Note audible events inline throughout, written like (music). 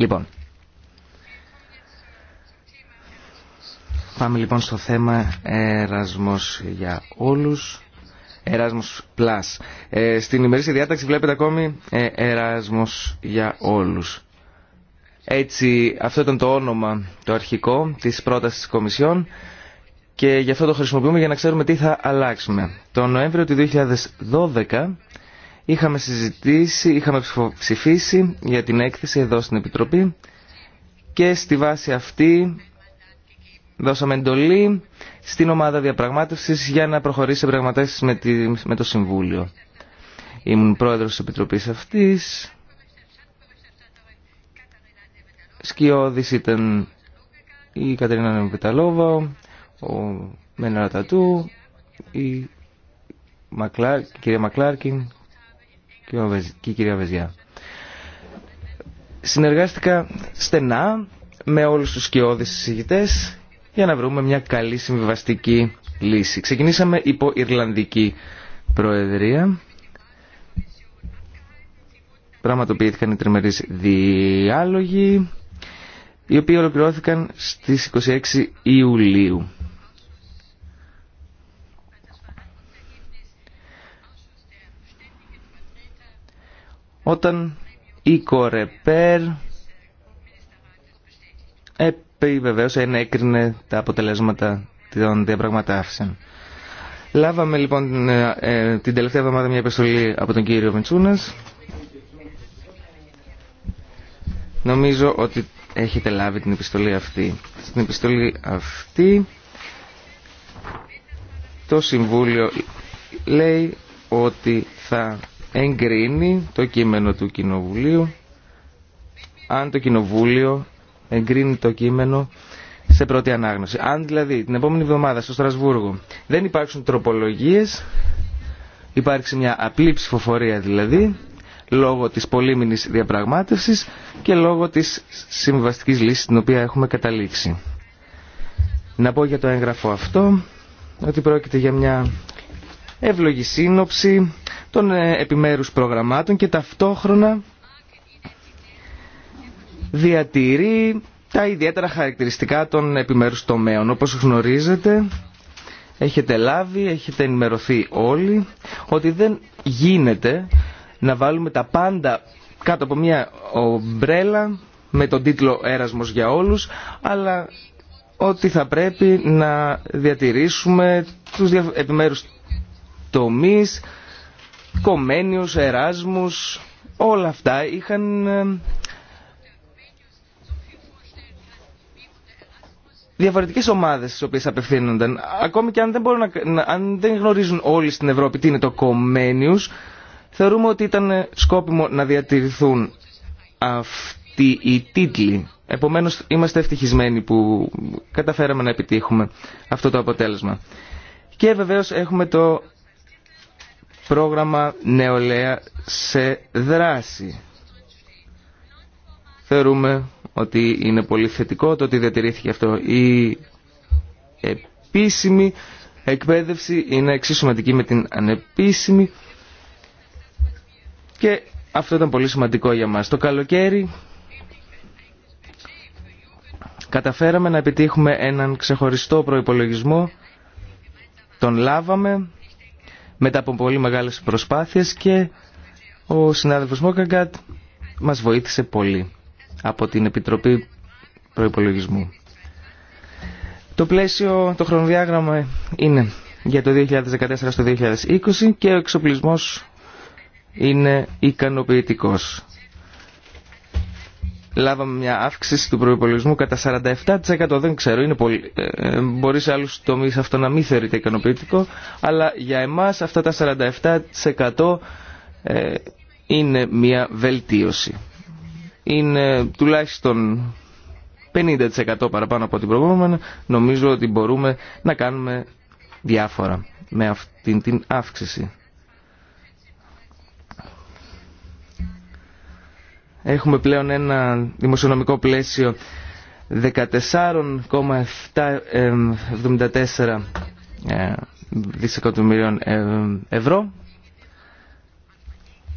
Λοιπόν, πάμε λοιπόν στο θέμα Ερασμός για όλους. ερασμός Plus. Ε, στην ημερήσια διάταξη βλέπετε ακόμη ε, για όλους. Έτσι, αυτό ήταν το όνομα το αρχικό της πρότασης της Κομισιόν και γι' αυτό το χρησιμοποιούμε για να ξέρουμε τι θα αλλάξουμε. Το Νοέμβριο του 2012 Είχαμε συζητήσει, είχαμε ψηφίσει για την έκθεση εδώ στην Επιτροπή και στη βάση αυτή δώσαμε εντολή στην ομάδα διαπραγμάτευσης για να προχωρήσει σε πραγματεύσεις με, με το Συμβούλιο. Ήμουν πρόεδρος της Επιτροπής αυτής. Σκιώδης ήταν η Κατερίνα Νεμπιταλόβα, ο Μένα Ρατατού, η, Μακλάρ, η κυρία Μακλάρκιν και η κυρία Βεζιά. Συνεργάστηκα στενά με όλους τους σκιώδεις συζητητές για να βρούμε μια καλή συμβιβαστική λύση. Ξεκινήσαμε υπό Ιρλανδική Προεδρία. Πραγματοποιήθηκαν οι τριμερείς διάλογοι, οι οποίοι ολοκληρώθηκαν στις 26 Ιουλίου. όταν η Κορεπέρ επιβεβαίωσε, ενέκρινε τα αποτελέσματα των διαπραγματεύσεων. Λάβαμε λοιπόν ε, ε, την τελευταία εβδομάδα μια επιστολή από τον κύριο Βεντσούνας. Νομίζω ότι έχετε λάβει την επιστολή αυτή. Στην επιστολή αυτή το Συμβούλιο λέει ότι θα εγκρίνει το κείμενο του Κοινοβουλίου αν το Κοινοβούλιο εγκρίνει το κείμενο σε πρώτη ανάγνωση. Αν δηλαδή την επόμενη εβδομάδα στο Στρασβούργο δεν υπάρξουν τροπολογίες, υπάρξει μια απλή ψηφοφορία δηλαδή, λόγω της πολύμινης διαπραγμάτευσης και λόγω της συμβαστικής λύσης την οποία έχουμε καταλήξει. Να πω για το έγγραφο αυτό ότι πρόκειται για μια εύλογη σύνοψη των ε, επιμέρους προγραμμάτων και ταυτόχρονα διατηρεί τα ιδιαίτερα χαρακτηριστικά των επιμέρους τομέων. Όπως γνωρίζετε, έχετε λάβει, έχετε ενημερωθεί όλοι ότι δεν γίνεται να βάλουμε τα πάντα κάτω από μια ομπρέλα με τον τίτλο «Έρασμος για όλους», αλλά ότι θα πρέπει να διατηρήσουμε τους επιμέρους τομείς, Κομμένιους, Εράσμους, όλα αυτά είχαν ε, διαφορετικές ομάδες στις οποίες απευθύνονταν. Ακόμη και αν δεν, γνωρίζουν όλοι στην Ευρώπη τι είναι το κομμένιους, θεωρούμε ότι ήταν ε, σκόπιμο να διατηρηθούν αυτοί οι τίτλοι. Επομένως είμαστε ευτυχισμένοι που καταφέραμε να επιτύχουμε αυτό το αποτέλεσμα. Και βεβαίως έχουμε το πρόγραμμα νεολαία σε δράση. Θεωρούμε ότι είναι πολύ θετικό το ότι διατηρήθηκε αυτό. Η επίσημη εκπαίδευση είναι εξίσου σημαντική με την ανεπίσημη και αυτό ήταν πολύ σημαντικό για μας. Το καλοκαίρι καταφέραμε να επιτύχουμε έναν ξεχωριστό προϋπολογισμό, τον λάβαμε μετά από πολύ μεγάλες προσπάθειες και ο συνάδελφος Μόκαγκάτ μας βοήθησε πολύ από την Επιτροπή Προϋπολογισμού. Το πλαίσιο, το χρονοδιάγραμμα είναι για το 2014 στο 2020 και ο εξοπλισμός είναι ικανοποιητικός λάβαμε μια αύξηση του προπολογισμού κατά 47%. Δεν ξέρω, είναι ε, ε, μπορεί σε άλλου τομεί αυτό να μην θεωρείται ικανοποιητικό, αλλά για εμά αυτά τα 47% ε, είναι μια βελτίωση. Είναι τουλάχιστον 50% παραπάνω από την προηγούμενη. Νομίζω ότι μπορούμε να κάνουμε διάφορα με αυτήν την αύξηση. Έχουμε πλέον ένα δημοσιονομικό πλαίσιο 14,74 ε, ε, δισεκατομμυρίων ε, ευρώ.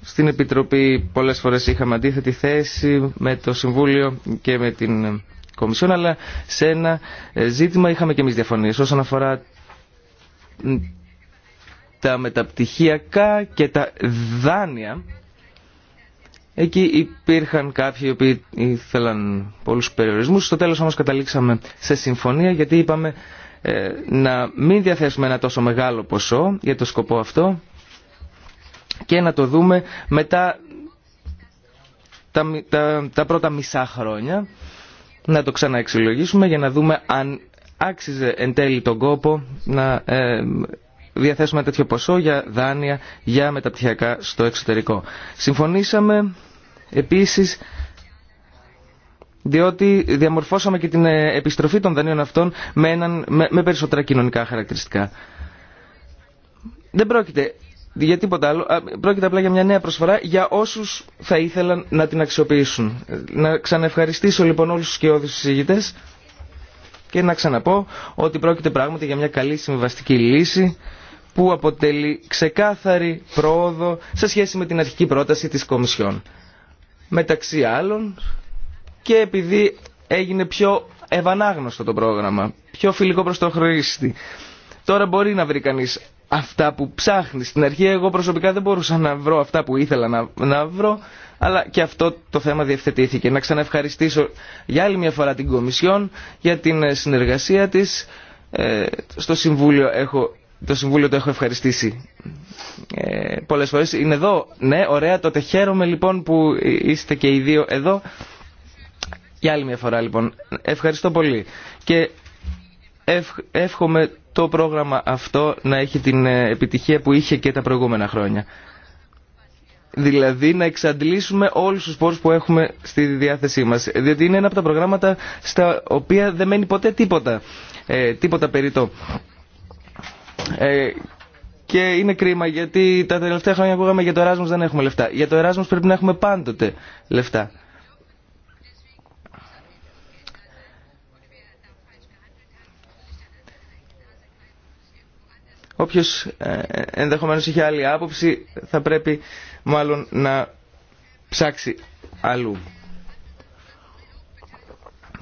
Στην Επιτροπή πολλές φορές είχαμε αντίθετη θέση με το Συμβούλιο και με την Κομισιόν, αλλά σε ένα ζήτημα είχαμε και εμείς διαφωνίες όσον αφορά τα μεταπτυχιακά και τα δάνεια Εκεί υπήρχαν κάποιοι οι οποίοι ήθελαν πολλούς περιορισμούς. Στο τέλος όμως καταλήξαμε σε συμφωνία γιατί είπαμε ε, να μην διαθέσουμε ένα τόσο μεγάλο ποσό για το σκοπό αυτό και να το δούμε μετά τα, τα, τα πρώτα μισά χρόνια να το ξαναεξυλογήσουμε για να δούμε αν άξιζε εν τέλει τον κόπο να ε, διαθέσουμε τέτοιο ποσό για δάνεια για μεταπτυχιακά στο εξωτερικό. Συμφωνήσαμε επίσης διότι διαμορφώσαμε και την ε, επιστροφή των δανείων αυτών με, έναν, με, με περισσότερα κοινωνικά χαρακτηριστικά. Δεν πρόκειται για τίποτα άλλο. Πρόκειται απλά για μια νέα προσφορά για όσου θα ήθελαν να την αξιοποιήσουν. Να ξαναευχαριστήσω λοιπόν όλου του σκιώδει συζητητέ και να ξαναπώ ότι πρόκειται πράγματι για μια καλή συμβαστική λύση που αποτελεί ξεκάθαρη πρόοδο σε σχέση με την αρχική πρόταση της Κομισιόν. Μεταξύ άλλων και επειδή έγινε πιο ευανάγνωστο το πρόγραμμα, πιο φιλικό προς το χρήστη. Τώρα μπορεί να βρει κανείς αυτά που ψάχνει. Στην αρχή εγώ προσωπικά δεν μπορούσα να βρω αυτά που ήθελα να, να βρω, αλλά και αυτό το θέμα διευθετήθηκε. Να ξαναευχαριστήσω για άλλη μια φορά την Κομισιόν για την συνεργασία της. Ε, στο Συμβούλιο έχω το Συμβούλιο το έχω ευχαριστήσει ε, πολλές φορές. Είναι εδώ. Ναι, ωραία. Τότε χαίρομαι λοιπόν που είστε και οι δύο εδώ. Για άλλη μια φορά λοιπόν. Ευχαριστώ πολύ. Και εύχομαι το πρόγραμμα αυτό να έχει την ε, επιτυχία που είχε και τα προηγούμενα χρόνια. Δηλαδή να εξαντλήσουμε όλους τους πόρους που έχουμε στη διάθεσή μας. Διότι είναι ένα από τα προγράμματα στα οποία δεν μένει ποτέ τίποτα. Ε, τίποτα ε, και είναι κρίμα γιατί τα τελευταία χρόνια ακούγαμε για το εράσμος δεν έχουμε λεφτά. Για το εράσμος πρέπει να έχουμε πάντοτε λεφτά. Όποιος ε, ενδεχομένως είχε άλλη άποψη θα πρέπει μάλλον να ψάξει αλλού.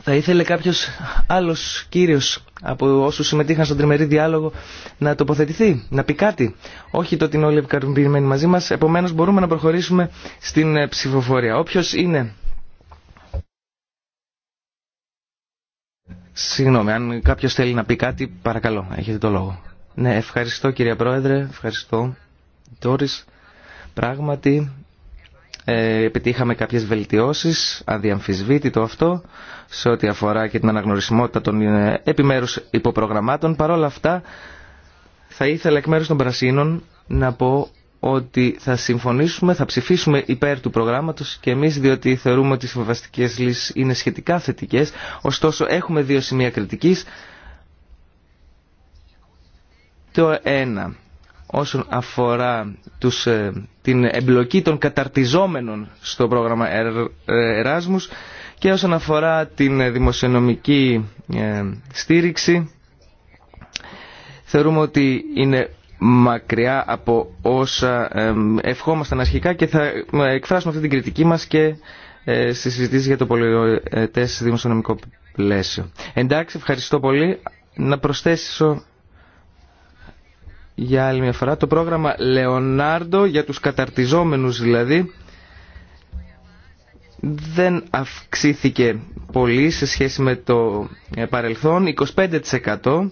Θα ήθελε κάποιος άλλος κύριος από όσους συμμετείχαν στον τριμερή διάλογο να τοποθετηθεί, να πει κάτι. Όχι το ότι είναι όλοι επικαρμπημένοι μαζί μας, επομένως μπορούμε να προχωρήσουμε στην ε, ψηφοφορία. Όποιος είναι... Συγγνώμη, αν κάποιος θέλει να πει κάτι, παρακαλώ, έχετε το λόγο. Ναι, ευχαριστώ κύριε Πρόεδρε, ευχαριστώ. Τόρις, πράγματι ε, επιτύχαμε κάποιες βελτιώσεις, αδιαμφισβήτητο αυτό, σε ό,τι αφορά και την αναγνωρισιμότητα των ε, επιμέρους υποπρογραμμάτων. Παρ' όλα αυτά, θα ήθελα εκ μέρους των Πρασίνων να πω ότι θα συμφωνήσουμε, θα ψηφίσουμε υπέρ του προγράμματος και εμείς διότι θεωρούμε ότι οι συμβαστικές λύσεις είναι σχετικά θετικές. Ωστόσο, έχουμε δύο σημεία κριτικής. Το ένα όσον αφορά τους, ε, την εμπλοκή των καταρτιζόμενων στο πρόγραμμα ε, Εράσμους και όσον αφορά την δημοσιονομική ε, στήριξη θεωρούμε ότι είναι μακριά από όσα ευχόμασταν αρχικά και θα εκφράσουμε αυτή την κριτική μας και στη συζήτηση για το πολιτές δημοσιονομικό πλαίσιο. Εντάξει, ευχαριστώ πολύ. Να προσθέσω για άλλη μια φορά το πρόγραμμα Λεωνάρντο για τους καταρτιζόμενους δηλαδή δεν αυξήθηκε πολύ σε σχέση με το ε, παρελθόν, 25%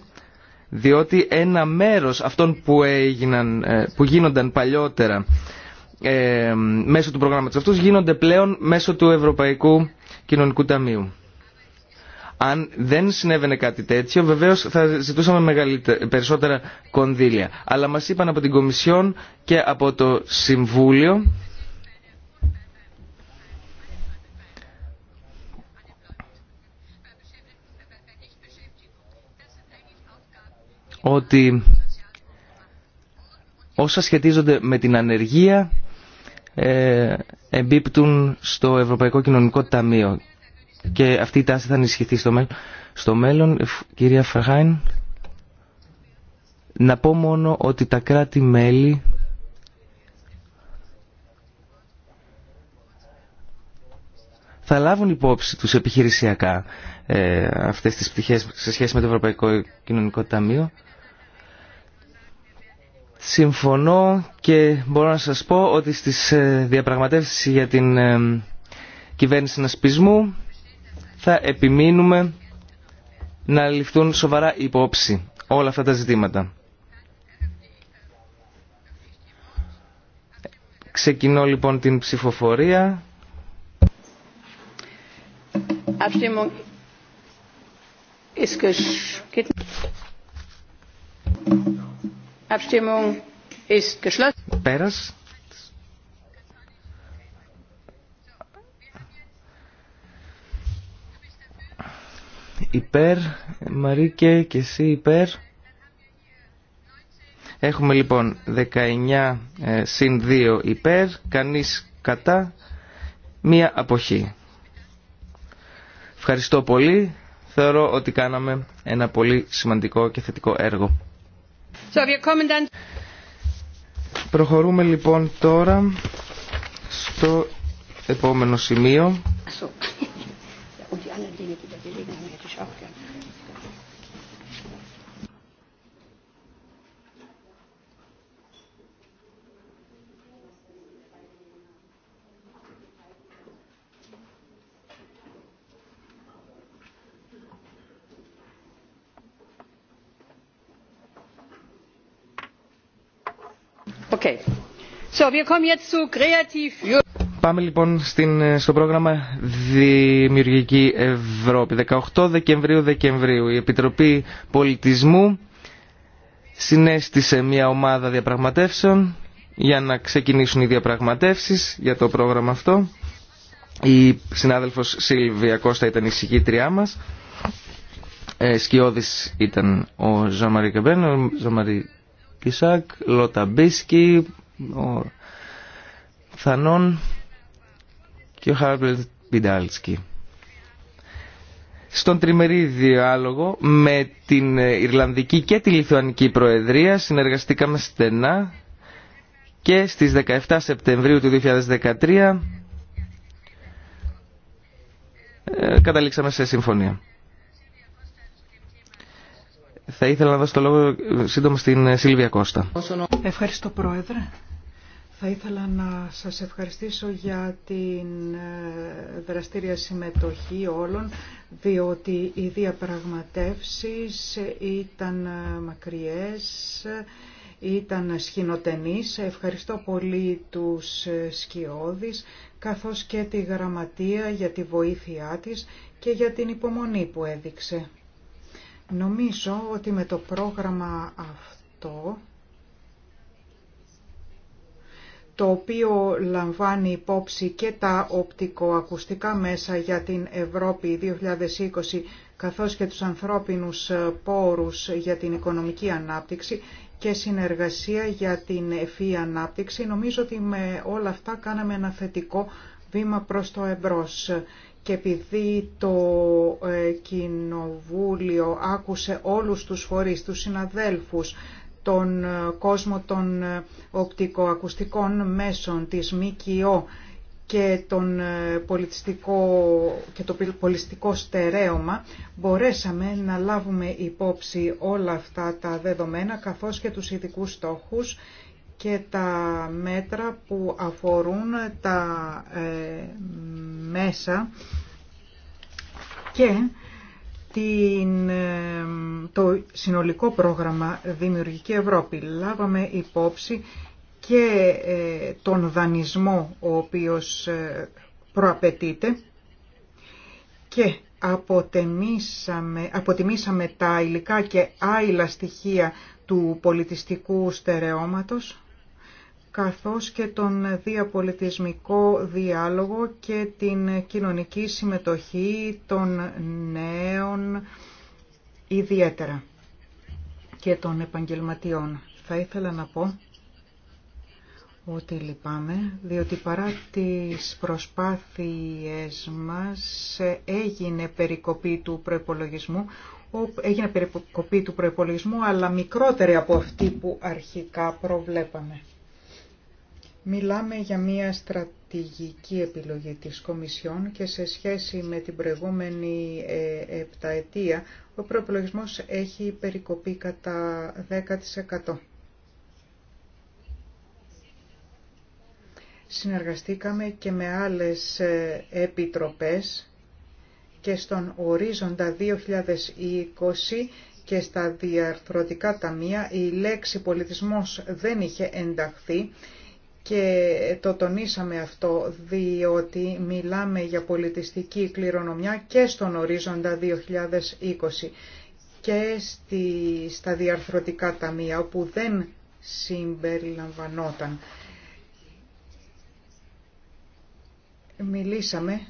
διότι ένα μέρος αυτών που, έγιναν, ε, που γίνονταν παλιότερα ε, μέσω του προγράμματος αυτούς γίνονται πλέον μέσω του Ευρωπαϊκού Κοινωνικού Ταμείου. Αν δεν συνέβαινε κάτι τέτοιο, βεβαίω θα ζητούσαμε περισσότερα κονδύλια. Αλλά μα είπαν από την Κομισιόν και από το Συμβούλιο ότι όσα σχετίζονται με την ανεργία ε, εμπίπτουν στο Ευρωπαϊκό Κοινωνικό Ταμείο και αυτή η τάση θα ενισχυθεί στο μέλλον. Στο μέλλον, κυρία να πω μόνο ότι τα κράτη-μέλη θα λάβουν υπόψη τους επιχειρησιακά ε, αυτές τις πτυχές σε σχέση με το Ευρωπαϊκό Κοινωνικό Ταμείο. Συμφωνώ και μπορώ να σας πω ότι στις ε, διαπραγματεύσεις για την ε, κυβέρνηση συνασπισμού θα επιμείνουμε να ληφθούν σοβαρά υπόψη όλα αυτά τα ζητήματα. Ξεκινώ λοιπόν την ψηφοφορία. Πέρας. υπέρ, Μαρίκε και εσύ υπέρ. Έχουμε λοιπόν 19 ε, συν 2 υπέρ, κανείς κατά, μία αποχή. Ευχαριστώ πολύ. Θεωρώ ότι κάναμε ένα πολύ σημαντικό και θετικό έργο. Προχωρούμε λοιπόν τώρα στο επόμενο σημείο anderen Dinge, die wir gelegen haben, hätte ich auch gerne. Okay. So, wir kommen jetzt zu Kreativ Πάμε λοιπόν στην, ε, στο πρόγραμμα Δημιουργική Ευρώπη. 18 Δεκεμβρίου Δεκεμβρίου η Επιτροπή Πολιτισμού συνέστησε μια ομάδα διαπραγματεύσεων για να ξεκινήσουν οι διαπραγματεύσεις για το πρόγραμμα αυτό. Η συνάδελφος Σίλβια Κώστα ήταν η συγκήτριά μας. Ε, ήταν ο Ζωμαρί Κεμπέν, ο Κισάκ, Λότα Μπίσκι, ο Θανόν και ο Χάρμπλετ Πιντάλτσκι. Στον τριμερή διάλογο με την Ιρλανδική και τη Λιθουανική Προεδρία συνεργαστήκαμε στενά και στις 17 Σεπτεμβρίου του 2013 ε, καταλήξαμε σε συμφωνία. Θα ήθελα να δώσω το λόγο σύντομα στην Σίλβια Κώστα. Ευχαριστώ Πρόεδρε. Θα ήθελα να σας ευχαριστήσω για την ε, δραστήρια συμμετοχή όλων, διότι οι διαπραγματεύσεις ήταν μακριές, ήταν σχηνοτενείς. Ευχαριστώ πολύ τους σκιώδεις, καθώς και τη γραμματεία για τη βοήθειά της και για την υπομονή που έδειξε. Νομίζω ότι με το πρόγραμμα αυτό το οποίο λαμβάνει υπόψη και τα οπτικοακουστικά μέσα για την Ευρώπη 2020 καθώς και τους ανθρώπινους ε, πόρους για την οικονομική ανάπτυξη και συνεργασία για την ευφύ ανάπτυξη. Νομίζω ότι με όλα αυτά κάναμε ένα θετικό βήμα προς το εμπρός. Και επειδή το ε, Κοινοβούλιο άκουσε όλους τους φορείς, τους συναδέλφους, τον ε, κόσμο των ε, οπτικοακουστικών μέσων της ΜΚΟ και, τον ε, πολιτιστικό, και το πολιτιστικό στερέωμα μπορέσαμε να λάβουμε υπόψη όλα αυτά τα δεδομένα καθώς και τους ειδικού στόχους και τα μέτρα που αφορούν τα μέσα και την, το συνολικό πρόγραμμα Δημιουργική Ευρώπη. Λάβαμε υπόψη και ε, τον δανεισμό ο οποίος ε, προαπαιτείται και αποτιμήσαμε, αποτιμήσαμε τα υλικά και άειλα στοιχεία του πολιτιστικού στερεώματος καθώς και τον διαπολιτισμικό διάλογο και την κοινωνική συμμετοχή των νέων ιδιαίτερα και των επαγγελματιών. Θα ήθελα να πω ότι λυπάμαι, διότι παρά τις προσπάθειές μας έγινε περικοπή του προϋπολογισμού, έγινε περικοπή του προϋπολογισμού, αλλά μικρότερη από αυτή που αρχικά προβλέπαμε. Μιλάμε για μια στρατηγική επιλογή της Κομισιόν και σε σχέση με την προηγούμενη ε, επταετία ο προπολογισμός έχει περικοπεί κατά 10%. Συνεργαστήκαμε και με άλλες ε, επιτροπές και στον ορίζοντα 2020 και στα διαρθρωτικά ταμεία η λέξη πολιτισμός δεν είχε ενταχθεί και το τονίσαμε αυτό διότι μιλάμε για πολιτιστική κληρονομιά και στον ορίζοντα 2020 και στη, στα διαρθρωτικά ταμεία όπου δεν συμπεριλαμβανόταν. Μιλήσαμε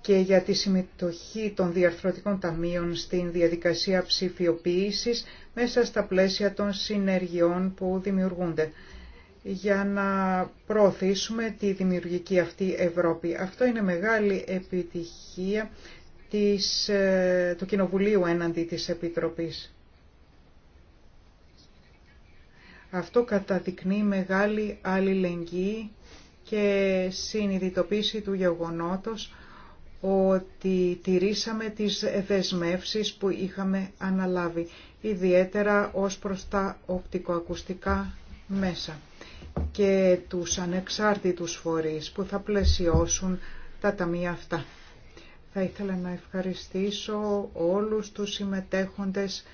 και για τη συμμετοχή των διαρθρωτικών ταμείων στην διαδικασία ψηφιοποίησης μέσα στα πλαίσια των συνεργειών που δημιουργούνται για να προωθήσουμε τη δημιουργική αυτή Ευρώπη. Αυτό είναι μεγάλη επιτυχία της, ε, του Κοινοβουλίου έναντι της Επιτροπής. Αυτό καταδεικνύει μεγάλη αλληλεγγύη και συνειδητοποίηση του γεγονότος ότι τηρήσαμε τις δεσμεύσεις που είχαμε αναλάβει, ιδιαίτερα ως προς τα οπτικοακουστικά μέσα και τους ανεξάρτητους φορείς που θα πλαισιώσουν τα ταμεία αυτά. Θα ήθελα να ευχαριστήσω όλους τους συμμετέχοντες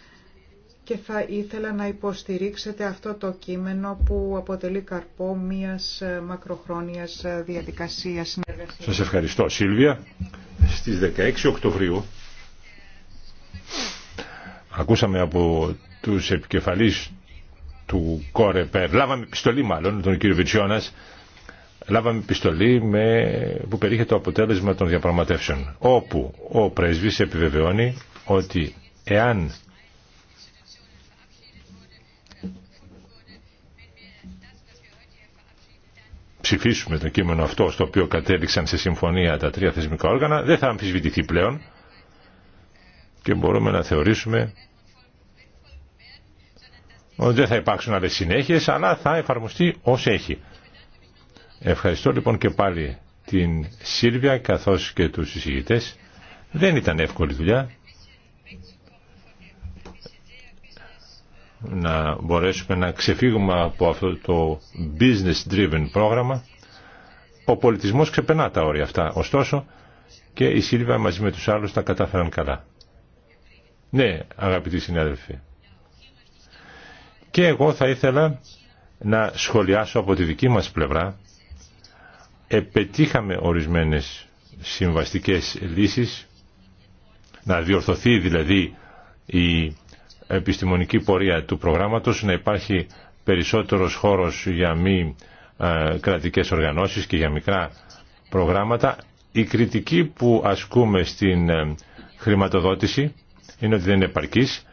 και θα ήθελα να υποστηρίξετε αυτό το κείμενο που αποτελεί καρπό μιας μακροχρόνιας διαδικασίας. Σας ευχαριστώ Σίλβια. Στις 16 Οκτωβρίου ακούσαμε από τους επικεφαλής του Κόρεπερ. Λάβαμε επιστολή μάλλον, τον κύριο Βιτσιώνας, λάβαμε επιστολή με, που περίχε το αποτέλεσμα των διαπραγματεύσεων, όπου ο πρέσβης επιβεβαιώνει ότι εάν ψηφίσουμε το κείμενο αυτό στο οποίο κατέληξαν σε συμφωνία τα τρία θεσμικά όργανα δεν θα αμφισβητηθεί πλέον και μπορούμε να θεωρήσουμε δεν θα υπάρξουν άλλες συνέχειες, αλλά θα εφαρμοστεί ως έχει. Ευχαριστώ λοιπόν και πάλι την Σίλβια καθώς και τους συζητητές. Δεν ήταν εύκολη δουλειά. να μπορέσουμε να ξεφύγουμε από αυτό το business driven πρόγραμμα. Ο πολιτισμός ξεπερνά τα όρια αυτά. Ωστόσο και η Σίλβια μαζί με τους άλλους τα κατάφεραν καλά. Ναι, αγαπητοί συνάδελφοι. Και εγώ θα ήθελα να σχολιάσω από τη δική μας πλευρά. Επετύχαμε ορισμένες συμβαστικές λύσεις, να διορθωθεί δηλαδή η επιστημονική πορεία του προγράμματος, να υπάρχει περισσότερος χώρος για μη ε, κρατικές οργανώσεις και για μικρά προγράμματα. Η κριτική που ασκούμε στην ε, χρηματοδότηση είναι ότι δεν είναι επαρκής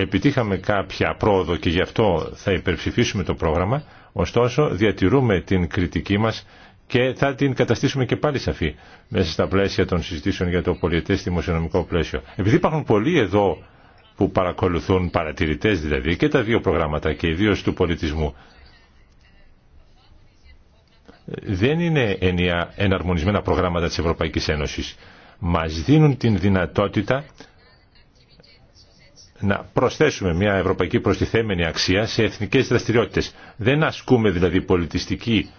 επιτύχαμε κάποια πρόοδο και γι' αυτό θα υπερψηφίσουμε το πρόγραμμα, ωστόσο διατηρούμε την κριτική μας και θα την καταστήσουμε και πάλι σαφή μέσα στα πλαίσια των συζητήσεων για το πολιετές οικονομικο πλαίσιο. Επειδή υπάρχουν πολλοί εδώ που παρακολουθούν παρατηρητές δηλαδή και τα δύο προγράμματα και ιδίω του πολιτισμού, δεν είναι εναρμονισμένα προγράμματα της Ευρωπαϊκής Ένωσης. Μας δίνουν την δυνατότητα να προσθέσουμε μια ευρωπαϊκή προστιθέμενη αξία σε εθνικές δραστηριότητες. Δεν ασκούμε δηλαδή πολιτιστική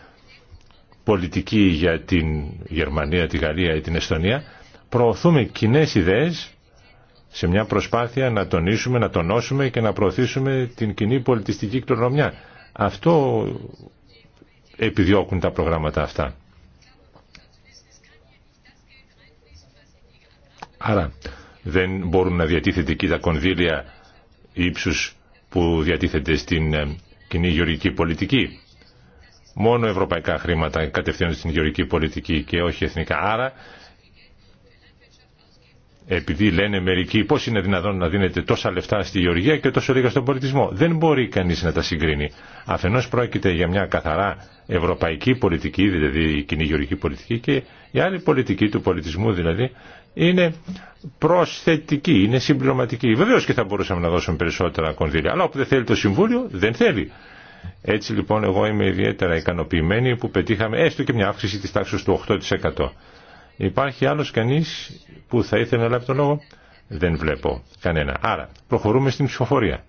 πολιτική για την Γερμανία, τη Γαλλία ή την Εστονία. Προωθούμε κοινέ ιδέες σε μια προσπάθεια να τονίσουμε, να τονώσουμε και να προωθήσουμε την κοινή πολιτιστική κληρονομιά. Αυτό επιδιώκουν τα προγράμματα αυτά. Άρα, δεν μπορούν να διατίθεται εκεί τα κονδύλια ύψους που διατίθεται στην ε, κοινή γεωργική πολιτική. Μόνο ευρωπαϊκά χρήματα κατευθύνονται στην γεωργική πολιτική και όχι εθνικά. Άρα, επειδή λένε μερικοί πώς είναι δυνατόν να δίνεται τόσα λεφτά στη γεωργία και τόσο λίγα στον πολιτισμό. Δεν μπορεί κανείς να τα συγκρίνει. Αφενός πρόκειται για μια καθαρά ευρωπαϊκή πολιτική, δηλαδή η κοινή γεωργική πολιτική και η άλλη πολιτική του πολιτισμού δηλαδή είναι προσθετική, είναι συμπληρωματική. Βεβαίως και θα μπορούσαμε να δώσουμε περισσότερα κονδύλια, αλλά όπου δεν θέλει το Συμβούλιο, δεν θέλει. Έτσι λοιπόν εγώ είμαι ιδιαίτερα ικανοποιημένη που πετύχαμε έστω και μια αύξηση της τάξης του 8%. Υπάρχει άλλος κανείς που θα ήθελε να λάβει τον λόγο. Δεν βλέπω κανένα. Άρα προχωρούμε στην ψηφοφορία.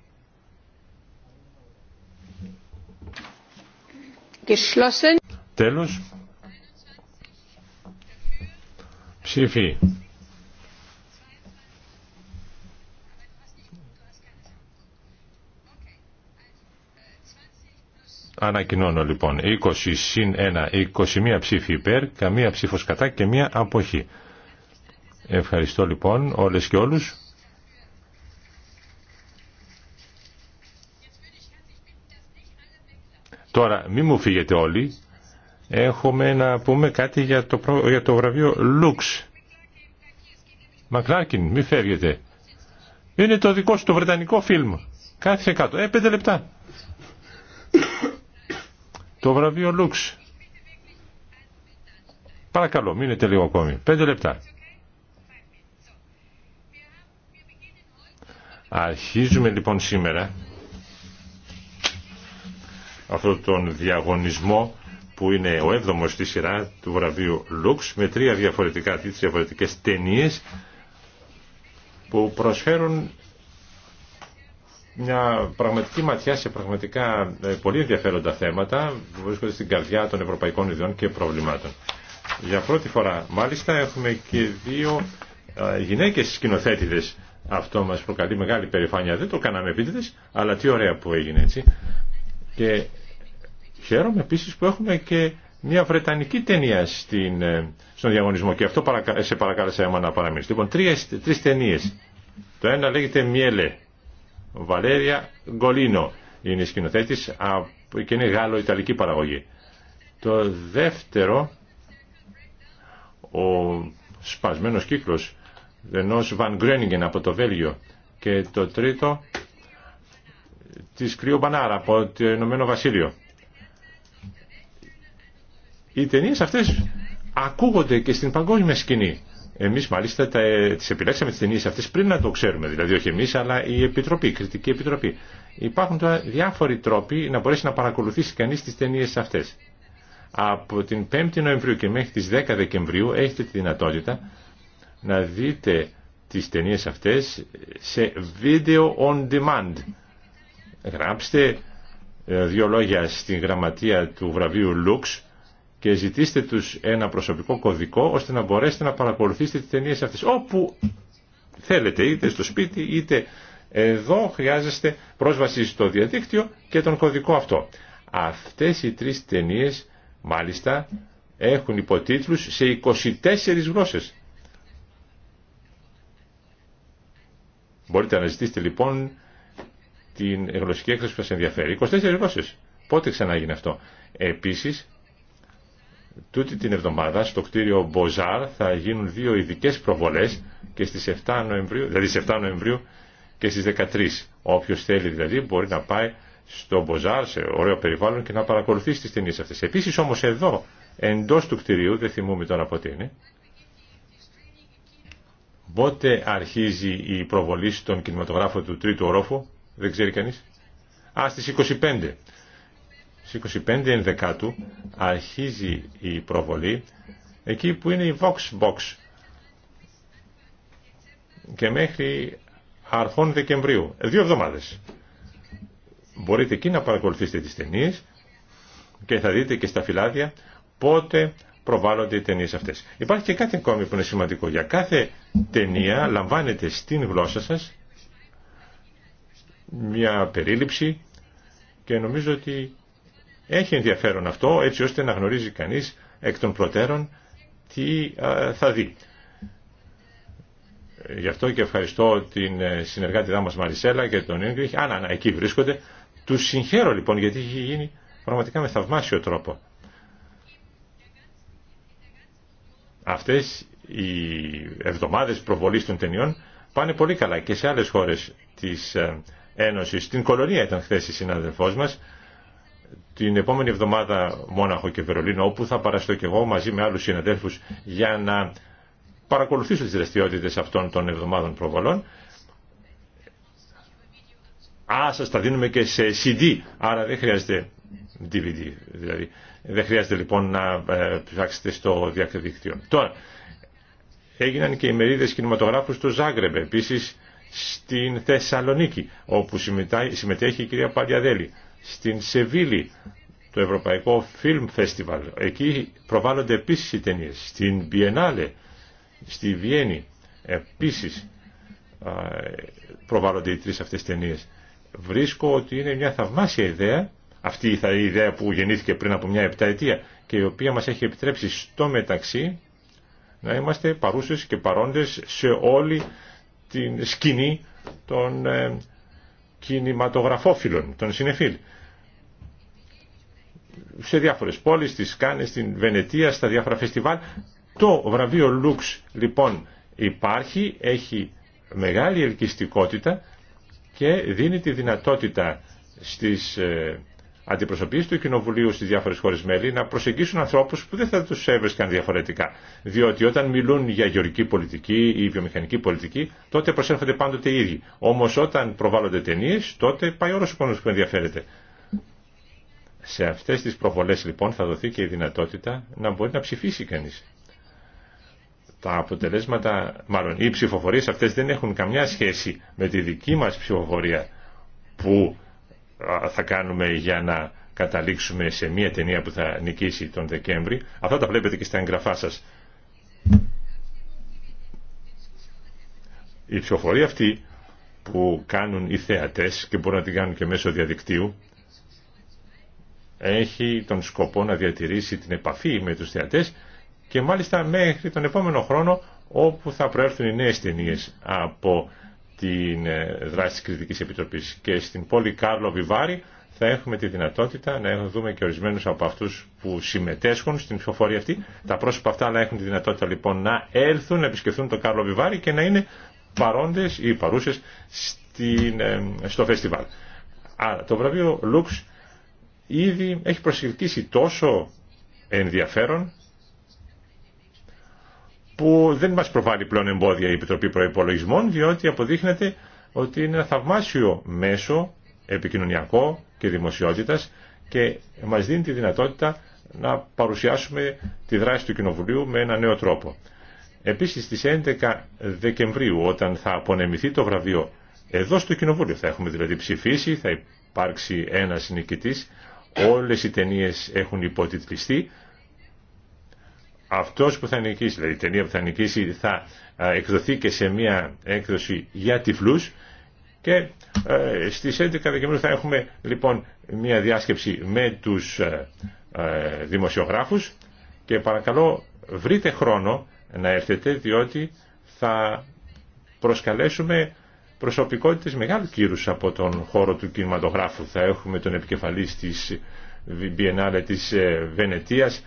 Τέλος. Ψήφι Ανακοινώνω λοιπόν 20 συν 1, 21 ψήφοι υπέρ, καμία ψήφος κατά και μία αποχή. Ευχαριστώ λοιπόν όλες και όλους. Τώρα μη μου φύγετε όλοι. Έχουμε να πούμε κάτι για το, για το βραβείο Λουξ. Μακλάκιν, μη φεύγετε. Είναι το δικό σου το βρετανικό φιλμ. Κάθε κάτω. Ε, λεπτά το βραβείο Λουξ. Παρακαλώ, μείνετε λίγο ακόμη. Πέντε λεπτά. Αρχίζουμε λοιπόν σήμερα αυτόν τον διαγωνισμό που είναι ο έβδομος στη σειρά του βραβείου Λουξ με τρία διαφορετικά, τρεις διαφορετικές ταινίες που προσφέρουν μια πραγματική ματιά σε πραγματικά ε, πολύ ενδιαφέροντα θέματα που βρίσκονται στην καρδιά των ευρωπαϊκών ιδιών και προβλημάτων. Για πρώτη φορά μάλιστα έχουμε και δύο ε, γυναίκες σκηνοθέτηδες. Αυτό μας προκαλεί μεγάλη περηφάνεια. Δεν το κάναμε επίτηδες, αλλά τι ωραία που έγινε έτσι. Και χαίρομαι επίσης που έχουμε και μια βρετανική ταινία στην, ε, στον διαγωνισμό και αυτό παρακα, σε παρακάλεσα εμένα να παραμείνεις. Λοιπόν, τρεις, τρεις ταινίες. Το ένα λέγεται «Μιέλε», Βαλέρια Γκολίνο είναι σκηνοθέτης και είναι Γάλλο-Ιταλική παραγωγή. Το δεύτερο, ο σπασμένος κύκλος ενός Βαν Γκρένιγκεν από το Βέλγιο και το τρίτο της Κρύο Μπανάρα από το Ηνωμένο Βασίλειο. Οι ταινίε αυτές ακούγονται και στην παγκόσμια σκηνή. Εμείς μάλιστα τι τις επιλέξαμε τις ταινίες αυτές πριν να το ξέρουμε, δηλαδή όχι εμεί αλλά η Επιτροπή, η Κριτική Επιτροπή. Υπάρχουν τώρα διάφοροι τρόποι να μπορέσει να παρακολουθήσει κανεί τι ταινίε αυτές. Από την 5η Νοεμβρίου και μέχρι τις 10 Δεκεμβρίου έχετε τη δυνατότητα να δείτε τις ταινίε αυτές σε video on demand. Γράψτε ε, δύο λόγια στην γραμματεία του βραβείου Lux και ζητήστε τους ένα προσωπικό κωδικό ώστε να μπορέσετε να παρακολουθήσετε τις ταινίες αυτές όπου θέλετε είτε στο σπίτι είτε εδώ χρειάζεστε πρόσβαση στο διαδίκτυο και τον κωδικό αυτό. Αυτές οι τρεις ταινίες μάλιστα έχουν υποτίτλους σε 24 γλώσσες. Μπορείτε να ζητήσετε λοιπόν την γλωσσική έκθεση που σας ενδιαφέρει. 24 γλώσσες. Πότε ξανά έγινε αυτό. Επίσης Τούτη την εβδομάδα στο κτίριο Μποζάρ θα γίνουν δύο ειδικές προβολές και στις 7 Νοεμβρίου, δηλαδή 7 Νοεμβρίου και στις 13. Όποιος θέλει δηλαδή μπορεί να πάει στο Μποζάρ σε ωραίο περιβάλλον και να παρακολουθήσει τις ταινίες αυτές. Επίσης όμως εδώ εντός του κτιρίου, δεν θυμούμαι τώρα από τι είναι, πότε αρχίζει η προβολή στον κινηματογράφο του τρίτου ορόφου, δεν ξέρει κανείς. Α, στις 25. Στις 25 ενδεκάτου αρχίζει η προβολή εκεί που είναι η Vox Box και μέχρι αρχών Δεκεμβρίου, δύο εβδομάδες. Μπορείτε εκεί να παρακολουθήσετε τις ταινίε και θα δείτε και στα φυλάδια πότε προβάλλονται οι ταινίε αυτές. Υπάρχει και κάτι ακόμη που είναι σημαντικό. Για κάθε ταινία λαμβάνετε στην γλώσσα σας μια περίληψη και νομίζω ότι έχει ενδιαφέρον αυτό έτσι ώστε να γνωρίζει κανείς εκ των προτέρων τι θα δει. Γι' αυτό και ευχαριστώ την ε, συνεργάτη μας Μαρισέλα και τον Ίγκριχ. Α, να, εκεί βρίσκονται. Του συγχαίρω λοιπόν γιατί έχει γίνει πραγματικά με θαυμάσιο τρόπο. Αυτές οι εβδομάδες προβολής των ταινιών πάνε πολύ καλά και σε άλλες χώρες της ε, Ένωσης. Στην Κολονία ήταν χθε η συνάδελφός μας την επόμενη εβδομάδα Μόναχο και Βερολίνο, όπου θα παραστώ και εγώ μαζί με άλλους συναδέλφους για να παρακολουθήσω τις δραστηριότητε αυτών των εβδομάδων προβολών. Α, σας τα δίνουμε και σε CD, άρα δεν χρειάζεται DVD, δηλαδή. Δεν χρειάζεται λοιπόν να ε, ψάξετε στο διαδίκτυο. Τώρα, έγιναν και οι μερίδες κινηματογράφου στο Ζάγκρεμπ, επίσης στην Θεσσαλονίκη, όπου συμμετέχει η κυρία Παλιαδέλη στην Σεβίλη το Ευρωπαϊκό Film Festival. Εκεί προβάλλονται επίσης οι ταινίες. Στην Βιενάλε, στη Βιέννη, επίσης προβάλλονται οι τρεις αυτές ταινίες. Βρίσκω ότι είναι μια θαυμάσια ιδέα, αυτή η ιδέα που γεννήθηκε πριν από μια επταετία και η οποία μας έχει επιτρέψει στο μεταξύ να είμαστε παρούσες και παρόντες σε όλη την σκηνή των ε, κινηματογραφόφιλων, των συνεφίλ. Σε διάφορες πόλεις, στις Κάνες, στην Βενετία, στα διάφορα φεστιβάλ. Το βραβείο Λουξ λοιπόν υπάρχει, έχει μεγάλη ελκυστικότητα και δίνει τη δυνατότητα στις ε, ...αντιπροσωπήσει του Κοινοβουλίου στις διάφορες χώρες μέλη να προσεγγίσουν ανθρώπους που δεν θα τους έβρισκαν διαφορετικά. Διότι όταν μιλούν για γεωργική πολιτική ή βιομηχανική πολιτική, τότε προσέρχονται πάντοτε οι ίδιοι. Όμως όταν προβάλλονται ταινίε, τότε πάει όλος ο κόσμος που ενδιαφέρεται. Σε αυτές τις προβολές λοιπόν θα δοθεί και η δυνατότητα να μπορεί να ψηφίσει κανείς. Τα αποτελέσματα, μάλλον οι ψηφοφορίε αυτές δεν έχουν καμιά σχέση με τη δική μας ψηφοφορία που θα κάνουμε για να καταλήξουμε σε μια ταινία που θα νικήσει τον Δεκέμβρη. Αυτά τα βλέπετε και στα εγγραφά σας. Η ψηφοφορία αυτή που κάνουν οι θεατές και μπορούν να την κάνουν και μέσω διαδικτύου έχει τον σκοπό να διατηρήσει την επαφή με τους θεατές και μάλιστα μέχρι τον επόμενο χρόνο όπου θα προέρθουν οι νέες ταινίες από την ε, δράση της Κριτικής Επιτροπής. Και στην πόλη Κάρλο Βιβάρη θα έχουμε τη δυνατότητα να δούμε και ορισμένους από αυτούς που συμμετέσχουν στην ψηφοφορία αυτή. Τα πρόσωπα αυτά να έχουν τη δυνατότητα λοιπόν να έρθουν να επισκεφθούν το Κάρλο Βιβάρη και να είναι παρόντες ή παρούσες στην, ε, στο φεστιβάλ. Άρα το βραβείο Λουξ ήδη έχει προσελκύσει τόσο ενδιαφέρον που δεν μας προβάλλει πλέον εμπόδια η Επιτροπή Προϋπολογισμών διότι αποδείχνεται ότι είναι ένα θαυμάσιο μέσο επικοινωνιακό και δημοσιότητας και μας δίνει τη δυνατότητα να παρουσιάσουμε τη δράση του Κοινοβουλίου με ένα νέο τρόπο. Επίσης στις 11 Δεκεμβρίου όταν θα απονεμηθεί το βραβείο εδώ στο Κοινοβούλιο θα έχουμε δηλαδή ψηφίσει, θα υπάρξει ένας νικητής, όλες οι ταινίες έχουν υποτιτλιστεί αυτό που θα νικήσει, δηλαδή η ταινία που θα νικήσει θα εκδοθεί και σε μια έκδοση για τυφλού. και στις 11 Δεκεμβρίου θα έχουμε λοιπόν μια διάσκεψη με τους δημοσιογράφους και παρακαλώ βρείτε χρόνο να έρθετε διότι θα προσκαλέσουμε προσωπικότητες μεγάλου κύρους από τον χώρο του κινηματογράφου. Θα έχουμε τον επικεφαλής της Biennale της Βενετίας,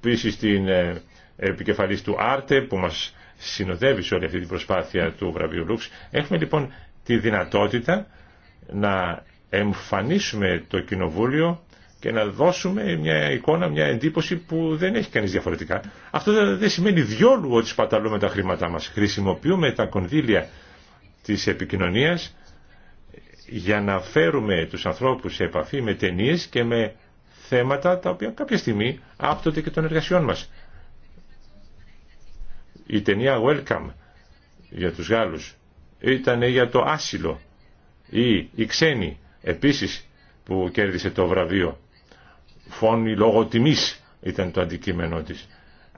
Επίση την ε, επικεφαλής του Άρτε που μας συνοδεύει σε όλη αυτή την προσπάθεια του βραβείου Λουξ. Έχουμε λοιπόν τη δυνατότητα να εμφανίσουμε το κοινοβούλιο και να δώσουμε μια εικόνα, μια εντύπωση που δεν έχει κανείς διαφορετικά. Αυτό δεν σημαίνει διόλου ότι σπαταλούμε τα χρήματά μας. Χρησιμοποιούμε τα κονδύλια της επικοινωνίας για να φέρουμε τους ανθρώπους σε επαφή με ταινίε και με θέματα τα οποία κάποια στιγμή άπτονται και των εργασιών μας. Η ταινία Welcome για τους Γάλλους ήταν για το άσυλο ή η ξένη επίσης που κέρδισε το βραβείο. Φόνη λόγω τιμής ήταν το αντικείμενό της.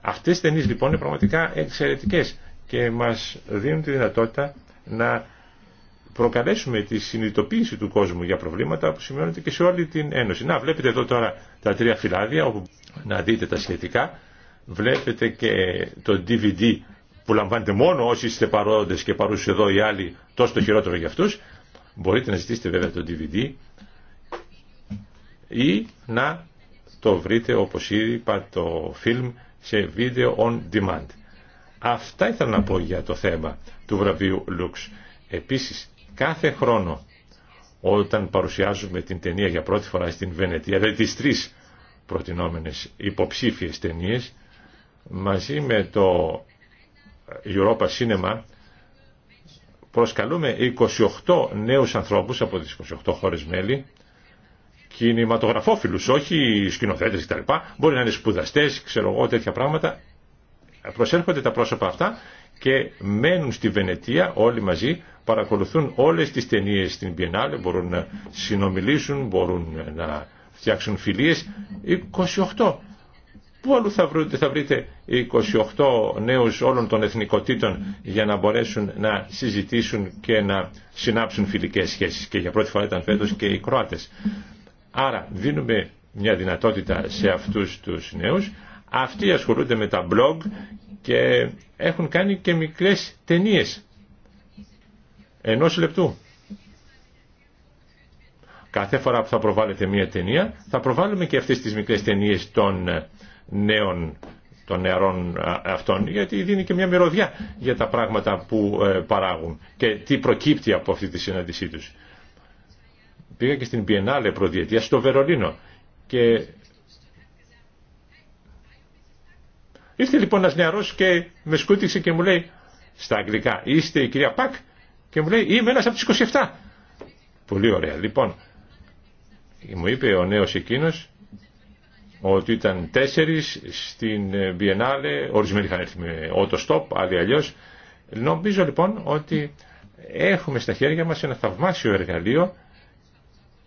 Αυτές οι ταινίες λοιπόν είναι πραγματικά εξαιρετικές και μας δίνουν τη δυνατότητα να προκαλέσουμε τη συνειδητοποίηση του κόσμου για προβλήματα που σημειώνεται και σε όλη την Ένωση. Να, βλέπετε εδώ τώρα τα τρία φυλάδια, όπου να δείτε τα σχετικά. Βλέπετε και το DVD που λαμβάνετε μόνο όσοι είστε παρόντε και παρουσε εδώ οι άλλοι, τόσο το χειρότερο για αυτούς. Μπορείτε να ζητήσετε βέβαια το DVD ή να το βρείτε όπως είπα το film σε video on demand. Αυτά ήθελα να πω για το θέμα του βραβείου Lux. Επίσης κάθε χρόνο όταν παρουσιάζουμε την ταινία για πρώτη φορά στην Βενετία, δηλαδή τις τρεις προτινόμενες υποψήφιες ταινίες, μαζί με το Europa Cinema προσκαλούμε 28 νέους ανθρώπους από τις 28 χώρες μέλη, κινηματογραφόφιλους, όχι σκηνοθέτες κτλ. Μπορεί να είναι σπουδαστές, ξέρω εγώ, τέτοια πράγματα. Προσέρχονται τα πρόσωπα αυτά και μένουν στη Βενετία όλοι μαζί, παρακολουθούν όλες τις ταινίες στην πιενάλε, μπορούν να συνομιλήσουν, μπορούν να φτιάξουν φιλίες. 28. Πού αλλού θα, βρείτε, θα βρείτε 28 νέους όλων των εθνικοτήτων για να μπορέσουν να συζητήσουν και να συνάψουν φιλικές σχέσεις. Και για πρώτη φορά ήταν φέτος και οι Κροάτες. Άρα δίνουμε μια δυνατότητα σε αυτούς τους νέους. Αυτοί ασχολούνται με τα blog και έχουν κάνει και μικρές ταινίες ενός λεπτού. Κάθε φορά που θα προβάλλεται μια ταινία θα προβάλλουμε και αυτές τις μικρές ταινίες των ε, νέων των νεαρών ε, αυτών, γιατί δίνει και μια μυρωδιά για τα πράγματα που ε, παράγουν και τι προκύπτει από αυτή τη συνάντησή τους. Πήγα και στην Πιενάλε προδιετία στο Βερολίνο και Ήρθε λοιπόν ένας νεαρός και με σκούτησε και μου λέει στα αγγλικά είστε η κυρία Πακ και μου λέει είμαι ένας από τι 27. Πολύ ωραία. Λοιπόν, μου είπε ο νέος εκείνος ότι ήταν τέσσερις στην Βιενάλε ε, ορισμένοι είχαν έρθει με auto-stop, άλλοι Νομίζω λοιπόν ότι έχουμε στα χέρια μας ένα θαυμάσιο εργαλείο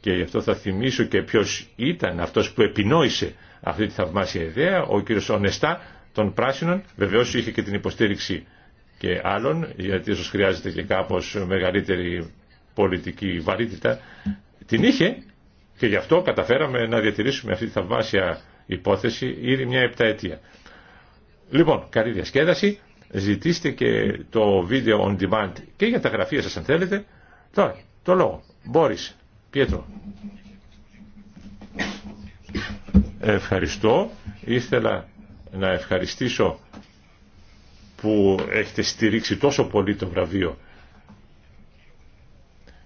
και γι' αυτό θα θυμίσω και ποιος ήταν αυτός που επινόησε αυτή τη θαυμάσια ιδέα, ο κύριος Ονεστά, των πράσινων. Βεβαίως είχε και την υποστήριξη και άλλων, γιατί ίσως χρειάζεται και κάπως μεγαλύτερη πολιτική βαρύτητα. Την είχε και γι' αυτό καταφέραμε να διατηρήσουμε αυτή τη θαυμάσια υπόθεση ήδη μια επταετία. Λοιπόν, καλή διασκέδαση. Ζητήστε και το βίντεο on demand και για τα γραφεία σας αν θέλετε. Τώρα, το λόγο. Μπόρις, Πιέτρο. Ευχαριστώ. Ήθελα να ευχαριστήσω που έχετε στηρίξει τόσο πολύ το βραβείο.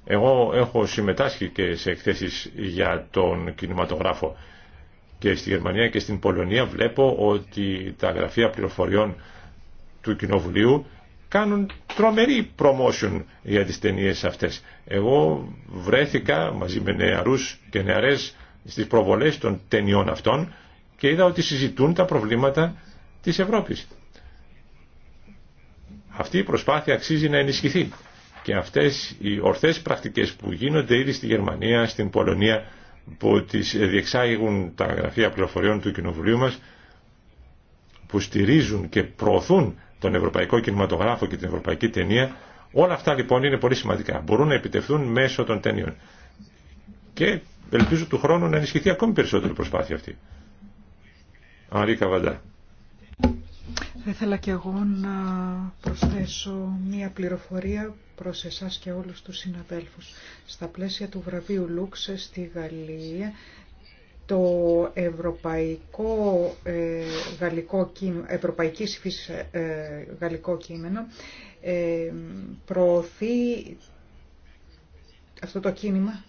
Εγώ έχω συμμετάσχει και σε εκθέσεις για τον κινηματογράφο και στη Γερμανία και στην Πολωνία βλέπω ότι τα γραφεία πληροφοριών του Κοινοβουλίου κάνουν τρομερή promotion για τις ταινίες αυτές. Εγώ βρέθηκα μαζί με νεαρούς και νεαρές στις προβολές των ταινιών αυτών και είδα ότι συζητούν τα προβλήματα της Ευρώπης. Αυτή η προσπάθεια αξίζει να ενισχυθεί και αυτές οι ορθές πρακτικές που γίνονται ήδη στη Γερμανία, στην Πολωνία, που τις διεξάγουν τα γραφεία πληροφοριών του Κοινοβουλίου μας, που στηρίζουν και προωθούν τον ευρωπαϊκό κινηματογράφο και την ευρωπαϊκή ταινία, όλα αυτά λοιπόν είναι πολύ σημαντικά. Μπορούν να επιτευθούν μέσω των ταινιών. Και ελπίζω του χρόνου να ενισχυθεί ακόμη περισσότερο προσπάθεια αυτή. Ανρή Καβαντά. Θα ήθελα και εγώ να προσθέσω μία πληροφορία προς εσάς και όλους τους συναδέλφους. Στα πλαίσια του βραβείου Λούξε στη Γαλλία, το ευρωπαϊκό, ε, γαλλικό, ευρωπαϊκής ε, γαλλικό κείμενο ε, προωθεί αυτό το κίνημα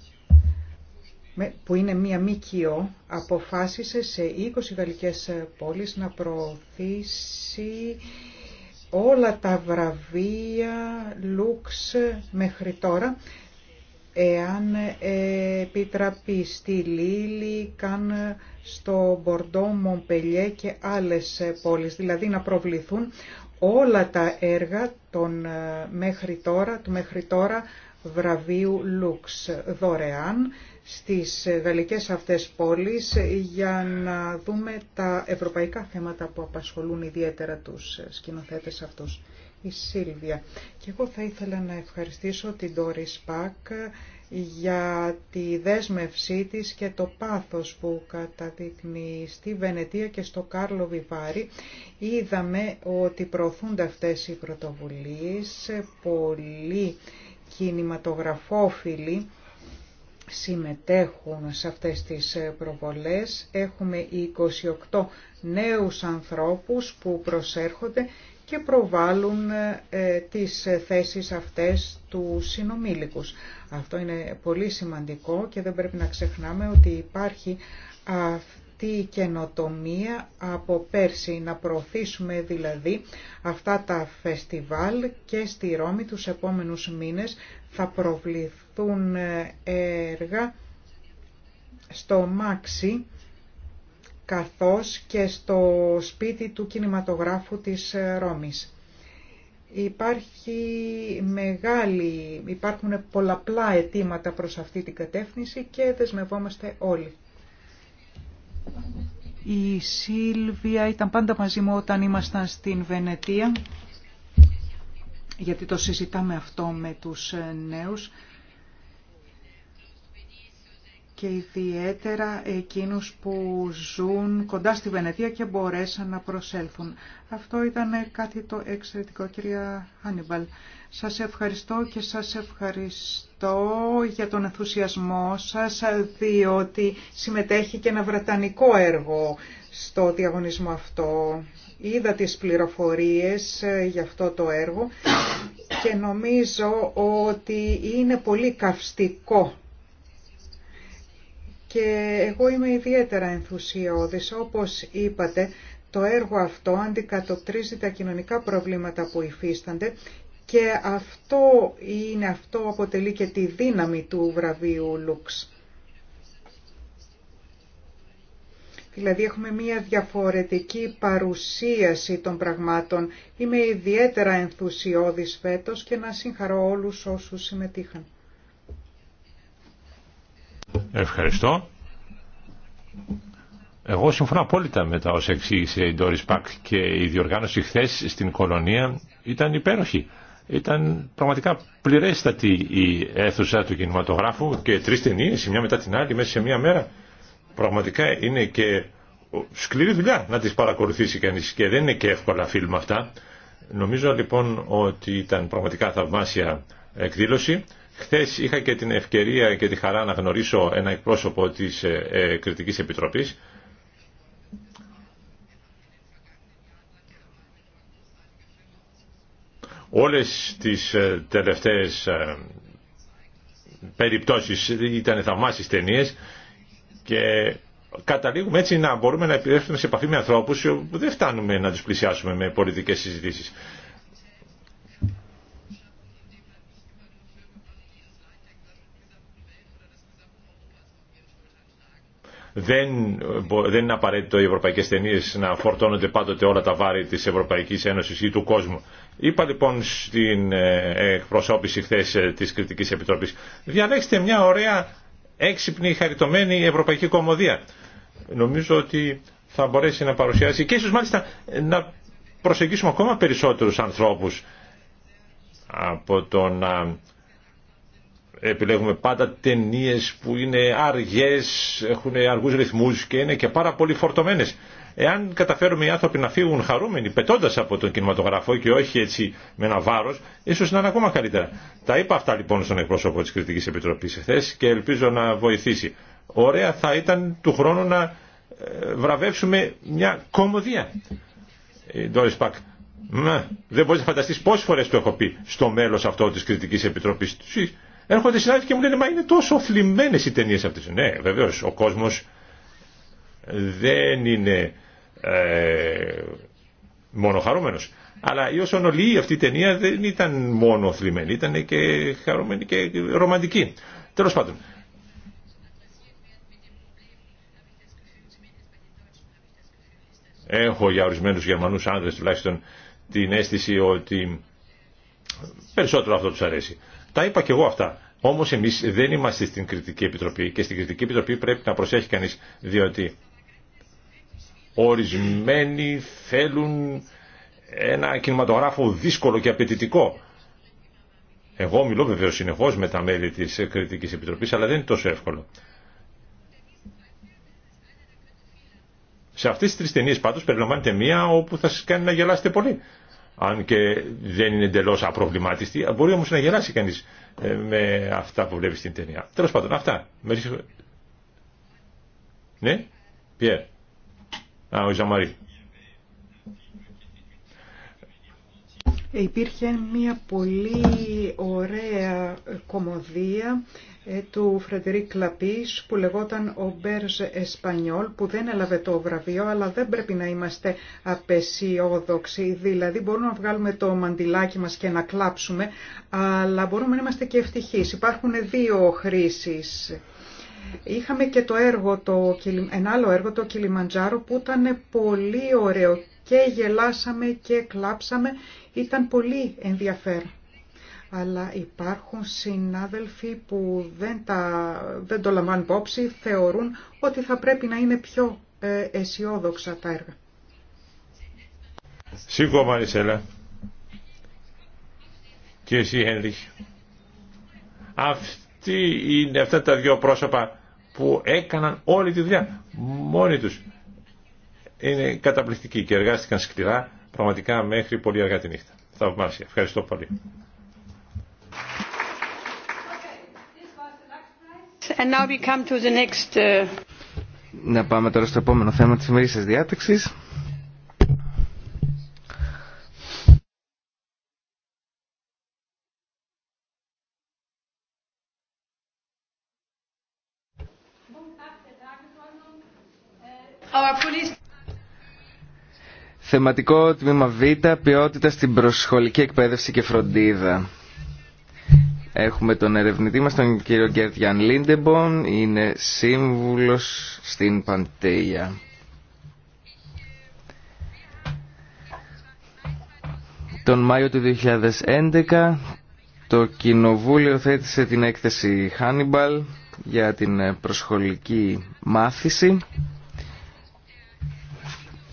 που είναι μία ΜΚΟ, αποφάσισε σε 20 γαλλικές ε, πόλεις να προωθήσει όλα τα βραβεία Λουξ μέχρι τώρα, εάν ε, επιτραπεί στη Λίλη, καν στο Μπορντό, Μομπελιέ και άλλες ε, πόλεις, δηλαδή να προβληθούν όλα τα έργα των μέχρι τώρα, του μέχρι τώρα βραβείου Λουξ δωρεάν στις γαλλικές αυτές πόλεις για να δούμε τα ευρωπαϊκά θέματα που απασχολούν ιδιαίτερα τους σκηνοθέτες αυτούς. Η Σίλβια. Και εγώ θα ήθελα να ευχαριστήσω την Τόρι Σπάκ για τη δέσμευσή της και το πάθος που καταδεικνύει στη Βενετία και στο Κάρλο Βιβάρι. Είδαμε ότι προωθούνται αυτές οι πρωτοβουλίες πολύ κινηματογραφόφιλοι συμμετέχουν σε αυτές τις ε, προβολές. Έχουμε 28 νέους ανθρώπους που προσέρχονται και προβάλλουν ε, ε, τις θέσεις αυτές του συνομήλικους. Αυτό είναι πολύ σημαντικό και δεν πρέπει να ξεχνάμε ότι υπάρχει η καινοτομία από πέρσι, να προωθήσουμε δηλαδή αυτά τα φεστιβάλ και στη Ρώμη τους επόμενους μήνες θα προβληθούν ε, έργα στο Μάξι καθώς και στο σπίτι του κινηματογράφου της ε, Ρώμης. Υπάρχει μεγάλη, υπάρχουν πολλαπλά αιτήματα προς αυτή την κατεύθυνση και δεσμευόμαστε όλοι. Η Σίλβια ήταν πάντα μαζί μου όταν ήμασταν στην Βενετία, γιατί το συζητάμε αυτό με τους ε, νέους και ιδιαίτερα εκείνους που ζουν κοντά στη Βενετία και μπορέσαν να προσέλθουν. Αυτό ήταν κάτι το εξαιρετικό, κυρία Χάνιμπαλ. Σας ευχαριστώ και σας ευχαριστώ για τον ενθουσιασμό σας, διότι συμμετέχει και ένα βρετανικό έργο στο διαγωνισμό αυτό. Είδα τις πληροφορίες ε, για αυτό το έργο και νομίζω ότι είναι πολύ καυστικό και εγώ είμαι ιδιαίτερα ενθουσιώδης. Όπως είπατε, το έργο αυτό αντικατοπτρίζει τα κοινωνικά προβλήματα που υφίστανται και αυτό, είναι, αυτό αποτελεί και τη δύναμη του βραβείου Λουξ. Δηλαδή έχουμε μία διαφορετική παρουσίαση των πραγμάτων. Είμαι ιδιαίτερα ενθουσιώδης φέτος και να συγχαρώ όλους όσους συμμετείχαν. Ευχαριστώ. Εγώ συμφωνώ απόλυτα με τα όσα εξήγησε η Doris Πακ και η διοργάνωση χθε στην κολονία ήταν υπέροχη. Ήταν πραγματικά πληρέστατη η αίθουσα του κινηματογράφου και τρει ταινίε, η μια μετά την άλλη, μέσα σε μια μέρα. Πραγματικά είναι και σκληρή δουλειά να τις παρακολουθήσει κανείς και δεν είναι και εύκολα φιλμ αυτά. Νομίζω λοιπόν ότι ήταν πραγματικά θαυμάσια εκδήλωση. Χθες είχα και την ευκαιρία και τη χαρά να γνωρίσω ένα εκπρόσωπο της ε, ε, Κριτικής Επιτροπής όλες τις ε, τελευταίες περιπτώσεις ήταν θαυμάσεις ταινίε και καταλήγουμε έτσι να μπορούμε να επιρρέψουμε σε επαφή με ανθρώπους που δεν φτάνουμε να τους πλησιάσουμε με πολιτικές συζητήσεις. Δεν, δεν είναι απαραίτητο οι ευρωπαϊκέ ταινίε να φορτώνονται πάντοτε όλα τα βάρη τη Ευρωπαϊκή Ένωση ή του κόσμου. Είπα λοιπόν στην ε, εκπροσώπηση χθε τη Κριτική Επιτροπή, διαλέξτε μια ωραία έξυπνη, χαριτωμένη ευρωπαϊκή κομμωδία. Νομίζω ότι θα μπορέσει να παρουσιάσει και ίσω μάλιστα να προσεγγίσουμε ακόμα περισσότερου ανθρώπου από το να επιλέγουμε πάντα ταινίε που είναι αργέ, έχουν αργού ρυθμού και είναι και πάρα πολύ φορτωμένε. Εάν καταφέρουμε οι άνθρωποι να φύγουν χαρούμενοι, πετώντα από τον κινηματογραφό και όχι έτσι με ένα βάρο, ίσω να είναι ακόμα καλύτερα. Τα είπα αυτά λοιπόν στον εκπρόσωπο τη Κριτικής Επιτροπή. εχθές και ελπίζω να βοηθήσει. Ωραία θα ήταν του χρόνου να ε, βραβεύσουμε μια κομμωδία. Ε, Doris δεν μπορεί να φανταστεί πόσε φορέ το έχω πει στο μέλο αυτό τη Κριτικής Επιτροπή έρχονται συνάδελφοι και μου λένε μα είναι τόσο θλιμμένες οι ταινίες αυτές. Ναι βεβαίως ο κόσμος δεν είναι ε, μόνο χαρούμενος. Αλλά η Οσονολή αυτή η ταινία δεν ήταν μόνο θλιμμένη, ήταν και χαρούμενη και ρομαντική. Τέλος πάντων, έχω για ορισμένους Γερμανούς άνδρες τουλάχιστον την αίσθηση ότι περισσότερο αυτό τους αρέσει. Τα είπα και εγώ αυτά. Όμω εμεί δεν είμαστε στην Κριτική Επιτροπή και στην Κριτική Επιτροπή πρέπει να προσέχει κανεί διότι ορισμένοι θέλουν ένα κινηματογράφο δύσκολο και απαιτητικό. Εγώ μιλώ βεβαίω συνεχώ με τα μέλη τη Κριτική Επιτροπή αλλά δεν είναι τόσο εύκολο. Σε αυτέ τι τρει ταινίε πάντω περιλαμβάνεται μία όπου θα σα κάνει να γελάσετε πολύ αν και δεν είναι εντελώ απροβλημάτιστη, μπορεί όμω να γεράσει κανεί ε, με αυτά που βλέπει στην ταινία. Τέλο πάντων, αυτά. Ναι, Πιέρ. Α, ο Ζαμαρή. Υπήρχε μια πολύ ωραία κομμωδία ε, του Φρεντερίκ Κλαπής που λεγόταν ο Μπέρζ Εσπανιόλ που δεν έλαβε το βραβείο αλλά δεν πρέπει να είμαστε απεσιόδοξοι δηλαδή μπορούμε να βγάλουμε το μαντιλάκι μας και να κλάψουμε αλλά μπορούμε να είμαστε και ευτυχείς υπάρχουν δύο χρήσεις Είχαμε και το έργο, το, ένα άλλο έργο, το Κιλιμαντζάρο, που ήταν πολύ ωραίο και γελάσαμε και κλάψαμε. Ήταν πολύ ενδιαφέρον αλλά υπάρχουν συνάδελφοι που δεν, τα, δεν το λαμβάνουν υπόψη, θεωρούν ότι θα πρέπει να είναι πιο ε, αισιόδοξα τα έργα. Σίγουρα Μαρισέλα και εσύ Ένριχ. Αυτή είναι αυτά τα δύο πρόσωπα που έκαναν όλη τη δουλειά μόνοι τους. Είναι καταπληκτικοί και εργάστηκαν σκληρά πραγματικά μέχρι πολύ αργά τη νύχτα. Θαυμάσια. Ευχαριστώ πολύ. Uh, Να πάμε τώρα στο επόμενο θέμα της ημερήσιας διάταξης. Θεματικό τμήμα Β, ποιότητα στην προσχολική εκπαίδευση και φροντίδα. Έχουμε τον ερευνητή μας, τον κύριο Γκέρτιαν Λίντεμπον, είναι σύμβουλος στην Παντέια. Τον Μάιο του 2011 το Κοινοβούλιο θέτησε την έκθεση Hannibal για την ε, προσχολική μάθηση.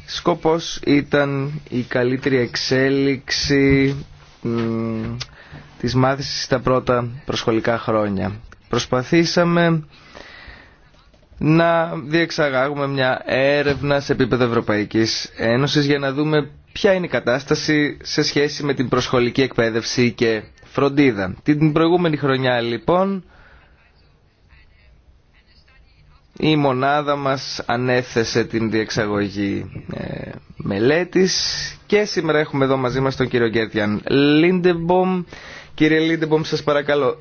Σκόπος ήταν η καλύτερη εξέλιξη της μάθησης στα πρώτα προσχολικά χρόνια. Προσπαθήσαμε να διεξαγάγουμε μια έρευνα σε επίπεδο Ευρωπαϊκής Ένωσης για να δούμε ποια είναι η κατάσταση σε σχέση με την προσχολική εκπαίδευση και φροντίδα. Την προηγούμενη χρονιά λοιπόν η μονάδα μας ανέθεσε την διεξαγωγή ε, μελέτης και σήμερα έχουμε εδώ μαζί μας τον κύριο Γκέρτιαν Λίντεμπομ Κύριε Λίντεμπομ, σας παρακαλώ.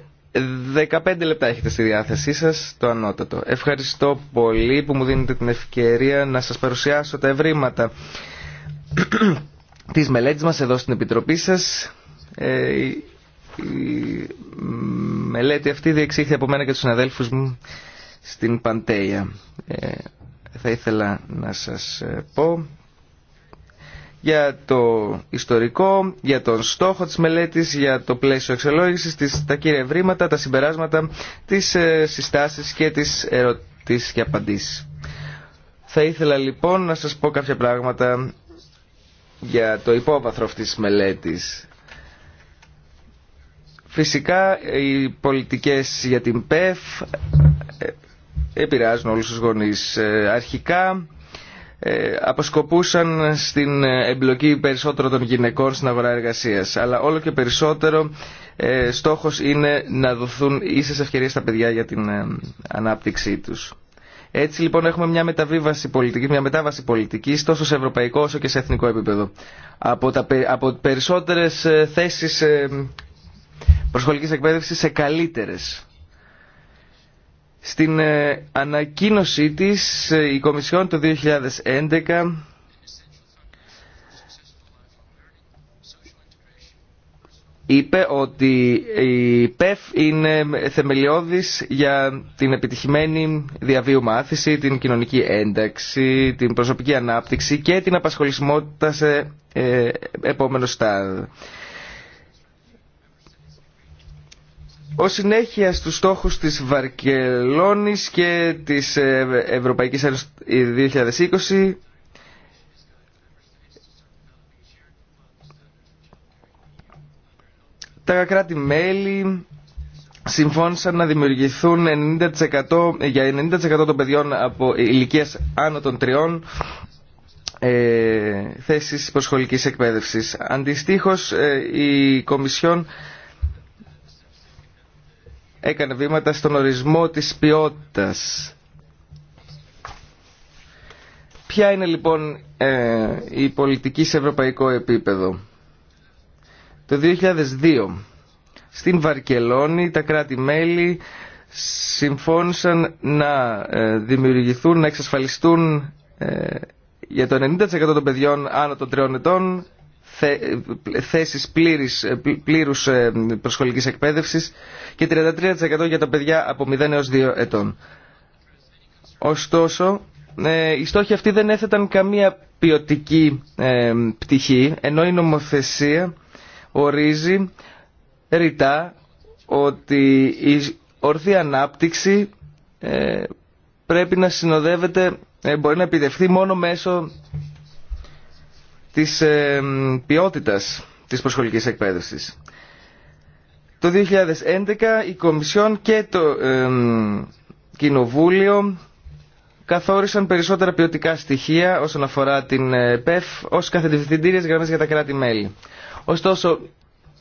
15 λεπτά έχετε στη διάθεσή σας, το ανώτατο. Ευχαριστώ πολύ που μου δίνετε την ευκαιρία να σας παρουσιάσω τα ευρήματα της μελέτης μας εδώ στην Επιτροπή σας. Ε, η μελέτη αυτή διεξήχθη από μένα και τους συναδέλφους μου στην Παντέια. Ε, θα ήθελα να σας ε, πω για το ιστορικό, για τον στόχο της μελέτης, για το πλαίσιο εξελόγηση, τις, τα κύρια ευρήματα, τα συμπεράσματα, τις ε, συστάσεις και τις ερωτήσεις και απαντήσεις. Θα ήθελα λοιπόν να σας πω κάποια πράγματα για το υπόβαθρο αυτής της μελέτης. Φυσικά οι πολιτικές για την ΠΕΦ ε, επηρεάζουν όλους τους γονείς ε, αρχικά ε, αποσκοπούσαν στην εμπλοκή περισσότερο των γυναικών στην αγορά εργασίας. Αλλά όλο και περισσότερο ε, στόχος είναι να δοθούν ίσες ευκαιρίες στα παιδιά για την ε, ανάπτυξή τους. Έτσι λοιπόν έχουμε μια μεταβίβαση πολιτική, μια μετάβαση πολιτικής τόσο σε ευρωπαϊκό όσο και σε εθνικό επίπεδο. Από, τα, από περισσότερες θέσεις προσχολικής εκπαίδευσης σε καλύτερες στην ε, ανακοίνωσή της ε, η Κομισιόν το 2011 είπε ότι η ΠΕΦ είναι θεμελιώδης για την επιτυχημένη διαβίου μάθηση, την κοινωνική ένταξη, την προσωπική ανάπτυξη και την απασχολησιμότητα σε ε, επόμενο στάδιο. Ω συνέχεια στους στόχους της Βαρκελόνης και της ε, Ευρωπαϊκής Ένωσης 2020 ε, τα κράτη-μέλη συμφώνησαν να δημιουργηθούν 90%, για 90% των παιδιών από ηλικίες άνω των τριών ε, θέσεις προσχολικής εκπαίδευσης. Αντιστοίχως ε, η Κομισιόν έκανε βήματα στον ορισμό της ποιότητας. Ποια είναι λοιπόν ε, η πολιτική σε ευρωπαϊκό επίπεδο. Το 2002 στην Βαρκελόνη τα κράτη-μέλη συμφώνησαν να ε, δημιουργηθούν, να εξασφαλιστούν ε, για το 90% των παιδιών άνω των τριών ετών θέσεις πλήρου πλήρους ε, προσχολικής εκπαίδευσης και 33% για τα παιδιά από 0 έως 2 ετών. Ωστόσο, ε, οι στόχοι αυτοί δεν έθεταν καμία ποιοτική ε, πτυχή, ενώ η νομοθεσία ορίζει ρητά ότι η ορθή ανάπτυξη πρέπει να συνοδεύεται, μπορεί να επιτευχθεί μόνο μέσω της ε, ποιότητας της προσχολικής εκπαίδευσης. Το 2011 η Κομισιόν και το ε, Κοινοβούλιο καθόρισαν περισσότερα ποιοτικά στοιχεία όσον αφορά την ε, ΠΕΦ ως κατευθυντήριε γραμμές για τα κράτη-μέλη. Ωστόσο,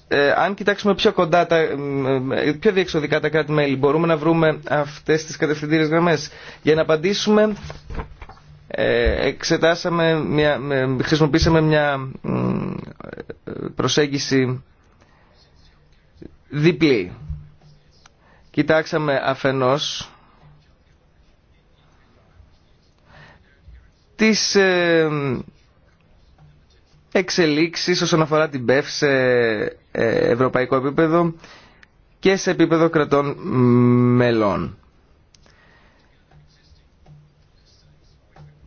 ε, αν κοιτάξουμε πιο κοντά, τα, ε, πιο διεξοδικά τα κράτη-μέλη, μπορούμε να βρούμε αυτές τις κατευθυντήριες γραμμές. Για να απαντήσουμε ε, εξετάσαμε, μια, χρησιμοποίησαμε μια προσέγγιση διπλή. Κοιτάξαμε αφενός τις ε, εξελίξεις όσον αφορά την ΠΕΦ σε ε, ευρωπαϊκό επίπεδο και σε επίπεδο κρατών μελών.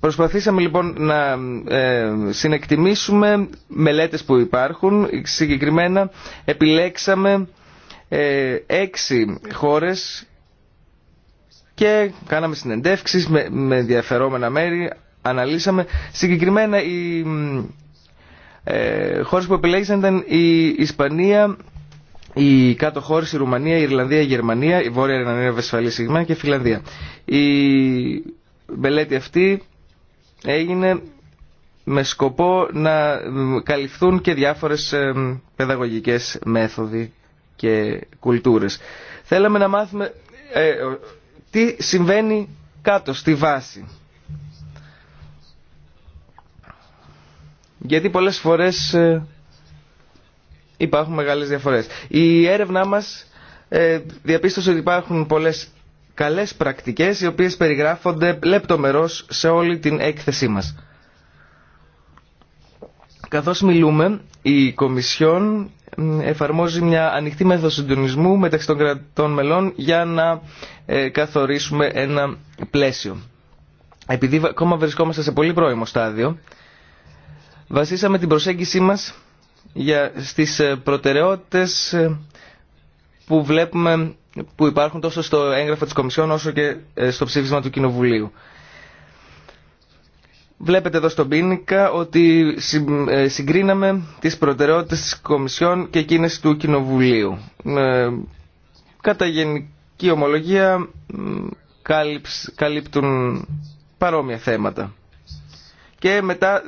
Προσπαθήσαμε λοιπόν να ε, συνεκτιμήσουμε μελέτες που υπάρχουν. Συγκεκριμένα επιλέξαμε ε, έξι χώρες και κάναμε συνεντεύξεις με, με ενδιαφερόμενα μέρη, αναλύσαμε. Συγκεκριμένα οι ε, χώρες που επιλέξαμε ήταν η Ισπανία, οι κάτω χώρες, η Ρουμανία, η Ιρλανδία, η Γερμανία, η Βόρεια Ιρλανδία, η Βεσφαλή και η Φιλανδία. Η μελέτη αυτή έγινε με σκοπό να καλυφθούν και διάφορες ε, παιδαγωγικές μέθοδοι και κουλτούρες. Θέλαμε να μάθουμε ε, τι συμβαίνει κάτω, στη βάση. Γιατί πολλές φορές ε, υπάρχουν μεγάλες διαφορές. Η έρευνά μας διαπίστωσε ότι υπάρχουν πολλές καλές πρακτικές οι οποίες περιγράφονται λεπτομερώς σε όλη την έκθεσή μας. Καθώς μιλούμε, η Κομισιόν εφαρμόζει μια ανοιχτή μέθοδο συντονισμού μεταξύ των κρατών μελών για να ε, καθορίσουμε ένα πλαίσιο. Επειδή ακόμα βρισκόμαστε σε πολύ πρώιμο στάδιο, βασίσαμε την προσέγγιση μας για, στις ε, προτεραιότητες ε, που βλέπουμε που υπάρχουν τόσο στο έγγραφο της Κομισιόν όσο και ε, στο ψήφισμα του Κοινοβουλίου. Βλέπετε εδώ στον πίνικα... ότι ε, συγκρίναμε τις προτεραιότητες της Κομισιόν και εκείνες του Κοινοβουλίου. Ε, κατά γενική ομολογία καλύπτουν παρόμοια θέματα. Και μετά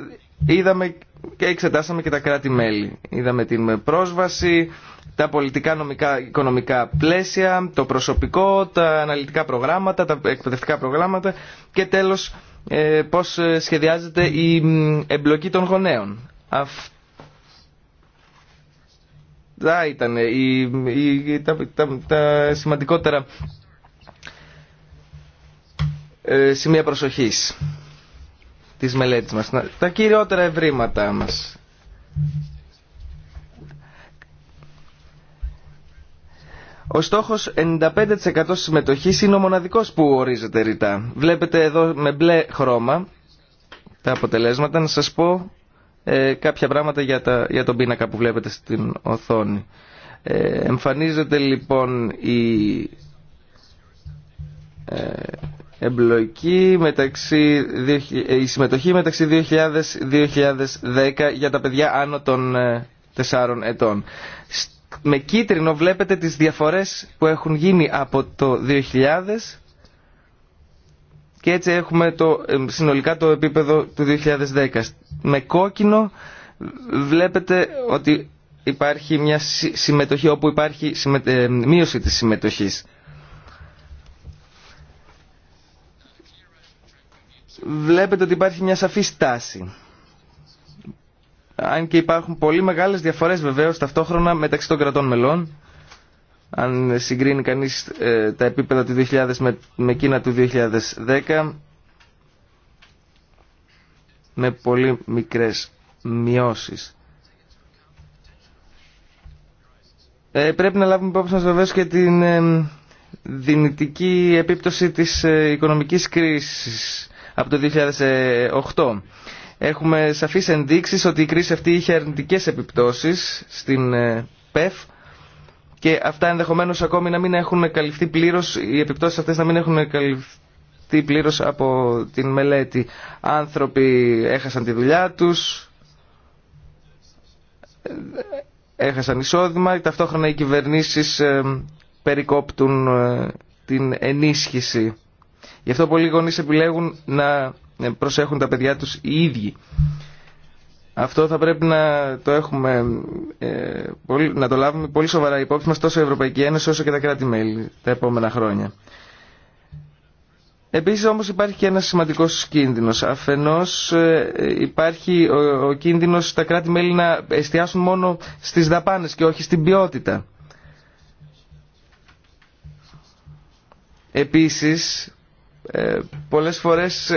είδαμε και εξετάσαμε και τα κράτη-μέλη. Είδαμε την πρόσβαση, τα πολιτικά νομικά οικονομικά πλαίσια, το προσωπικό, τα αναλυτικά προγράμματα, τα εκπαιδευτικά προγράμματα και τέλος ε, πώς ε, σχεδιάζεται η εμπλοκή των γονέων. Αυτά ήταν η, τα, τα, τα σημαντικότερα ε, σημεία προσοχής της μελέτης μας. Τα κυριότερα ευρήματα μας. Ο στόχος 95% συμμετοχής είναι ο μοναδικός που ορίζεται ρητά. Βλέπετε εδώ με μπλε χρώμα τα αποτελέσματα. Να σας πω ε, κάποια πράγματα για, τα, για τον πίνακα που βλέπετε στην οθόνη. Ε, εμφανίζεται λοιπόν η ε, εμπλοκή μεταξύ, ε, η συμμετοχή μεταξύ 2000-2010 για τα παιδιά άνω των 4 ε, ετών με κίτρινο βλέπετε τις διαφορές που έχουν γίνει από το 2000 και έτσι έχουμε το, ε, συνολικά το επίπεδο του 2010. Με κόκκινο βλέπετε ότι υπάρχει μια συμμετοχή όπου υπάρχει ε, μείωση της συμμετοχής. Βλέπετε ότι υπάρχει μια σαφή στάση αν και υπάρχουν πολύ μεγάλες διαφορές βεβαίως ταυτόχρονα μεταξύ των κρατών μελών αν συγκρίνει κανείς ε, τα επίπεδα του 2000 με, με εκείνα του 2010 με πολύ μικρές μειώσεις. Ε, πρέπει να λάβουμε υπόψη μας βεβαίως και την ε, δυνητική επίπτωση της ε, οικονομικής κρίσης από το 2008. Έχουμε σαφείς ενδείξεις ότι η κρίση αυτή είχε αρνητικές επιπτώσεις στην ε, ΠΕΦ και αυτά ενδεχομένως ακόμη να μην έχουν καλυφθεί πλήρως, οι επιπτώσεις αυτές να μην έχουν καλυφθεί πλήρως από την μελέτη. Άνθρωποι έχασαν τη δουλειά τους, έχασαν εισόδημα, ταυτόχρονα οι κυβερνήσεις ε, περικόπτουν ε, την ενίσχυση. Γι' αυτό πολλοί γονείς επιλέγουν να προσέχουν τα παιδιά τους οι ίδιοι. Αυτό θα πρέπει να το, έχουμε, ε, να το λάβουμε πολύ σοβαρά υπόψη μας τόσο η Ευρωπαϊκή Ένωση όσο και τα κράτη-μέλη τα επόμενα χρόνια. Επίσης όμως υπάρχει και ένας σημαντικός κίνδυνος. Αφενός ε, υπάρχει ο, ο κίνδυνος τα κράτη-μέλη να εστιάσουν μόνο στις δαπάνες και όχι στην ποιότητα. Επίσης, ε, πολλές φορές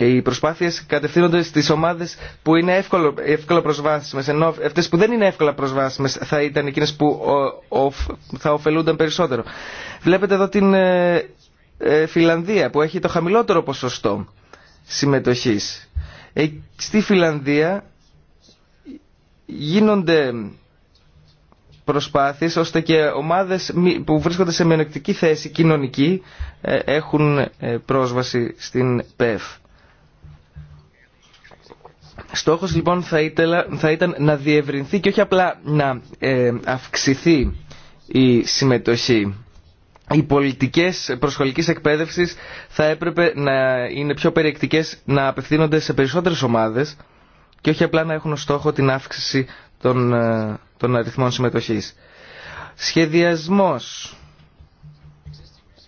οι προσπάθειες κατευθύνονται στις ομάδες που είναι εύκολο, εύκολα προσβάσιμες, ενώ αυτές που δεν είναι εύκολα προσβάσιμες θα ήταν εκείνες που θα ωφελούνταν περισσότερο. Βλέπετε εδώ την ε, ε, Φιλανδία που έχει το χαμηλότερο ποσοστό συμμετοχής. Ε, στη Φιλανδία γίνονται προσπάθειες ώστε και ομάδες που βρίσκονται σε μειονεκτική θέση κοινωνική έχουν πρόσβαση στην ΠΕΦ. Στόχος λοιπόν θα, θα ήταν να διευρυνθεί και όχι απλά να ε, αυξηθεί η συμμετοχή. Οι πολιτικές προσχολικής εκπαίδευσης θα έπρεπε να είναι πιο περιεκτικές, να απευθύνονται σε περισσότερες ομάδες και όχι απλά να έχουν στόχο την αύξηση των, ε, των αριθμών συμμετοχής. Σχεδιασμός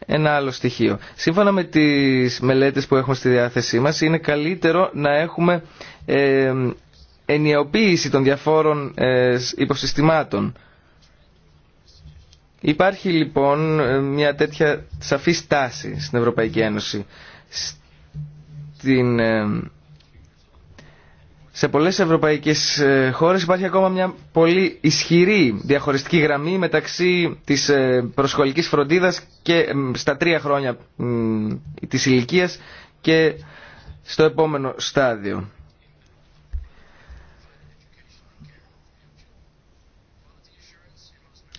ένα άλλο στοιχείο. Σύμφωνα με τις μελέτες που έχουμε στη διάθεσή μας, είναι καλύτερο να έχουμε ε, ενιαοποίηση των διαφόρων ε, υποσυστημάτων. Υπάρχει λοιπόν ε, μια τέτοια σαφή στάση στην Ευρωπαϊκή Ένωση. Στην, ε, σε πολλές ευρωπαϊκές ε, χώρες υπάρχει ακόμα μια πολύ ισχυρή διαχωριστική γραμμή μεταξύ της ε, προσχολικής φροντίδας και στα τρία χρόνια της ηλικία και στο επόμενο στάδιο.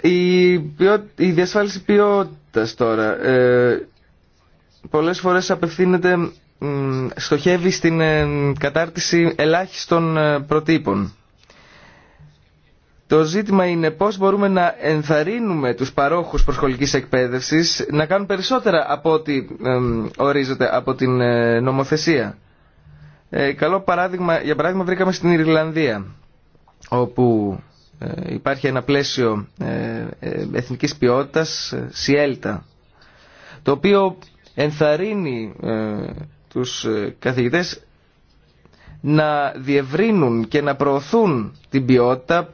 Η, ποιο... η διασφάλιση ποιότητας τώρα ε, πολλές φορές απευθύνεται στοχεύει στην ε, κατάρτιση ελάχιστων ε, προτύπων. Το ζήτημα είναι πώς μπορούμε να ενθαρρύνουμε τους παρόχους προσχολικής εκπαίδευσης να κάνουν περισσότερα από ό,τι ε, ορίζεται από την νομοθεσία. Καλό παράδειγμα, για παράδειγμα βρήκαμε στην Ιρλανδία, όπου υπάρχει ένα πλαίσιο εθνικής ποιότητας, Σιέλτα το οποίο ενθαρρύνει τους ε, καθηγητές να διευρύνουν και να προωθούν την ποιότητα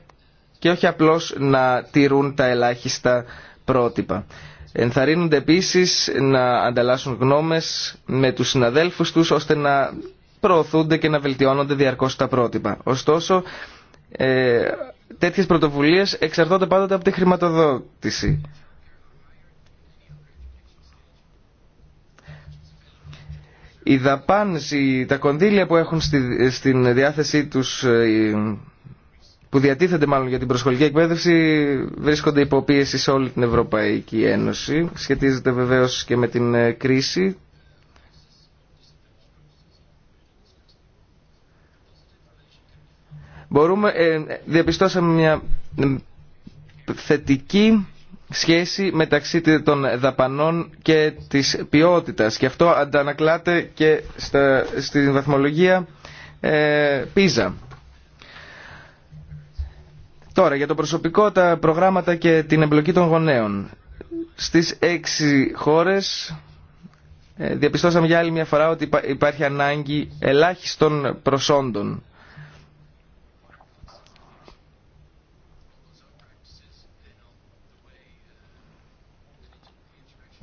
και όχι απλώς να τηρούν τα ελάχιστα πρότυπα. Ενθαρρύνονται επίσης να ανταλλάσσουν γνώμες με τους συναδέλφους τους ώστε να προωθούνται και να βελτιώνονται διαρκώς τα πρότυπα. Ωστόσο, ε, τέτοιες πρωτοβουλίες εξαρτώνται πάντοτε από τη χρηματοδότηση. οι δαπάνες, τα κονδύλια που έχουν στη, στην διάθεσή τους, ε, που διατίθενται μάλλον για την προσχολική εκπαίδευση, βρίσκονται υποπίεση σε όλη την Ευρωπαϊκή Ένωση. Σχετίζεται βεβαίως και με την ε, κρίση. Μπορούμε, ε, διαπιστώσαμε μια θετική σχέση μεταξύ των δαπανών και της ποιότητας και αυτό αντανακλάται και στη στην βαθμολογία ε, πίζα. Τώρα για το προσωπικό, τα προγράμματα και την εμπλοκή των γονέων. Στις έξι χώρες ε, διαπιστώσαμε για άλλη μια φορά ότι υπάρχει ανάγκη ελάχιστων προσόντων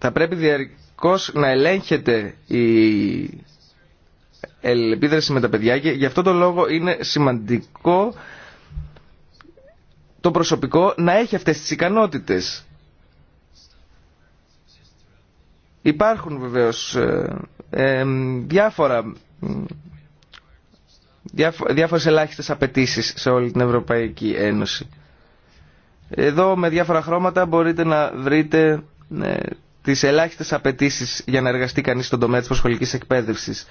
Θα πρέπει διαρκώς να ελέγχεται η επίδραση με τα παιδιά και γι' αυτό το λόγο είναι σημαντικό το προσωπικό να έχει αυτές τις ικανότητες. Υπάρχουν βεβαίως ε, ε διάφορα, διάφο, διάφορες ελάχιστες απαιτήσεις σε όλη την Ευρωπαϊκή Ένωση. Εδώ με διάφορα χρώματα μπορείτε να βρείτε ε, τις ελάχιστες απαιτήσει για να εργαστεί κανείς στον τομέα της προσχολικής εκπαίδευσης.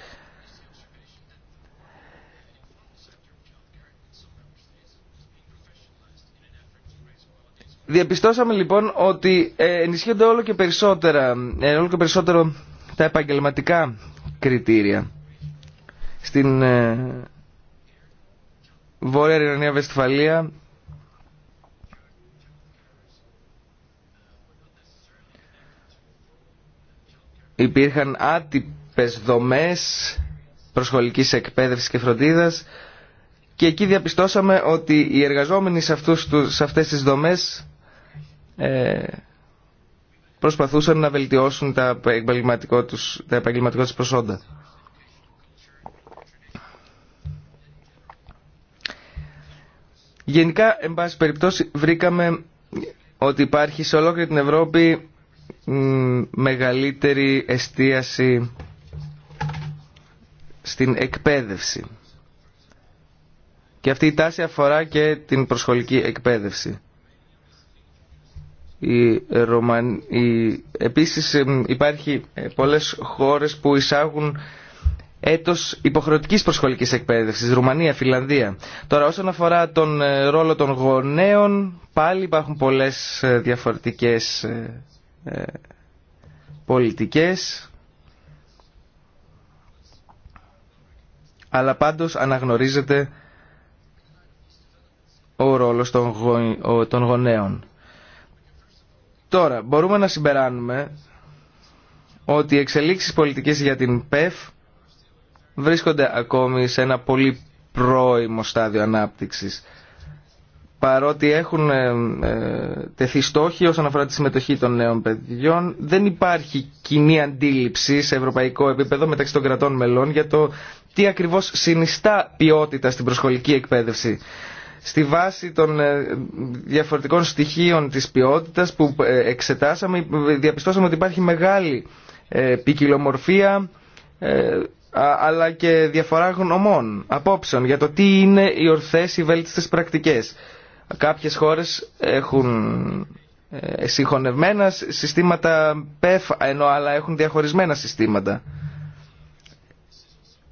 Διαπιστώσαμε λοιπόν ότι ε, ενισχύονται όλο και, περισσότερα, ε, όλο και περισσότερο τα επαγγελματικά κριτήρια στην ε, Βόρεια Ιρανία Βεστιφαλία... υπήρχαν άτυπες δομές προσχολικής εκπαίδευσης και φροντίδας και εκεί διαπιστώσαμε ότι οι εργαζόμενοι σε, αυτούς, σε αυτές τις δομές ε, προσπαθούσαν να βελτιώσουν τα επαγγελματικό τους, τα επαγγελματικό τους προσόντα. Γενικά, εν πάση περιπτώσει, βρήκαμε ότι υπάρχει σε ολόκληρη την Ευρώπη μεγαλύτερη εστίαση στην εκπαίδευση. Και αυτή η τάση αφορά και την προσχολική εκπαίδευση. Η η... Επίσης υπάρχει ε, πολλές χώρες που εισάγουν έτος υποχρεωτικής προσχολικής εκπαίδευσης, Ρουμανία, Φιλανδία. Τώρα όσον αφορά τον ε, ρόλο των γονέων, πάλι υπάρχουν πολλές ε, διαφορετικές ε, πολιτικές αλλά πάντως αναγνωρίζεται ο ρόλος των γονέων. Τώρα, μπορούμε να συμπεράνουμε ότι οι εξελίξεις πολιτικής για την ΠΕΦ βρίσκονται ακόμη σε ένα πολύ πρώιμο στάδιο ανάπτυξης παρότι έχουν ε, ε, τεθεί στόχοι όσον αφορά τη συμμετοχή των νέων παιδιών, δεν υπάρχει κοινή αντίληψη σε ευρωπαϊκό επίπεδο μεταξύ των κρατών μελών για το τι ακριβώς συνιστά ποιότητα στην προσχολική εκπαίδευση. Στη βάση των ε, διαφορετικών στοιχείων της ποιότητας που εξετάσαμε, διαπιστώσαμε ότι υπάρχει μεγάλη ποικιλομορφία, αλλά και διαφορά γνωμών, απόψεων για το τι είναι οι ορθές οι βέλτιστες πρακτικές. Κάποιες χώρες έχουν ε, συγχωνευμένα συστήματα ΠΕΦ, ενώ άλλα έχουν διαχωρισμένα συστήματα.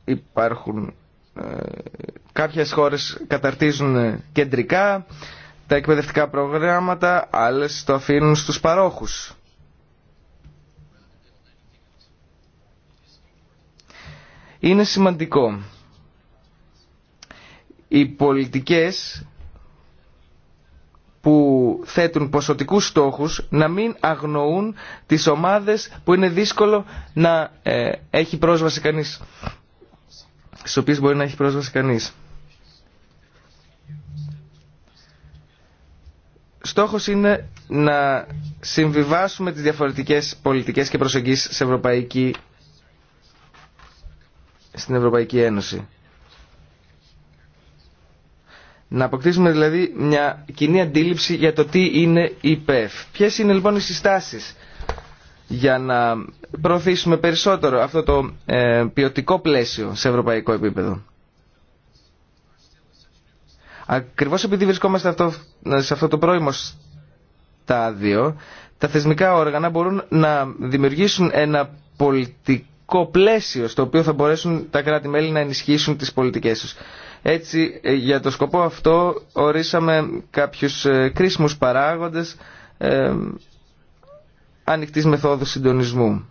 Υπάρχουν ε, κάποιες χώρες καταρτίζουν κεντρικά τα εκπαιδευτικά προγράμματα, άλλες το αφήνουν στους παρόχους. Είναι σημαντικό οι πολιτικές που θέτουν ποσοτικούς στόχους να μην αγνοούν τις ομάδες που είναι δύσκολο να ε, έχει πρόσβαση κανείς. Στις οποίες μπορεί να έχει πρόσβαση κανείς. Στόχος είναι να συμβιβάσουμε τις διαφορετικές πολιτικές και προσεγγίσεις Ευρωπαϊκή, στην Ευρωπαϊκή Ένωση. Να αποκτήσουμε δηλαδή μια κοινή αντίληψη για το τι είναι η ΠΕΦ. Ποιε είναι λοιπόν οι συστάσεις για να προωθήσουμε περισσότερο αυτό το ε, ποιοτικό πλαίσιο σε ευρωπαϊκό επίπεδο. Ακριβώς επειδή βρισκόμαστε αυτό, σε αυτό το πρώιμο στάδιο, τα θεσμικά όργανα μπορούν να δημιουργήσουν ένα πολιτικό πλαίσιο στο οποίο θα μπορέσουν τα κράτη-μέλη να ενισχύσουν τις πολιτικές τους. Έτσι, ε, για το σκοπό αυτό ορίσαμε κάποιους ε, κρίσιμους παράγοντες ε, ανοιχτής μεθόδου συντονισμού.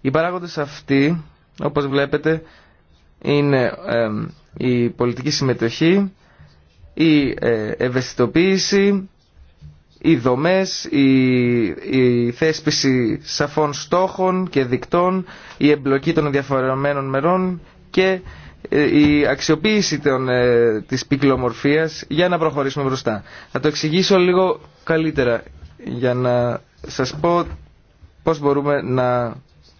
Οι παράγοντες αυτοί, όπως βλέπετε, είναι ε, η πολιτική συμμετοχή, η ευαισθητοποίηση, οι δομές, η, θέσπιση σαφών στόχων και δικτών, η εμπλοκή των ενδιαφερομένων μερών και ε, η αξιοποίηση των, ε, της πυκλομορφίας για να προχωρήσουμε μπροστά. Θα το εξηγήσω λίγο καλύτερα για να σας πω πώς μπορούμε να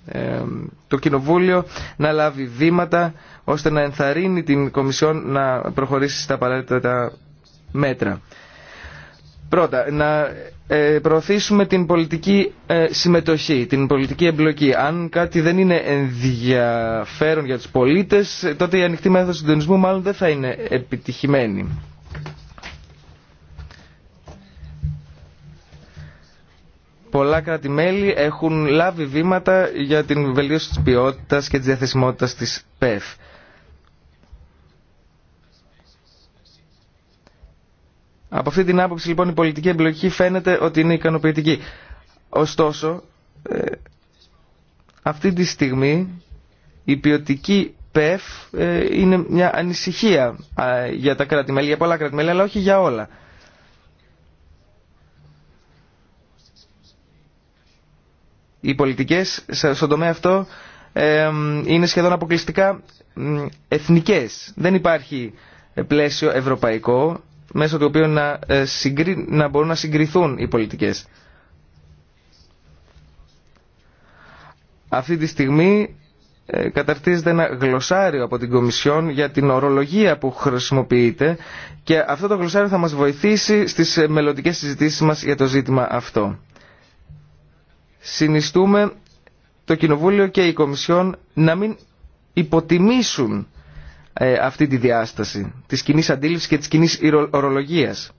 ε, το Κοινοβούλιο να λάβει βήματα ώστε να ενθαρρύνει την Κομισιόν να προχωρήσει στα απαραίτητα μέτρα. Πρώτα, να ε, προωθήσουμε την πολιτική ε, συμμετοχή, την πολιτική εμπλοκή. Αν κάτι δεν είναι ενδιαφέρον για τους πολίτες, ε, τότε η ανοιχτή μέθοδος συντονισμού μάλλον δεν θα είναι επιτυχημένη. Πολλά κράτη-μέλη έχουν λάβει βήματα για την βελτίωση της ποιότητας και της διαθεσιμότητας της ΠΕΦ. Από αυτή την άποψη λοιπόν η πολιτική εμπλοκή φαίνεται ότι είναι ικανοποιητική. Ωστόσο, ε, αυτή τη στιγμή η ποιοτική ΠΕΦ ε, είναι μια ανησυχία για τα κράτη-μέλη, για πολλά κράτη-μέλη, αλλά όχι για όλα. Οι πολιτικές στον τομέα αυτό ε, είναι σχεδόν αποκλειστικά εθνικές. Δεν υπάρχει πλαίσιο ευρωπαϊκό μέσω του οποίου να, ε, να μπορούν να συγκριθούν οι πολιτικές. Αυτή τη στιγμή ε, καταρτίζεται ένα γλωσσάριο από την Κομισιόν για την ορολογία που χρησιμοποιείται και αυτό το γλωσσάριο θα μας βοηθήσει στις ε, μελλοντικές συζητήσεις μας για το ζήτημα αυτό. Συνιστούμε το Κοινοβούλιο και η Κομισιόν να μην υποτιμήσουν ε, αυτή τη διάσταση της κοινή αντίληψης και της κοινή ορολογίας.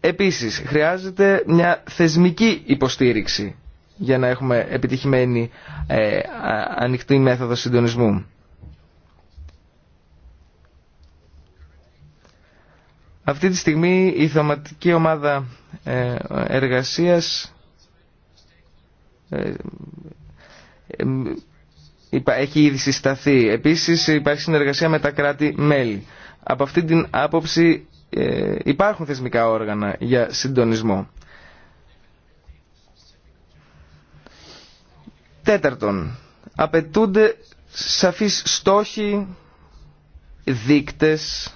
Επίσης, χρειάζεται μια θεσμική υποστήριξη για να έχουμε επιτυχημένη ε, ανοιχτή μέθοδο συντονισμού. Αυτή τη στιγμή η θεματική ομάδα ε, εργασίας ε, ε, έχει ήδη συσταθεί. Επίσης υπάρχει συνεργασία με τα κράτη-μέλη. Από αυτή την άποψη ε, υπάρχουν θεσμικά όργανα για συντονισμό. Τέταρτον, απαιτούνται σαφείς στόχοι, δείκτες,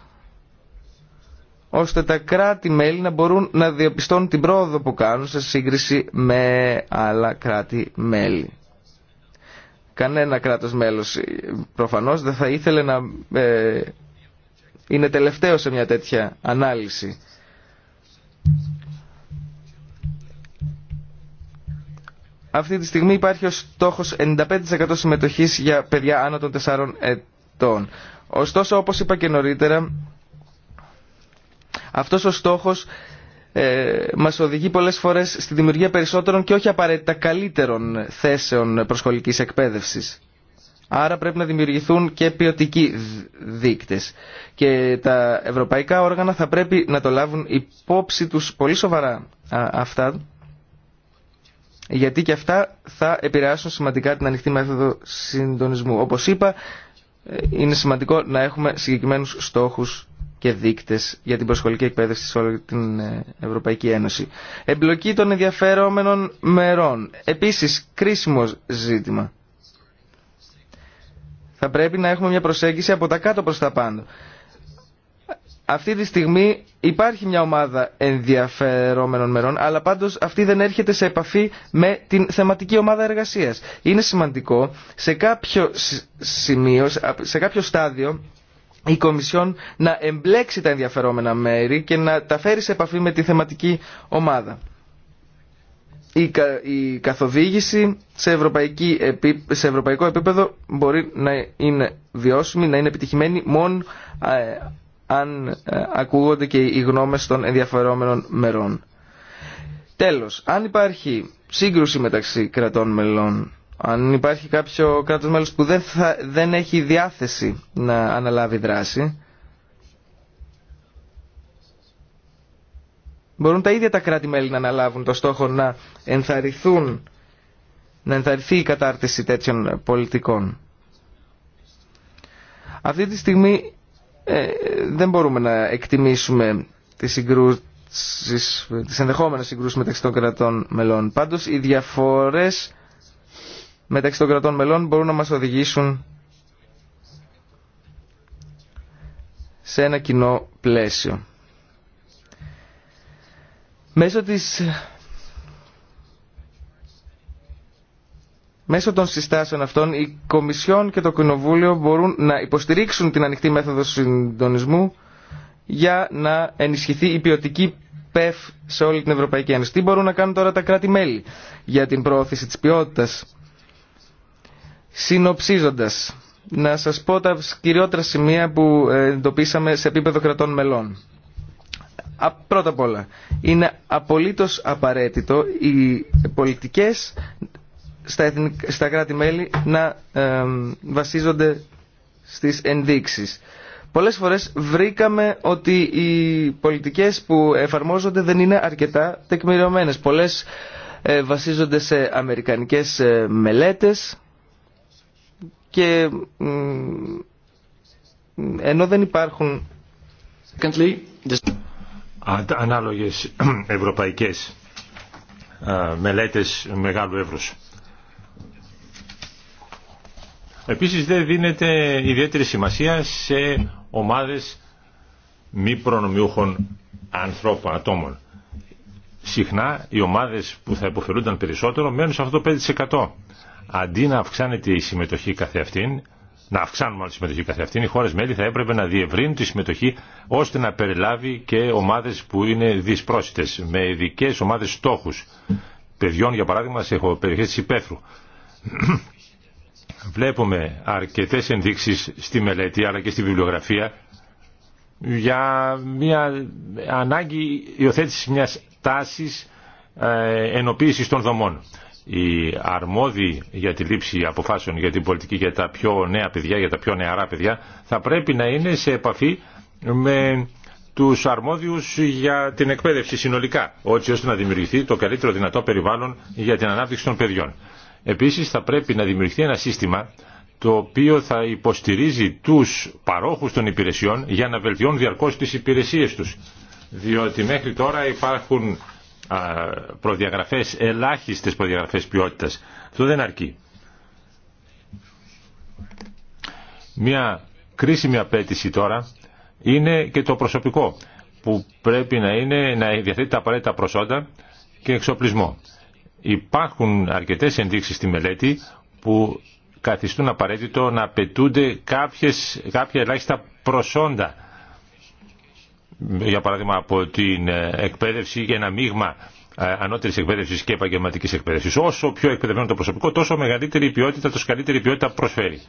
ώστε τα κράτη-μέλη να μπορούν να διαπιστώνουν την πρόοδο που κάνουν σε σύγκριση με άλλα κράτη-μέλη. Κανένα κράτος μέλος ε, προφανώς δεν θα ήθελε να ε, είναι τελευταίο σε μια τέτοια ανάλυση. Αυτή τη στιγμή υπάρχει ο στόχος 95% συμμετοχής για παιδιά άνω των 4 ετών. Ωστόσο, όπως είπα και νωρίτερα, αυτός ο στόχος ε, μας οδηγεί πολλές φορές στη δημιουργία περισσότερων και όχι απαραίτητα καλύτερων θέσεων προσχολικής εκπαίδευσης. Άρα πρέπει να δημιουργηθούν και ποιοτικοί δείκτες. Και τα ευρωπαϊκά όργανα θα πρέπει να το λάβουν υπόψη τους πολύ σοβαρά αυτά, γιατί και αυτά θα επηρεάσουν σημαντικά την ανοιχτή μέθοδο συντονισμού. Όπως είπα, ε, είναι σημαντικό να έχουμε συγκεκριμένους στόχους και δείκτες για την προσχολική εκπαίδευση σε όλη την ε, Ευρωπαϊκή Ένωση. Εμπλοκή των ενδιαφερόμενων μερών. Επίσης, κρίσιμο ζήτημα. Θα πρέπει να έχουμε μια προσέγγιση από τα κάτω προς τα πάνω. Αυτή τη στιγμή υπάρχει μια ομάδα ενδιαφερόμενων μερών, αλλά πάντως αυτή δεν έρχεται σε επαφή με την θεματική ομάδα εργασίας. Είναι σημαντικό σε κάποιο σημείο, σε κάποιο στάδιο η Κομισιόν να εμπλέξει τα ενδιαφερόμενα μέρη και να τα φέρει σε επαφή με τη θεματική ομάδα. Η, η καθοδήγηση σε, ευρωπαϊκή, σε ευρωπαϊκό επίπεδο μπορεί να είναι βιώσιμη, να είναι επιτυχημένη μόνο ε, αν ε, ακούγονται και οι γνώμες των ενδιαφερόμενων μερών. Τέλος, αν υπάρχει σύγκρουση μεταξύ κρατών μελών αν υπάρχει κάποιο κράτος μέλος που δεν, δεν έχει διάθεση να αναλάβει δράση, μπορούν τα ίδια τα κράτη-μέλη να αναλάβουν το στόχο να ενθαρρυνθούν, να ενθαρρυνθεί η κατάρτιση τέτοιων πολιτικών. Αυτή τη στιγμή ε, δεν μπορούμε να εκτιμήσουμε τις, συγκρούσεις, τις ενδεχόμενες συγκρούσεις μεταξύ των κρατών μελών. Πάντως οι διαφορές μεταξύ των κρατών μελών μπορούν να μας οδηγήσουν σε ένα κοινό πλαίσιο. Μέσω της Μέσω των συστάσεων αυτών, η Κομισιόν και το Κοινοβούλιο μπορούν να υποστηρίξουν την ανοιχτή μέθοδο συντονισμού για να ενισχυθεί η ποιοτική ΠΕΦ σε όλη την Ευρωπαϊκή Ένωση. Τι μπορούν να κάνουν τώρα τα κράτη-μέλη για την προώθηση της ποιότητας Συνοψίζοντας, να σας πω τα κυριότερα σημεία που ε, εντοπίσαμε σε επίπεδο κρατών μελών. Πρώτα απ' όλα, είναι απολύτως απαραίτητο οι πολιτικές στα κράτη-μέλη να βασίζονται στις ενδείξεις. Πολλές φορές βρήκαμε ότι οι πολιτικές που εφαρμόζονται δεν είναι αρκετά τεκμηριωμένες. Πολλές ε, βασίζονται σε αμερικανικές ε, μελέτες και ενώ δεν υπάρχουν ανάλογες ευρωπαϊκές μελέτες μεγάλου εύρους. Επίσης δεν δίνεται ιδιαίτερη σημασία σε ομάδες μη προνομιούχων ανθρώπων, ατόμων. Συχνά οι ομάδες που θα υποφελούνταν περισσότερο μένουν σε αυτό το 5% αντί να αυξάνεται η συμμετοχή καθεαυτήν, να αυξάνουμε τη συμμετοχή καθεαυτήν, οι χώρε μέλη θα έπρεπε να διευρύνουν τη συμμετοχή ώστε να περιλάβει και ομάδε που είναι δυσπρόσιτε, με ειδικέ ομάδε στόχου. Παιδιών, για παράδειγμα, σε περιοχέ τη Υπέθρου. (clears throat) Βλέπουμε αρκετέ ενδείξει στη μελέτη αλλά και στη βιβλιογραφία για μια ανάγκη υιοθέτηση μιας τάσης ε, ενοποίησης των δομών οι αρμόδιοι για τη λήψη αποφάσεων για την πολιτική για τα πιο νέα παιδιά, για τα πιο νεαρά παιδιά, θα πρέπει να είναι σε επαφή με τους αρμόδιους για την εκπαίδευση συνολικά, έτσι ώστε να δημιουργηθεί το καλύτερο δυνατό περιβάλλον για την ανάπτυξη των παιδιών. Επίσης θα πρέπει να δημιουργηθεί ένα σύστημα το οποίο θα υποστηρίζει τους παρόχους των υπηρεσιών για να βελτιώνουν διαρκώς τις υπηρεσίες τους. Διότι μέχρι τώρα υπάρχουν προδιαγραφές, ελάχιστες προδιαγραφές ποιότητας. Αυτό δεν αρκεί. Μια κρίσιμη απέτηση τώρα είναι και το προσωπικό που πρέπει να, είναι, να διαθέτει τα απαραίτητα προσόντα και εξοπλισμό. Υπάρχουν αρκετές ενδείξεις στη μελέτη που καθιστούν απαραίτητο να απαιτούνται κάποιες, κάποια ελάχιστα προσόντα για παράδειγμα από την ε, εκπαίδευση για ένα μείγμα ε, ανώτερη εκπαίδευσης και επαγγελματική εκπαίδευσης. Όσο πιο εκπαιδευμένο το προσωπικό, τόσο μεγαλύτερη ποιότητα, τόσο καλύτερη ποιότητα προσφέρει.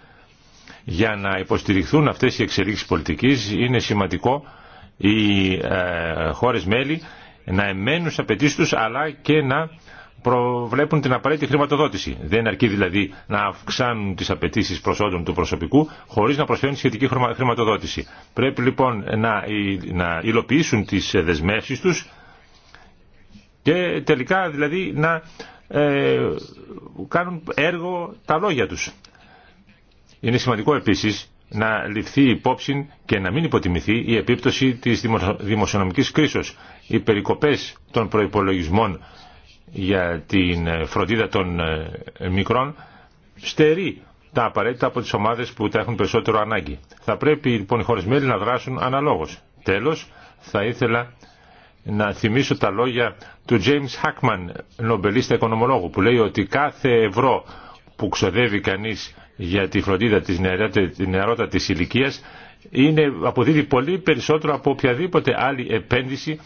Για να υποστηριχθούν αυτές οι εξελίξει πολιτικής, είναι σημαντικό οι ε, χώρε μέλη να εμένουν σε απαιτήσει του, αλλά και να προβλέπουν την απαραίτητη χρηματοδότηση. Δεν αρκεί δηλαδή να αυξάνουν τι απαιτήσει προσόντων του προσωπικού χωρί να προσφέρουν σχετική χρηματοδότηση. Πρέπει λοιπόν να, να υλοποιήσουν τι δεσμεύσει του και τελικά δηλαδή να ε, κάνουν έργο τα λόγια του. Είναι σημαντικό επίση να ληφθεί υπόψη και να μην υποτιμηθεί η επίπτωση της δημοσιονομικής κρίσης. Οι περικοπές των προϋπολογισμών για την ε, φροντίδα των ε, μικρών στερεί τα απαραίτητα από τις ομάδες που τα έχουν περισσότερο ανάγκη. Θα πρέπει λοιπόν οι να δράσουν αναλόγως. Τέλος, θα ήθελα να θυμίσω τα λόγια του James Hackman, νομπελίστα οικονομολόγου, που λέει ότι κάθε ευρώ που ξοδεύει κανείς για τη φροντίδα της νεαρότατης ηλικίας είναι, αποδίδει πολύ περισσότερο από οποιαδήποτε άλλη επένδυση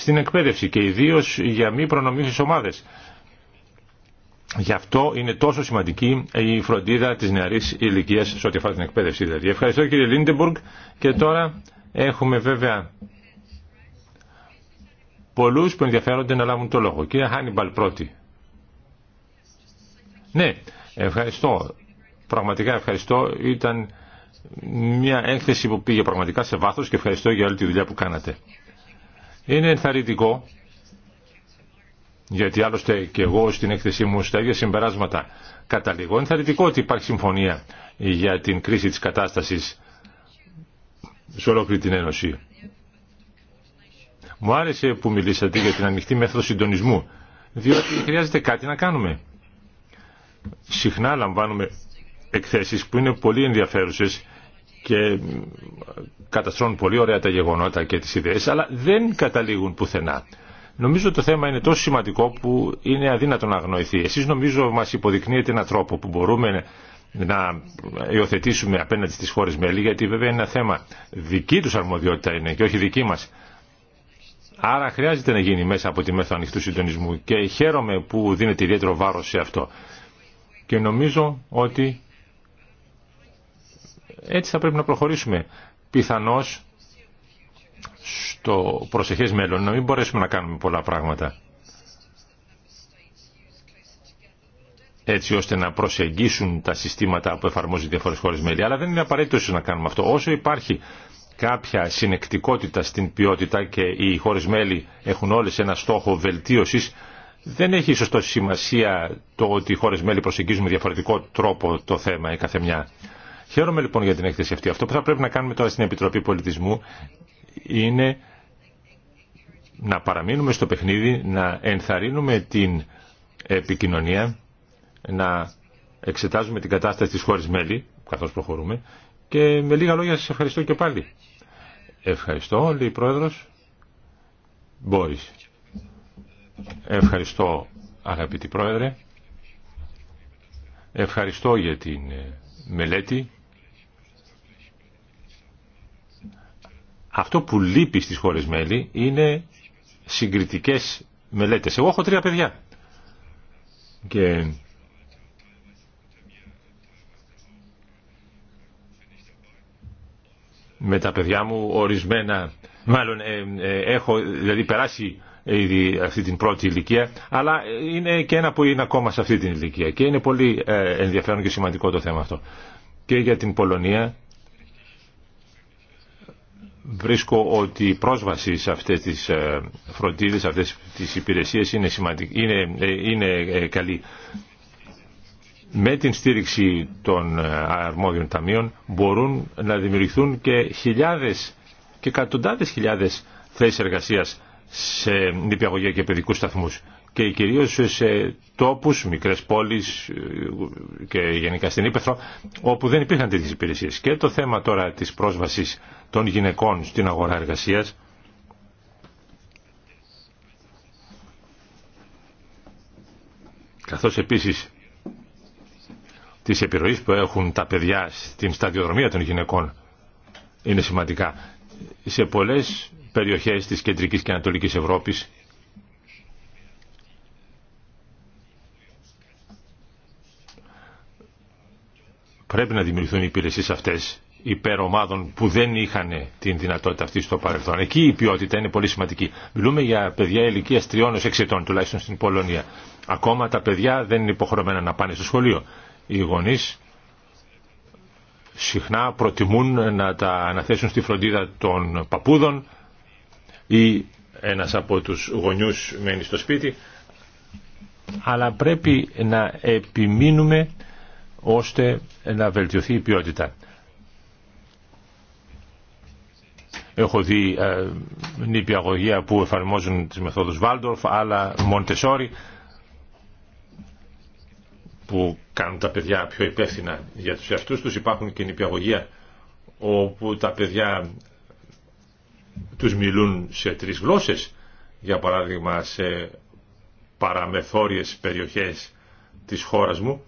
στην εκπαίδευση και ιδίω για μη προνομίωσες ομάδες. Γι' αυτό είναι τόσο σημαντική η φροντίδα της νεαρής ηλικία σε ό,τι αφορά την εκπαίδευση. Δηλαδή. Ευχαριστώ κύριε Λίντεμπουργκ και τώρα έχουμε βέβαια πολλούς που ενδιαφέρονται να λάβουν το λόγο. Κύριε Χάνιμπαλ πρώτη. Ναι, ευχαριστώ. Πραγματικά ευχαριστώ. Ήταν μια έκθεση που πήγε πραγματικά σε βάθος και ευχαριστώ για όλη τη δουλειά που κάνατε. Είναι ενθαρρυντικό, γιατί άλλωστε και εγώ στην έκθεσή μου στα ίδια συμπεράσματα καταλήγω, ενθαρρυντικό ότι υπάρχει συμφωνία για την κρίση της κατάστασης σε ολόκληρη την Ένωση. Μου άρεσε που μιλήσατε για την ανοιχτή μέθοδο συντονισμού, διότι χρειάζεται κάτι να κάνουμε. Συχνά λαμβάνουμε εκθέσεις που είναι πολύ ενδιαφέρουσες και καταστρώνουν πολύ ωραία τα γεγονότα και τις ιδέες, αλλά δεν καταλήγουν πουθενά. Νομίζω το θέμα είναι τόσο σημαντικό που είναι αδύνατο να αγνοηθεί. Εσείς νομίζω μας υποδεικνύετε έναν τρόπο που μπορούμε να υιοθετήσουμε απέναντι στις χώρες μέλη, γιατί βέβαια είναι ένα θέμα δική τους αρμοδιότητα είναι και όχι δική μας. Άρα χρειάζεται να γίνει μέσα από τη μέθοδο ανοιχτού συντονισμού και χαίρομαι που δίνεται ιδιαίτερο βάρος σε αυτό. Και νομίζω ότι έτσι θα πρέπει να προχωρήσουμε. Πιθανώς στο προσεχές μέλλον να μην μπορέσουμε να κάνουμε πολλά πράγματα. έτσι ώστε να προσεγγίσουν τα συστήματα που εφαρμόζουν διάφορε χώρε μέλη. Αλλά δεν είναι απαραίτητο να κάνουμε αυτό. Όσο υπάρχει κάποια συνεκτικότητα στην ποιότητα και οι χώρε μέλη έχουν όλε ένα στόχο βελτίωση, δεν έχει ίσω σημασία το ότι οι χώρε μέλη προσεγγίζουν με διαφορετικό τρόπο το θέμα η καθεμιά. Χαίρομαι λοιπόν για την έκθεση αυτή. Αυτό που θα πρέπει να κάνουμε τώρα στην Επιτροπή Πολιτισμού είναι να παραμείνουμε στο παιχνίδι, να ενθαρρύνουμε την επικοινωνία, να εξετάζουμε την κατάσταση της χώρας μέλη, καθώς προχωρούμε, και με λίγα λόγια σας ευχαριστώ και πάλι. Ευχαριστώ, λέει η Πρόεδρος. Μπόρις. Ευχαριστώ, αγαπητή Πρόεδρε. Ευχαριστώ για την ε, μελέτη Αυτό που λείπει στις χώρες μέλη είναι συγκριτικές μελέτες. Εγώ έχω τρία παιδιά. Και με τα παιδιά μου ορισμένα, μάλλον ε, ε, έχω δηλαδή περάσει ε, ήδη αυτή την πρώτη ηλικία, αλλά είναι και ένα που είναι ακόμα σε αυτή την ηλικία και είναι πολύ ενδιαφέρον και σημαντικό το θέμα αυτό. Και για την Πολωνία βρίσκω ότι η πρόσβαση σε αυτές τις ε, φροντίδες, σε αυτές τις υπηρεσίες είναι, είναι, ε, είναι ε, καλή. Με την στήριξη των αρμόδιων ταμείων μπορούν να δημιουργηθούν και χιλιάδες και εκατοντάδες χιλιάδες θέσεις εργασίας σε νηπιαγωγεία και παιδικούς σταθμούς και κυρίως σε τόπους, μικρές πόλεις και γενικά στην Ήπεθρο όπου δεν υπήρχαν τέτοιες υπηρεσίες. Και το θέμα τώρα της πρόσβασης των γυναικών στην αγορά εργασίας. Καθώς επίσης τις επιρροή που έχουν τα παιδιά στην σταδιοδρομία των γυναικών είναι σημαντικά. Σε πολλές περιοχές της κεντρικής και ανατολικής Ευρώπης πρέπει να δημιουργηθούν οι υπηρεσίες αυτές υπερομάδων που δεν είχαν την δυνατότητα αυτή στο παρελθόν. Εκεί η ποιότητα είναι πολύ σημαντική. Μιλούμε για παιδιά ηλικία 3 6 ετών, τουλάχιστον στην Πολωνία. Ακόμα τα παιδιά δεν είναι υποχρεωμένα να πάνε στο σχολείο. Οι γονεί συχνά προτιμούν να τα αναθέσουν στη φροντίδα των παππούδων ή ένας από τους γονιούς μένει στο σπίτι αλλά πρέπει να επιμείνουμε ώστε να βελτιωθεί η ποιότητα. Έχω δει ε, νηπιαγωγεία που εφαρμόζουν τις μεθόδους Βάλντορφ, άλλα Μοντεσόρι, που κάνουν τα παιδιά πιο υπεύθυνα για τους εαυτούς τους. Υπάρχουν και νηπιαγωγεία όπου τα παιδιά τους μιλούν σε τρεις γλώσσες, για παράδειγμα σε παραμεθόριες περιοχές της χώρας μου.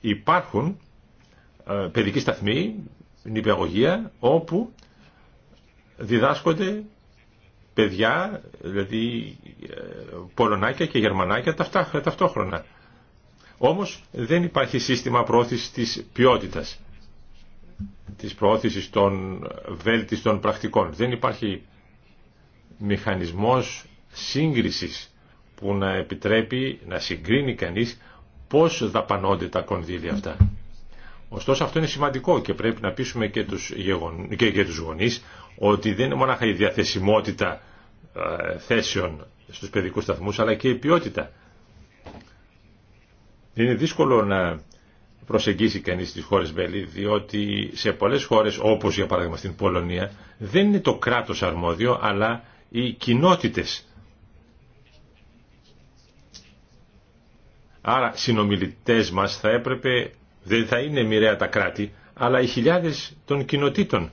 Υπάρχουν ε, παιδικοί σταθμοί, νηπιαγωγεία, όπου διδάσκονται παιδιά, δηλαδή ε, Πολωνάκια και Γερμανάκια ταυτόχρονα. Όμως δεν υπάρχει σύστημα προώθησης της ποιότητας, της προώθησης των βέλτιστων πρακτικών. Δεν υπάρχει μηχανισμός σύγκρισης που να επιτρέπει να συγκρίνει κανείς πώς δαπανώνται τα κονδύλια αυτά. Ωστόσο αυτό είναι σημαντικό και πρέπει να πείσουμε και τους, γεγον... και, τους γονείς ότι δεν είναι μόνο η διαθεσιμότητα ε, θέσεων στους παιδικούς σταθμούς, αλλά και η ποιότητα. Είναι δύσκολο να προσεγγίσει κανείς τις χώρες μέλη, διότι σε πολλές χώρες, όπως για παράδειγμα στην Πολωνία, δεν είναι το κράτος αρμόδιο, αλλά οι κοινότητες. Άρα συνομιλητές μας θα έπρεπε, δεν θα είναι μοιραία τα κράτη, αλλά οι χιλιάδες των κοινοτήτων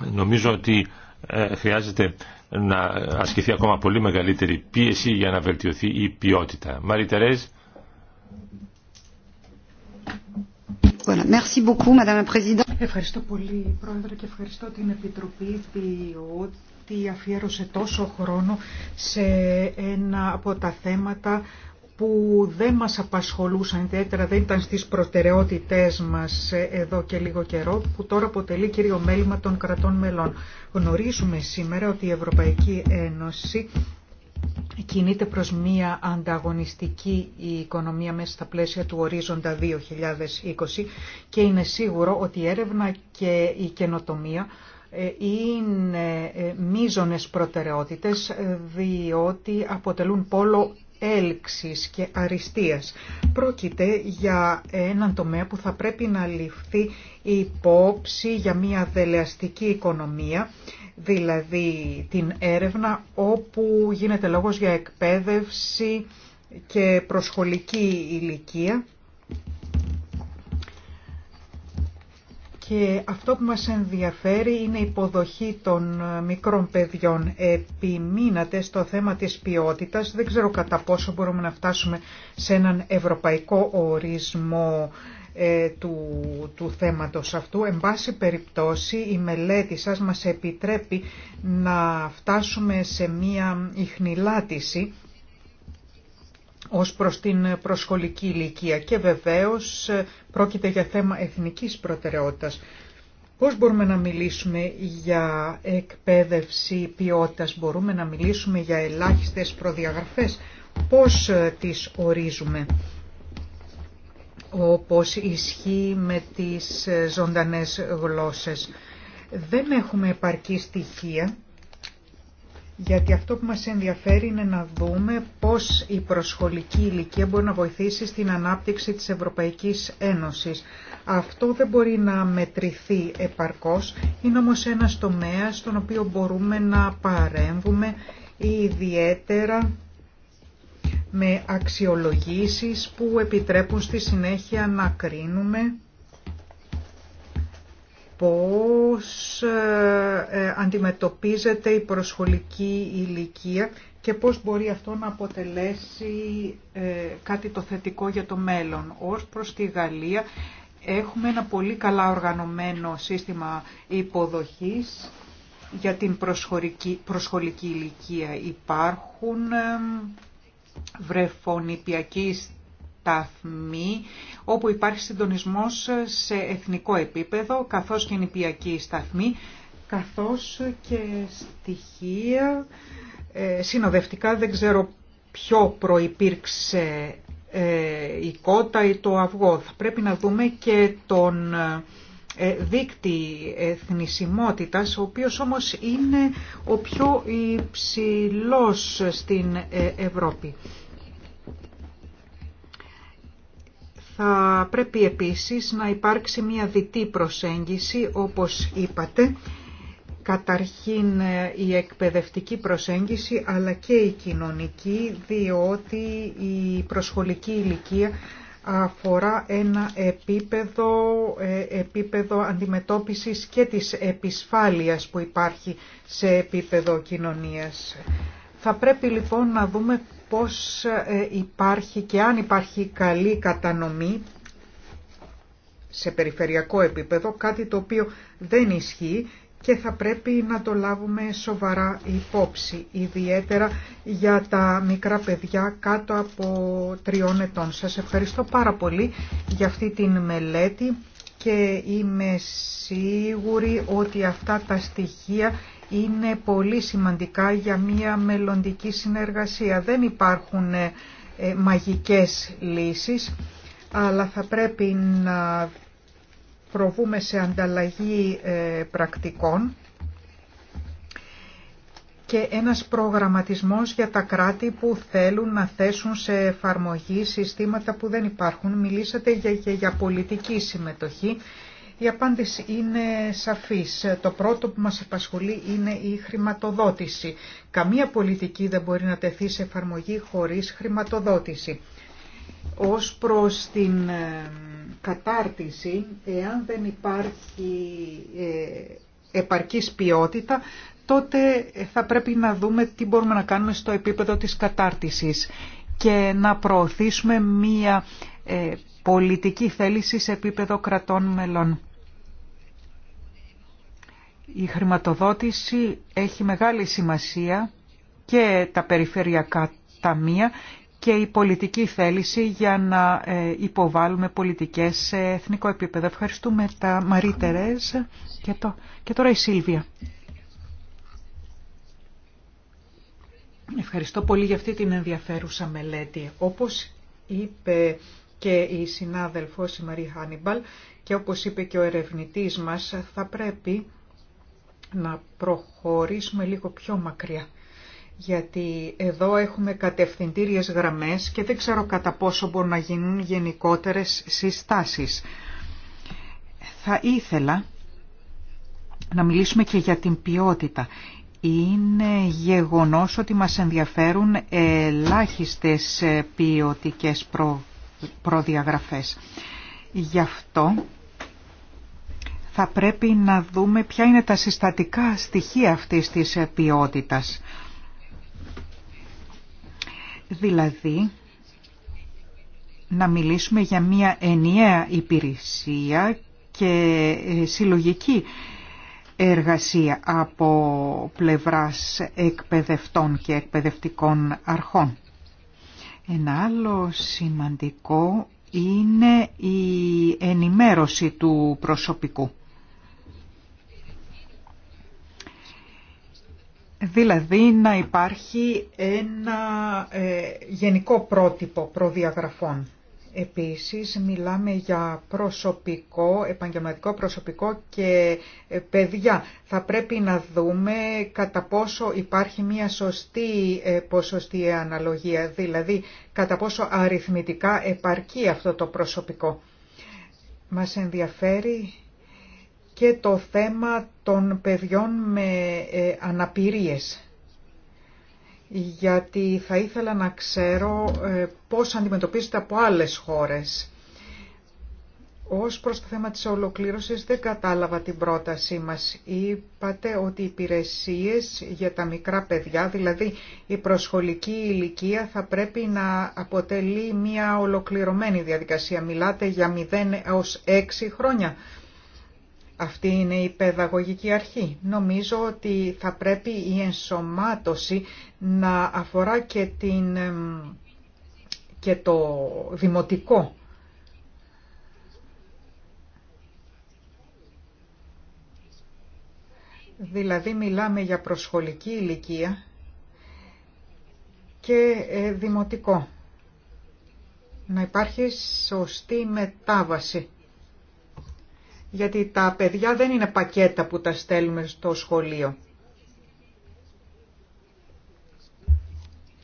Νομίζω ότι ε, χρειάζεται να ασκηθεί ακόμα πολύ μεγαλύτερη πίεση για να βελτιωθεί η ποιότητα. Μαρή Τερέζ. Ευχαριστώ πολύ, Πρόεδρε, και ευχαριστώ την Επιτροπή ότι αφιέρωσε τόσο χρόνο σε ένα από τα θέματα που δεν μας απασχολούσαν ιδιαίτερα, δεν ήταν στις προτεραιότητές μας εδώ και λίγο καιρό, που τώρα αποτελεί κύριο μέλημα των κρατών μελών. Γνωρίζουμε σήμερα ότι η Ευρωπαϊκή Ένωση κινείται προς μία ανταγωνιστική οικονομία μέσα στα πλαίσια του ορίζοντα 2020 και είναι σίγουρο ότι η έρευνα και η καινοτομία ε, είναι ε, μίζονες προτεραιότητες ε, διότι αποτελούν πόλο έλξης και αριστείας. Πρόκειται για έναν τομέα που θα πρέπει να ληφθεί υπόψη για μια δελεαστική οικονομία, δηλαδή την έρευνα όπου γίνεται λόγος για εκπαίδευση και προσχολική ηλικία Και αυτό που μας ενδιαφέρει είναι η υποδοχή των ε, μικρών παιδιών. Επιμείνατε στο θέμα της ποιότητας. Δεν ξέρω κατά πόσο μπορούμε να φτάσουμε σε έναν ευρωπαϊκό ορισμό ε, του, του θέματος αυτού. Εν πάση περιπτώσει η μελέτη σας μας επιτρέπει να φτάσουμε σε μία ιχνηλάτηση ως προς την προσχολική ηλικία και βεβαίως ε, πρόκειται για θέμα εθνικής προτεραιότητας. Πώς μπορούμε να μιλήσουμε για εκπαίδευση ποιότητας, μπορούμε να μιλήσουμε για ελάχιστες προδιαγραφές, πώς ε, τις ορίζουμε όπως ισχύει με τις ε, ζωντανές γλώσσες. Δεν έχουμε επαρκή στοιχεία γιατί αυτό που μας ενδιαφέρει είναι να δούμε πώς η προσχολική ηλικία μπορεί να βοηθήσει στην ανάπτυξη της Ευρωπαϊκής Ένωσης. Αυτό δεν μπορεί να μετρηθεί επαρκώς, είναι όμως ένας τομέας στον οποίο μπορούμε να παρέμβουμε ιδιαίτερα με αξιολογήσεις που επιτρέπουν στη συνέχεια να κρίνουμε πώς ε, ε, αντιμετωπίζεται η προσχολική ηλικία και πώς μπορεί αυτό να αποτελέσει ε, κάτι το θετικό για το μέλλον. Ως προς τη Γαλλία έχουμε ένα πολύ καλά οργανωμένο σύστημα υποδοχής για την προσχολική ηλικία. Υπάρχουν βρεφονιπιακοί σταθμή όπου υπάρχει συντονισμός σε εθνικό επίπεδο, καθώς και νηπιακή σταθμή, καθώς και στοιχεία ε, συνοδευτικά, δεν ξέρω ποιο προϋπήρξε ε, η κότα ή το αυγό. Θα πρέπει να δούμε και τον ε, δίκτυ εθνισιμότητας, ο οποίος όμως είναι ο πιο υψηλός στην ε, Ευρώπη. Θα πρέπει επίσης να υπάρξει μια διτή προσέγγιση, όπως είπατε, καταρχήν ε, η εκπαιδευτική προσέγγιση αλλά και η κοινωνική, διότι η προσχολική ηλικία αφορά ένα επίπεδο, ε, επίπεδο αντιμετώπισης και της επισφάλειας που υπάρχει σε επίπεδο κοινωνίας. Θα πρέπει λοιπόν να δούμε πώς ε, υπάρχει και αν υπάρχει καλή κατανομή σε περιφερειακό επίπεδο, κάτι το οποίο δεν ισχύει και θα πρέπει να το λάβουμε σοβαρά υπόψη, ιδιαίτερα για τα μικρά παιδιά κάτω από τριών ετών. Σας ευχαριστώ πάρα πολύ για αυτή την μελέτη και είμαι σίγουρη ότι αυτά τα στοιχεία είναι πολύ σημαντικά για μια μελλοντική συνεργασία. Δεν υπάρχουν ε, ε, μαγικές λύσεις, αλλά θα πρέπει να προβούμε σε ανταλλαγή ε, πρακτικών και ένας προγραμματισμός για τα κράτη που θέλουν να θέσουν σε εφαρμογή συστήματα που δεν υπάρχουν. Μιλήσατε για, για, για πολιτική συμμετοχή. Η απάντηση είναι σαφής. Το πρώτο που μας απασχολεί είναι η χρηματοδότηση. Καμία πολιτική δεν μπορεί να τεθεί σε εφαρμογή χωρίς χρηματοδότηση. Ως προς την ε, κατάρτιση, εάν δεν υπάρχει ε, επαρκής ποιότητα, τότε θα πρέπει να δούμε τι μπορούμε να κάνουμε στο επίπεδο της κατάρτισης και να προωθήσουμε μία ε, πολιτική θέληση σε επίπεδο κρατών μελών. Η χρηματοδότηση έχει μεγάλη σημασία και τα περιφερειακά ταμεία και η πολιτική θέληση για να ε, υποβάλουμε πολιτικές σε εθνικό επίπεδο. Ευχαριστούμε τα Μαρή Τερέζ και, το, και τώρα η Σίλβια. Ευχαριστώ πολύ για αυτή την ενδιαφέρουσα μελέτη. Όπως είπε και η συνάδελφος η Μαρία Χάνιμπαλ και όπως είπε και ο ερευνητής μας, θα πρέπει να προχωρήσουμε λίγο πιο μακριά. Γιατί εδώ έχουμε κατευθυντήριες γραμμές και δεν ξέρω κατά πόσο μπορούν να γίνουν γενικότερες συστάσεις. Θα ήθελα να μιλήσουμε και για την ποιότητα είναι γεγονός ότι μας ενδιαφέρουν ελάχιστες ποιοτικές προδιαγραφές. Γι' αυτό θα πρέπει να δούμε ποια είναι τα συστατικά στοιχεία αυτής της ποιότητας. Δηλαδή, να μιλήσουμε για μια ενιαία υπηρεσία και συλλογική εργασία από πλευράς εκπαιδευτών και εκπαιδευτικών αρχών. Ένα άλλο σημαντικό είναι η ενημέρωση του προσωπικού. Δηλαδή να υπάρχει ένα ε, γενικό πρότυπο προδιαγραφών. Επίσης μιλάμε για προσωπικό, επαγγελματικό προσωπικό και ε, παιδιά. Θα πρέπει να δούμε κατά πόσο υπάρχει μια σωστή ε, ποσοστή αναλογία, δηλαδή κατά πόσο αριθμητικά επαρκεί αυτό το προσωπικό. Μας ενδιαφέρει και το θέμα των παιδιών με ε, αναπηρίες γιατί θα ήθελα να ξέρω ε, πώς αντιμετωπίζεται από άλλες χώρες. Ως προς το θέμα της ολοκλήρωσης δεν κατάλαβα την πρότασή μας. Είπατε ότι οι υπηρεσίες για τα μικρά παιδιά, δηλαδή η προσχολική ηλικία, θα πρέπει να αποτελεί μια ολοκληρωμένη διαδικασία. Μιλάτε για 0 έως 6 χρόνια. Αυτή είναι η παιδαγωγική αρχή. Νομίζω ότι θα πρέπει η ενσωμάτωση να αφορά και, και το δημοτικό. Δηλαδή μιλάμε για προσχολική ηλικία και ε, δημοτικό. Να υπάρχει σωστή μετάβαση γιατί τα παιδιά δεν είναι πακέτα που τα στέλνουμε στο σχολείο.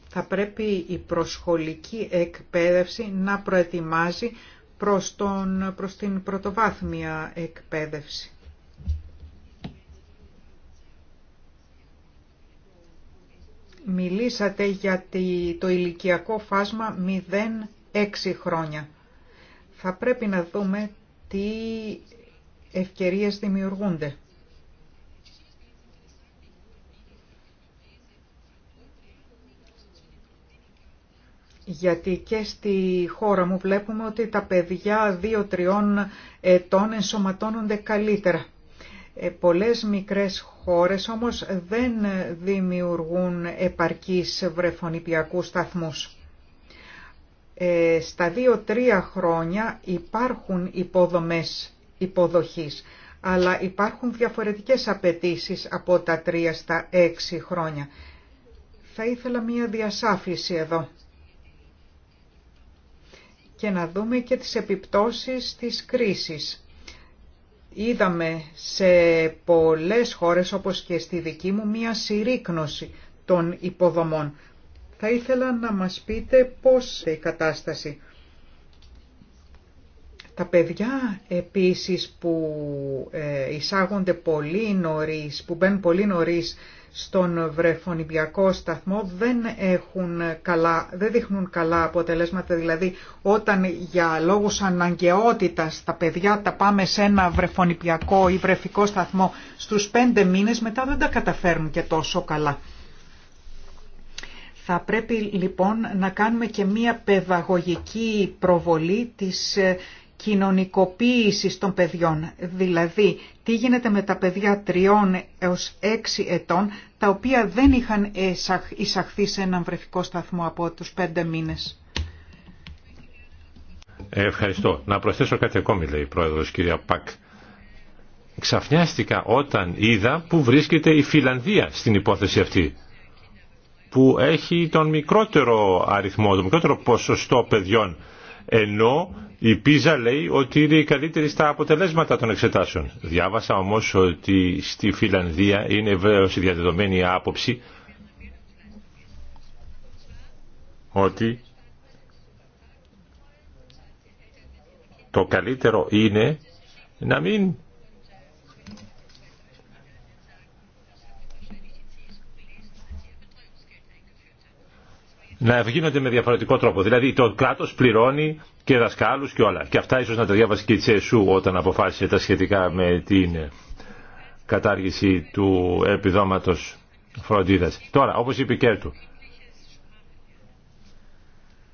Θα πρέπει η προσχολική εκπαίδευση να προετοιμάζει προς, τον, προς την πρωτοβάθμια εκπαίδευση. Μιλήσατε για το ηλικιακό φάσμα 0-6 χρόνια. Θα πρέπει να δούμε τι ευκαιρίες δημιουργούνται. Γιατί και στη χώρα μου βλέπουμε ότι τα παιδιά 2-3 ετών ενσωματώνονται καλύτερα. Ε, πολλές μικρές χώρες όμως δεν δημιουργούν επαρκείς βρεφονιπιακούς σταθμούς. Ε, στα 2-3 χρόνια υπάρχουν υποδομές υποδοχής, αλλά υπάρχουν διαφορετικές απαιτήσεις από τα τρία στα έξι χρόνια. Θα ήθελα μία διασάφηση εδώ και να δούμε και τις επιπτώσεις της κρίσης. Είδαμε σε πολλές χώρες, όπως και στη δική μου, μία συρρήκνωση των υποδομών. Θα ήθελα να μας πείτε πώς η κατάσταση. Τα παιδιά επίσης που ε, εισάγονται πολύ νωρίς, που μπαίνουν πολύ νωρίς στον βρεφονιπιακό σταθμό δεν, έχουν καλά, δεν δείχνουν καλά αποτελέσματα. Δηλαδή όταν για λόγους αναγκαιότητας τα παιδιά τα πάμε σε ένα βρεφονιπιακό ή βρεφικό σταθμό στους πέντε μήνες μετά δεν τα καταφέρνουν και τόσο καλά. Θα πρέπει λοιπόν να κάνουμε και μία παιδαγωγική προβολή της ε, κοινωνικοποίησης των παιδιών. Δηλαδή, τι γίνεται με τα παιδιά τριών έως έξι ετών, τα οποία δεν είχαν εισαχθεί σε έναν βρεφικό σταθμό από τους πέντε μήνες. Ε, ευχαριστώ. Να προσθέσω κάτι ακόμη, λέει η πρόεδρος κυρία Πακ. Ξαφνιάστηκα όταν είδα που βρίσκεται η Φιλανδία στην υπόθεση αυτή που έχει τον μικρότερο αριθμό, τον μικρότερο ποσοστό παιδιών ενώ η Πίζα λέει ότι είναι η καλύτερη στα αποτελέσματα των εξετάσεων. Διάβασα όμως ότι στη Φιλανδία είναι βέβαιος η διαδεδομένη άποψη ότι το καλύτερο είναι να μην να ευγίνονται με διαφορετικό τρόπο. Δηλαδή το κράτο πληρώνει και δασκάλου και όλα. Και αυτά ίσω να τα διάβασε και η Τσέσου όταν αποφάσισε τα σχετικά με την κατάργηση του επιδόματο φροντίδα. Τώρα, όπω είπε και του,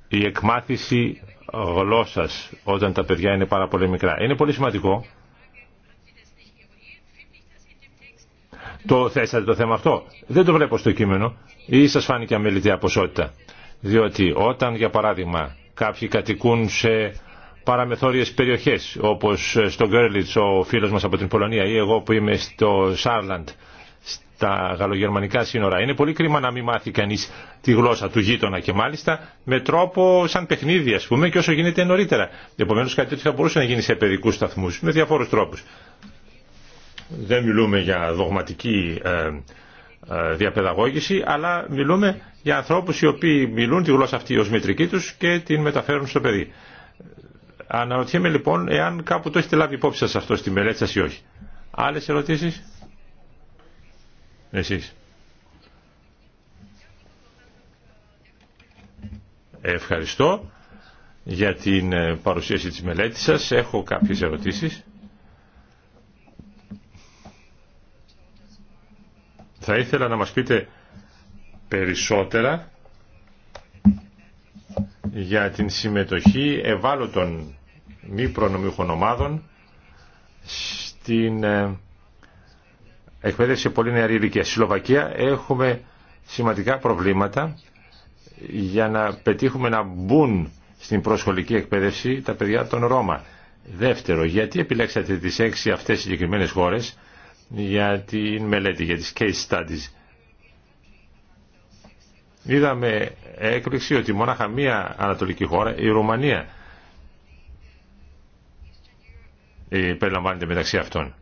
η εκμάθηση γλώσσα όταν τα παιδιά είναι πάρα πολύ μικρά. Είναι πολύ σημαντικό. Το θέσατε το θέμα αυτό. Δεν το βλέπω στο κείμενο ή σας φάνηκε αμελητή αποσότητα. Διότι όταν, για παράδειγμα, κάποιοι κατοικούν σε παραμεθόριες περιοχές, όπως στο Γκέρλιτς ο φίλος μας από την Πολωνία ή εγώ που είμαι στο Σάρλαντ, στα γαλλογερμανικά σύνορα. Είναι πολύ κρίμα να μην μάθει κανείς τη γλώσσα του γείτονα και μάλιστα με τρόπο σαν παιχνίδι ας πούμε και όσο γίνεται νωρίτερα. Επομένως κάτι τέτοιο θα μπορούσε να γίνει σε παιδικούς σταθμούς με διαφόρους τρόπους. Δεν μιλούμε για δογματική ε, ε, διαπαιδαγώγηση, αλλά μιλούμε για ανθρώπους οι οποίοι μιλούν τη γλώσσα αυτή ως μητρική τους και την μεταφέρουν στο παιδί. Αναρωτιέμαι λοιπόν εάν κάπου το έχετε λάβει υπόψη σα αυτό στη μελέτη σα ή όχι. Άλλε ερωτήσεις? Εσεί. Ευχαριστώ για την ε, παρουσίαση της μελέτης σας. Έχω κάποιες ερωτήσεις. Θα ήθελα να μας πείτε περισσότερα για την συμμετοχή ευάλωτων μη προνομιούχων ομάδων στην ε, εκπαίδευση πολύ νεαρή ηλικία. Στη Σλοβακία έχουμε σημαντικά προβλήματα για να πετύχουμε να μπουν στην προσχολική εκπαίδευση τα παιδιά των Ρώμα. Δεύτερο, γιατί επιλέξατε τις έξι αυτές συγκεκριμένες χώρες για την μελέτη, για τις case studies. Είδαμε έκπληξη ότι μόναχα μία ανατολική χώρα, η Ρουμανία, ε, περιλαμβάνεται μεταξύ αυτών.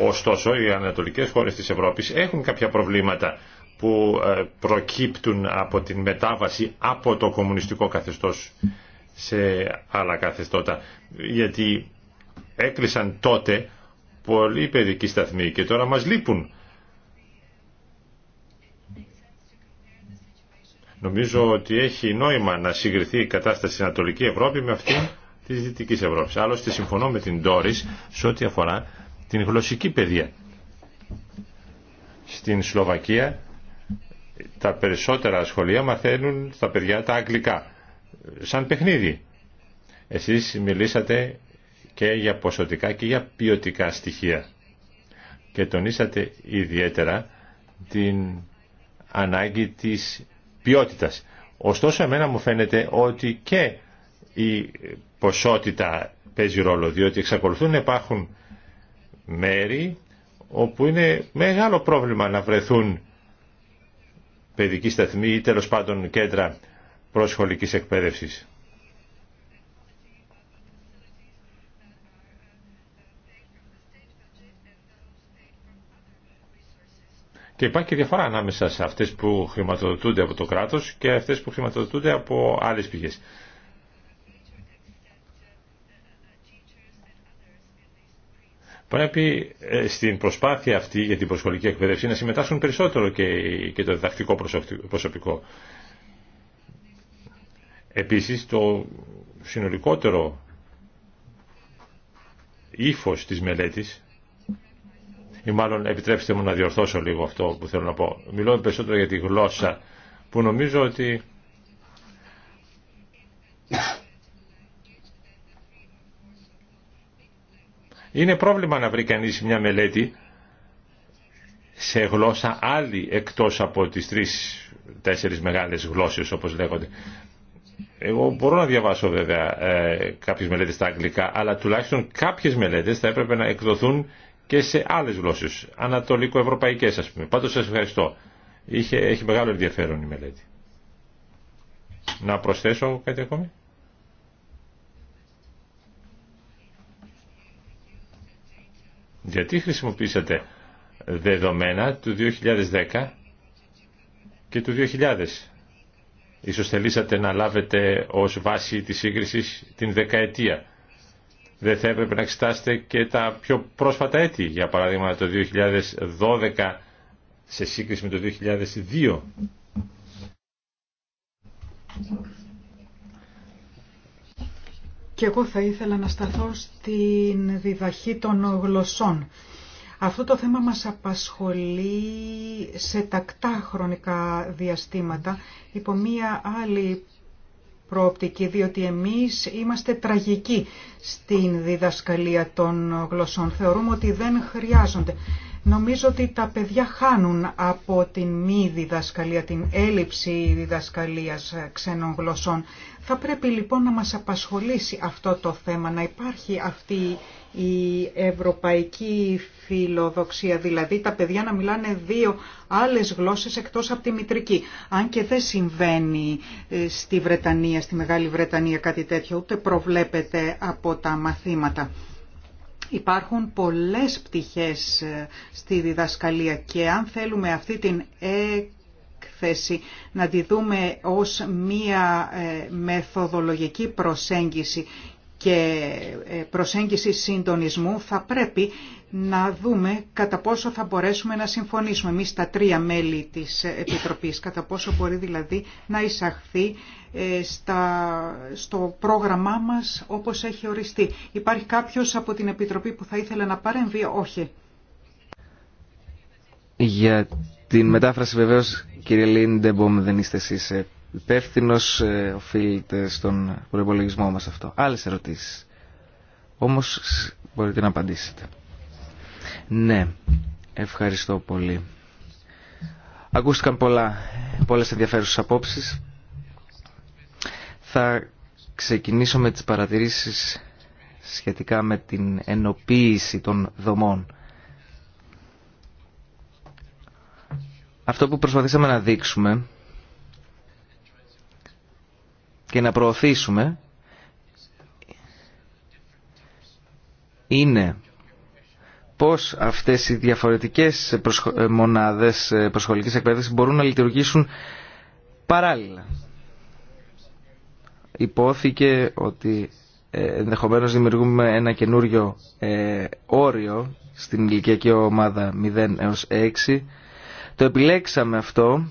Ωστόσο, οι ανατολικές χώρες της Ευρώπης έχουν κάποια προβλήματα που ε, προκύπτουν από την μετάβαση από το κομμουνιστικό καθεστώς σε άλλα καθεστώτα. Γιατί έκλεισαν τότε πολλοί παιδικοί σταθμοί και τώρα μας λείπουν. Νομίζω ότι έχει νόημα να συγκριθεί η κατάσταση στην Ανατολική Ευρώπη με αυτή της Δυτικής Ευρώπης. Άλλωστε συμφωνώ με την Τόρις σε ό,τι αφορά την γλωσσική παιδεία. Στην Σλοβακία τα περισσότερα σχολεία μαθαίνουν στα παιδιά τα αγγλικά σαν παιχνίδι. Εσείς μιλήσατε και για ποσοτικά και για ποιοτικά στοιχεία και τονίσατε ιδιαίτερα την ανάγκη της ποιότητας. Ωστόσο εμένα μου φαίνεται ότι και η ποσότητα παίζει ρόλο διότι εξακολουθούν να υπάρχουν μέρη όπου είναι μεγάλο πρόβλημα να βρεθούν παιδικοί σταθμοί ή τέλος πάντων κέντρα προσχολικής εκπαίδευσης. Και υπάρχει και διαφορά ανάμεσα σε αυτές που χρηματοδοτούνται από το κράτος και αυτές που χρηματοδοτούνται από άλλες πηγές. Πρέπει ε, στην προσπάθεια αυτή για την προσχολική εκπαίδευση να συμμετάσχουν περισσότερο και το διδακτικό προσωπικό. Επίσης το συνολικότερο ύφος της μελέτης ή μάλλον επιτρέψτε μου να διορθώσω λίγο αυτό που θέλω να πω. Μιλώ περισσότερο για τη γλώσσα που νομίζω ότι είναι πρόβλημα να βρει κανείς μια μελέτη σε γλώσσα άλλη εκτός από τις τρεις τέσσερις μεγάλες γλώσσες όπως λέγονται. Εγώ μπορώ να διαβάσω βέβαια ε, κάποιες μελέτες στα αγγλικά, αλλά τουλάχιστον κάποιες μελέτες θα έπρεπε να εκδοθούν και σε άλλες γλώσσες, ανατολικοευρωπαϊκές ας πούμε. Πάντως σας ευχαριστώ. Είχε, έχει μεγάλο ενδιαφέρον η μελέτη. Να προσθέσω κάτι ακόμη. Γιατί χρησιμοποίησατε δεδομένα του 2010 και του 2000 Ίσως θελήσατε να λάβετε ως βάση της σύγκρισης την δεκαετία. Δεν θα έπρεπε να εξετάσετε και τα πιο πρόσφατα έτη, για παράδειγμα το 2012 σε σύγκριση με το 2002. Και εγώ θα ήθελα να σταθώ στην διδαχή των γλωσσών αυτό το θέμα μας απασχολεί σε τακτά χρονικά διαστήματα υπό μία άλλη προοπτική, διότι εμείς είμαστε τραγικοί στην διδασκαλία των γλωσσών. Θεωρούμε ότι δεν χρειάζονται Νομίζω ότι τα παιδιά χάνουν από την μη διδασκαλία, την έλλειψη διδασκαλίας ε, ξένων γλωσσών. Θα πρέπει λοιπόν να μας απασχολήσει αυτό το θέμα, να υπάρχει αυτή η ευρωπαϊκή φιλοδοξία, δηλαδή τα παιδιά να μιλάνε δύο άλλες γλώσσες εκτός από τη μητρική. Αν και δεν συμβαίνει ε, στη Βρετανία, στη Μεγάλη Βρετανία κάτι τέτοιο, ούτε προβλέπεται από τα μαθήματα. Υπάρχουν πολλές πτυχές ε, στη διδασκαλία και αν θέλουμε αυτή την έκθεση να τη δούμε ως μία ε, μεθοδολογική προσέγγιση και ε, προσέγγιση συντονισμού θα πρέπει να δούμε κατά πόσο θα μπορέσουμε να συμφωνήσουμε εμείς τα τρία μέλη της Επιτροπής, κατά πόσο μπορεί δηλαδή να εισαχθεί ε, στο πρόγραμμά μας όπως έχει οριστεί. Υπάρχει κάποιος από την Επιτροπή που θα ήθελε να παρέμβει, όχι. Για την μετάφραση βεβαίως κύριε Λίντεμπομ δεν είστε εσείς ε, υπεύθυνο ε, οφείλεται στον προπολογισμό μας αυτό. Άλλε ερωτήσει. Όμως μπορείτε να απαντήσετε. Ναι, ευχαριστώ πολύ. Ακούστηκαν πολλά, πολλές ενδιαφέρουσες απόψεις. Θα ξεκινήσω με τις παρατηρήσεις σχετικά με την ενοποίηση των δομών. Αυτό που προσπαθήσαμε να δείξουμε και να προωθήσουμε είναι πώς αυτές οι διαφορετικές ε, μονάδες ε, προσχολικής εκπαίδευσης μπορούν να λειτουργήσουν παράλληλα. Υπόθηκε ότι ε, ενδεχομένω δημιουργούμε ένα καινούριο όριο στην ηλικιακή ομάδα 0 έως 6. Το επιλέξαμε αυτό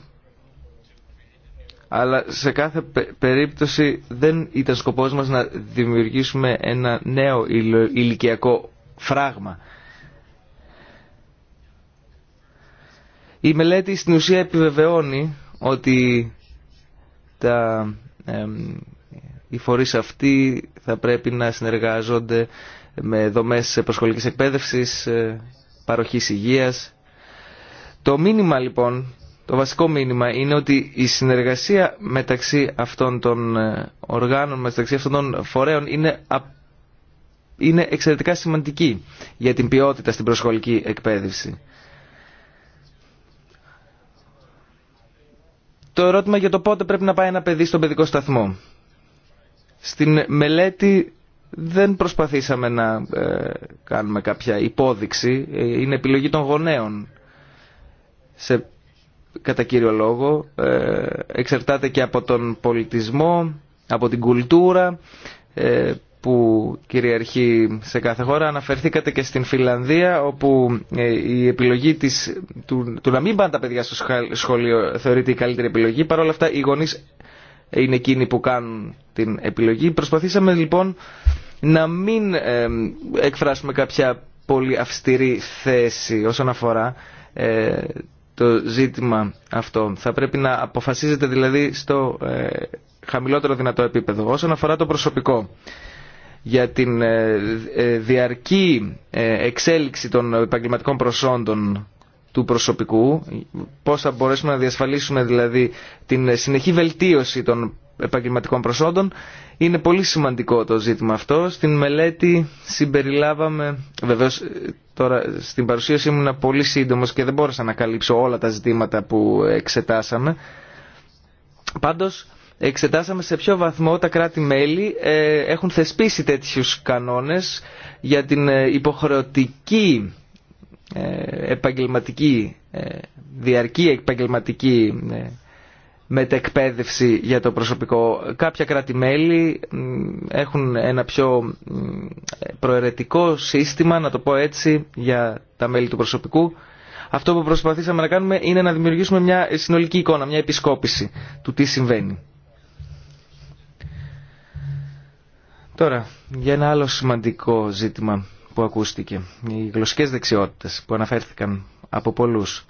αλλά σε κάθε περίπτωση δεν ήταν σκοπός μας να δημιουργήσουμε ένα νέο ηλικιακό φράγμα. Η μελέτη στην ουσία επιβεβαιώνει ότι τα, οι φορείς αυτοί θα πρέπει να συνεργάζονται με δομές προσχολικής εκπαίδευσης, ε, παροχής υγείας. Το μήνυμα λοιπόν το βασικό μήνυμα είναι ότι η συνεργασία μεταξύ αυτών των ε, οργάνων, μεταξύ αυτών των φορέων είναι, είναι εξαιρετικά σημαντική για την ποιότητα στην προσχολική εκπαίδευση. Το ερώτημα για το πότε πρέπει να πάει ένα παιδί στον παιδικό σταθμό. Στην μελέτη δεν προσπαθήσαμε να ε, κάνουμε κάποια υπόδειξη, ε, είναι επιλογή των γονέων. Σε κατά κύριο λόγο ε, εξαρτάται και από τον πολιτισμό, από την κουλτούρα ε, που κυριαρχεί σε κάθε χώρα. Αναφερθήκατε και στην Φιλανδία όπου ε, η επιλογή της, του, του να μην πάνε τα παιδιά στο σχολείο θεωρείται η καλύτερη επιλογή. Παρ' όλα αυτά οι γονείς είναι εκείνοι που κάνουν την επιλογή. Προσπαθήσαμε λοιπόν να μην εκφράσουμε κάποια πολύ αυστηρή θέση όσον αφορά ε, το ζήτημα αυτό. Θα πρέπει να αποφασίζεται δηλαδή στο ε, χαμηλότερο δυνατό επίπεδο. Όσον αφορά το προσωπικό, για την ε, ε, διαρκή εξέλιξη των επαγγελματικών προσόντων του προσωπικού, πώς θα μπορέσουμε να διασφαλίσουμε δηλαδή την συνεχή βελτίωση των επαγγελματικών προσόντων. Είναι πολύ σημαντικό το ζήτημα αυτό. Στην μελέτη συμπεριλάβαμε, βεβαίως Τώρα στην παρουσίαση ήμουν πολύ σύντομο και δεν μπόρεσα να καλύψω όλα τα ζητήματα που εξετάσαμε. Πάντως εξετάσαμε σε ποιο βαθμό τα κράτη-μέλη ε, έχουν θεσπίσει τέτοιου κανόνες για την ε, υποχρεωτική ε, επαγγελματική, διαρκή επαγγελματική μετεκπαίδευση για το προσωπικό. Κάποια κράτη-μέλη έχουν ένα πιο προαιρετικό σύστημα, να το πω έτσι, για τα μέλη του προσωπικού. Αυτό που προσπαθήσαμε να κάνουμε είναι να δημιουργήσουμε μια συνολική εικόνα, μια επισκόπηση του τι συμβαίνει. Τώρα, για ένα άλλο σημαντικό ζήτημα που ακούστηκε. Οι γλωσσικές δεξιότητες που αναφέρθηκαν από πολλούς.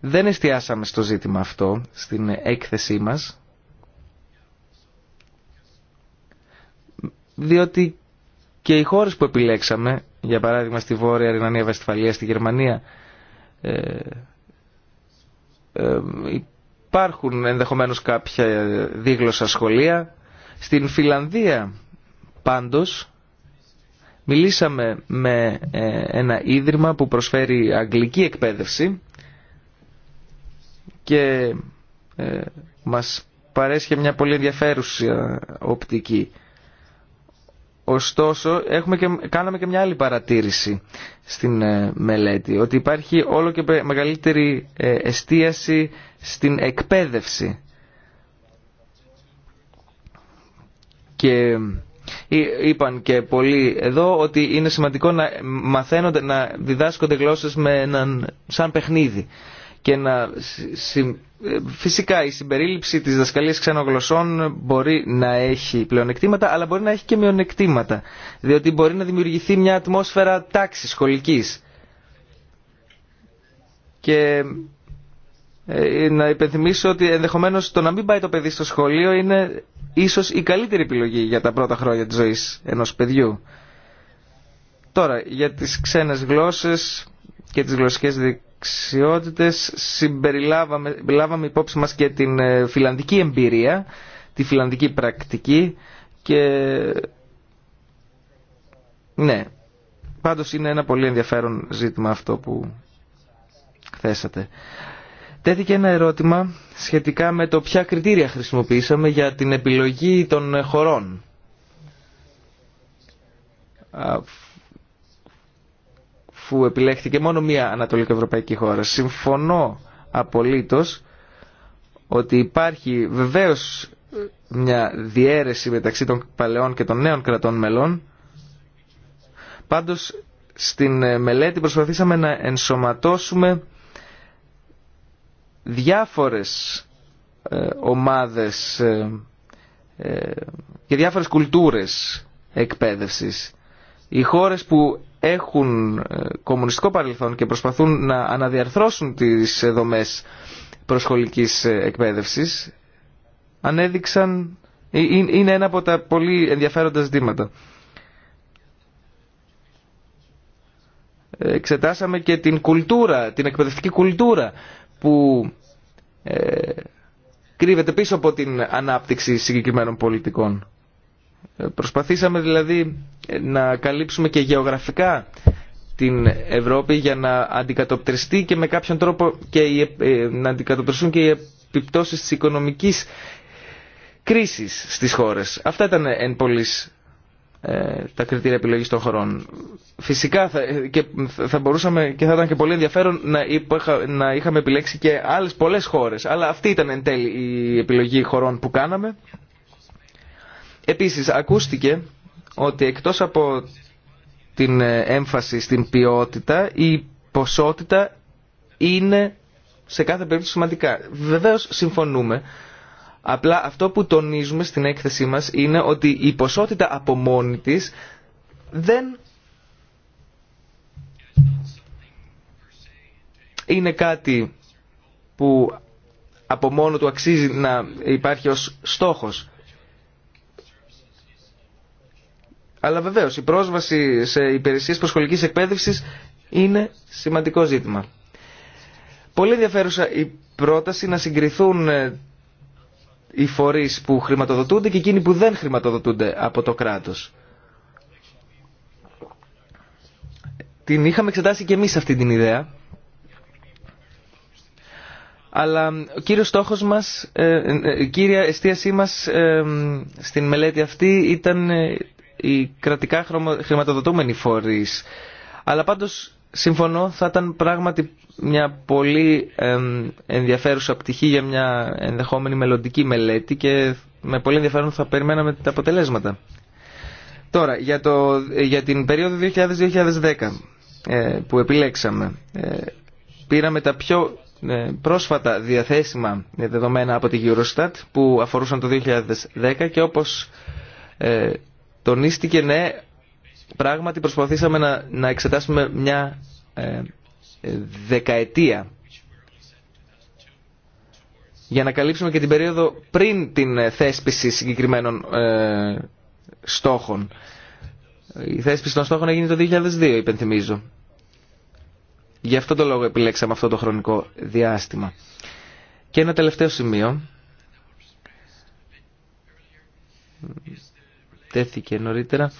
Δεν εστιάσαμε στο ζήτημα αυτό στην έκθεσή μας, διότι και οι χώρες που επιλέξαμε, για παράδειγμα στη Βόρεια Ρινανία Βεσφαλία, στη Γερμανία, ε, ε, υπάρχουν ενδεχομένως κάποια δίγλωσσα σχολεία. Στην Φιλανδία πάντως μιλήσαμε με ε, ένα ίδρυμα που προσφέρει αγγλική εκπαίδευση και ε, μας παρέσχει μια πολύ ενδιαφέρουσα οπτική. Ωστόσο, έχουμε και, κάναμε και μια άλλη παρατήρηση στην ε, μελέτη, ότι υπάρχει όλο και μεγαλύτερη ε, εστίαση στην εκπαίδευση. Και ε, είπαν και πολλοί εδώ ότι είναι σημαντικό να μαθαίνονται, να διδάσκονται γλώσσες με έναν, σαν παιχνίδι και να... Ε, φυσικά η συμπερίληψη της δασκαλίας ξενογλωσσών γλωσσών μπορεί να έχει πλεονεκτήματα αλλά μπορεί να έχει και μειονεκτήματα διότι μπορεί να δημιουργηθεί μια ατμόσφαιρα τάξης σχολικής και ε, ε, να υπενθυμίσω ότι ενδεχομένως το να μην πάει το παιδί στο σχολείο είναι ίσως η καλύτερη επιλογή για τα πρώτα χρόνια της ζωής ενός παιδιού. Τώρα, για τις ξένες γλώσσες και τις γλωσσικές αξιότητες συμπεριλάβαμε υπόψη μας και την ε, φιλανδική εμπειρία, τη φιλανδική πρακτική και ναι, πάντως είναι ένα πολύ ενδιαφέρον ζήτημα αυτό που θέσατε. Τέθηκε ένα ερώτημα σχετικά με το ποια κριτήρια χρησιμοποιήσαμε για την επιλογή των χωρών που μία ανατολικοευρωπαϊκή χώρα. Συμφωνώ απολύτως ότι υπάρχει βεβαίως μια ανατολικη ευρωπαικη χωρα συμφωνω απολυτως οτι μεταξύ των παλαιών και των νέων κρατών μελών. Πάντως στην ε, μελέτη προσπαθήσαμε να ενσωματώσουμε διάφορες ε, ομάδες ε, και διάφορες κουλτούρες εκπαίδευσης. Οι χώρες που έχουν ε, κομμουνιστικό παρελθόν και προσπαθούν να αναδιαρθρώσουν τις ε, δομές προσχολικής ε, εκπαίδευσης ανέδειξαν, είναι ένα από τα πολύ ενδιαφέροντα ζητήματα. Εξετάσαμε και την κουλτούρα, την εκπαιδευτική κουλτούρα που ε, κρύβεται πίσω από την ανάπτυξη συγκεκριμένων πολιτικών. Ε, προσπαθήσαμε δηλαδή ε, να καλύψουμε και γεωγραφικά την Ευρώπη για να αντικατοπτριστεί και με κάποιον τρόπο και ε, να αντικατοπτριστούν και οι επιπτώσεις της οικονομικής κρίσης στις χώρες. Αυτά ήταν εν πολλής τα κριτήρια επιλογής των χωρών. Φυσικά θα, και, θα μπορούσαμε και θα ήταν και πολύ ενδιαφέρον να, να είχαμε επιλέξει και άλλες πολλές χώρες. Αλλά αυτή ήταν εν τέλει η επιλογή χωρών που κάναμε Επίσης ακούστηκε ότι εκτός από την ε, έμφαση στην ποιότητα η ποσότητα είναι σε κάθε περίπτωση σημαντικά. Βεβαίως συμφωνούμε. Απλά αυτό που τονίζουμε στην έκθεσή μας είναι ότι η ποσότητα από μόνη της δεν είναι κάτι που από μόνο του αξίζει να υπάρχει ως στόχος. Αλλά βεβαίως η πρόσβαση σε υπηρεσίες προσχολικής εκπαίδευσης είναι σημαντικό ζήτημα. Πολύ ενδιαφέρουσα η πρόταση να συγκριθούν ε, οι φορείς που χρηματοδοτούνται και εκείνοι που δεν χρηματοδοτούνται από το κράτος. Την είχαμε εξετάσει και εμείς αυτή την ιδέα. Αλλά ε, ο κύριος στόχος μας, ε, η κύρια εστίασή μας στην μελέτη αυτή ήταν οι κρατικά χρηματοδοτούμενοι φορείς. Αλλά πάντως συμφωνώ θα ήταν πράγματι μια πολύ ενδιαφέρουσα πτυχή για μια ενδεχόμενη μελλοντική μελέτη και με πολύ ενδιαφέρον θα περιμέναμε τα αποτελέσματα. Τώρα, για, το, για την περίοδο 2000-2010 ε, που επιλέξαμε, ε, πήραμε τα πιο ε, πρόσφατα διαθέσιμα δεδομένα από τη Eurostat που αφορούσαν το 2010 και όπως τονίστηκε ναι, πράγματι προσπαθήσαμε να, να εξετάσουμε μια ε, ε, δεκαετία για να καλύψουμε και την περίοδο πριν την ε, θέσπιση συγκεκριμένων ε, στόχων. Η θέσπιση των στόχων έγινε το 2002, υπενθυμίζω. Γι' αυτό το λόγο επιλέξαμε αυτό το χρονικό διάστημα. Και ένα τελευταίο σημείο τέθηκε νωρίτερα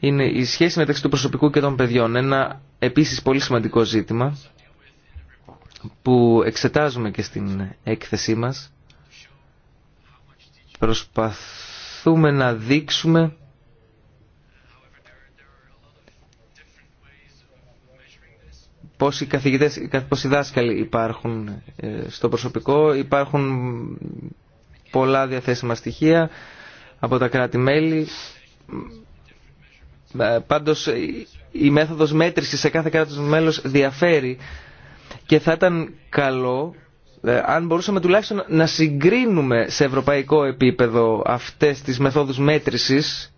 είναι η σχέση μεταξύ του προσωπικού και των παιδιών. Ένα επίσης πολύ σημαντικό ζήτημα που εξετάζουμε και στην έκθεσή μας. Προσπαθούμε να δείξουμε πόσοι οι καθηγητές, πώς οι δάσκαλοι υπάρχουν ε, στο προσωπικό. Υπάρχουν πολλά διαθέσιμα στοιχεία από τα κράτη-μέλη. Ε, πάντως η μέθοδος μέτρησης σε κάθε κράτος μέλος διαφέρει και θα ήταν καλό ε, αν μπορούσαμε τουλάχιστον να συγκρίνουμε σε ευρωπαϊκό επίπεδο αυτές τις μεθόδους μέτρησης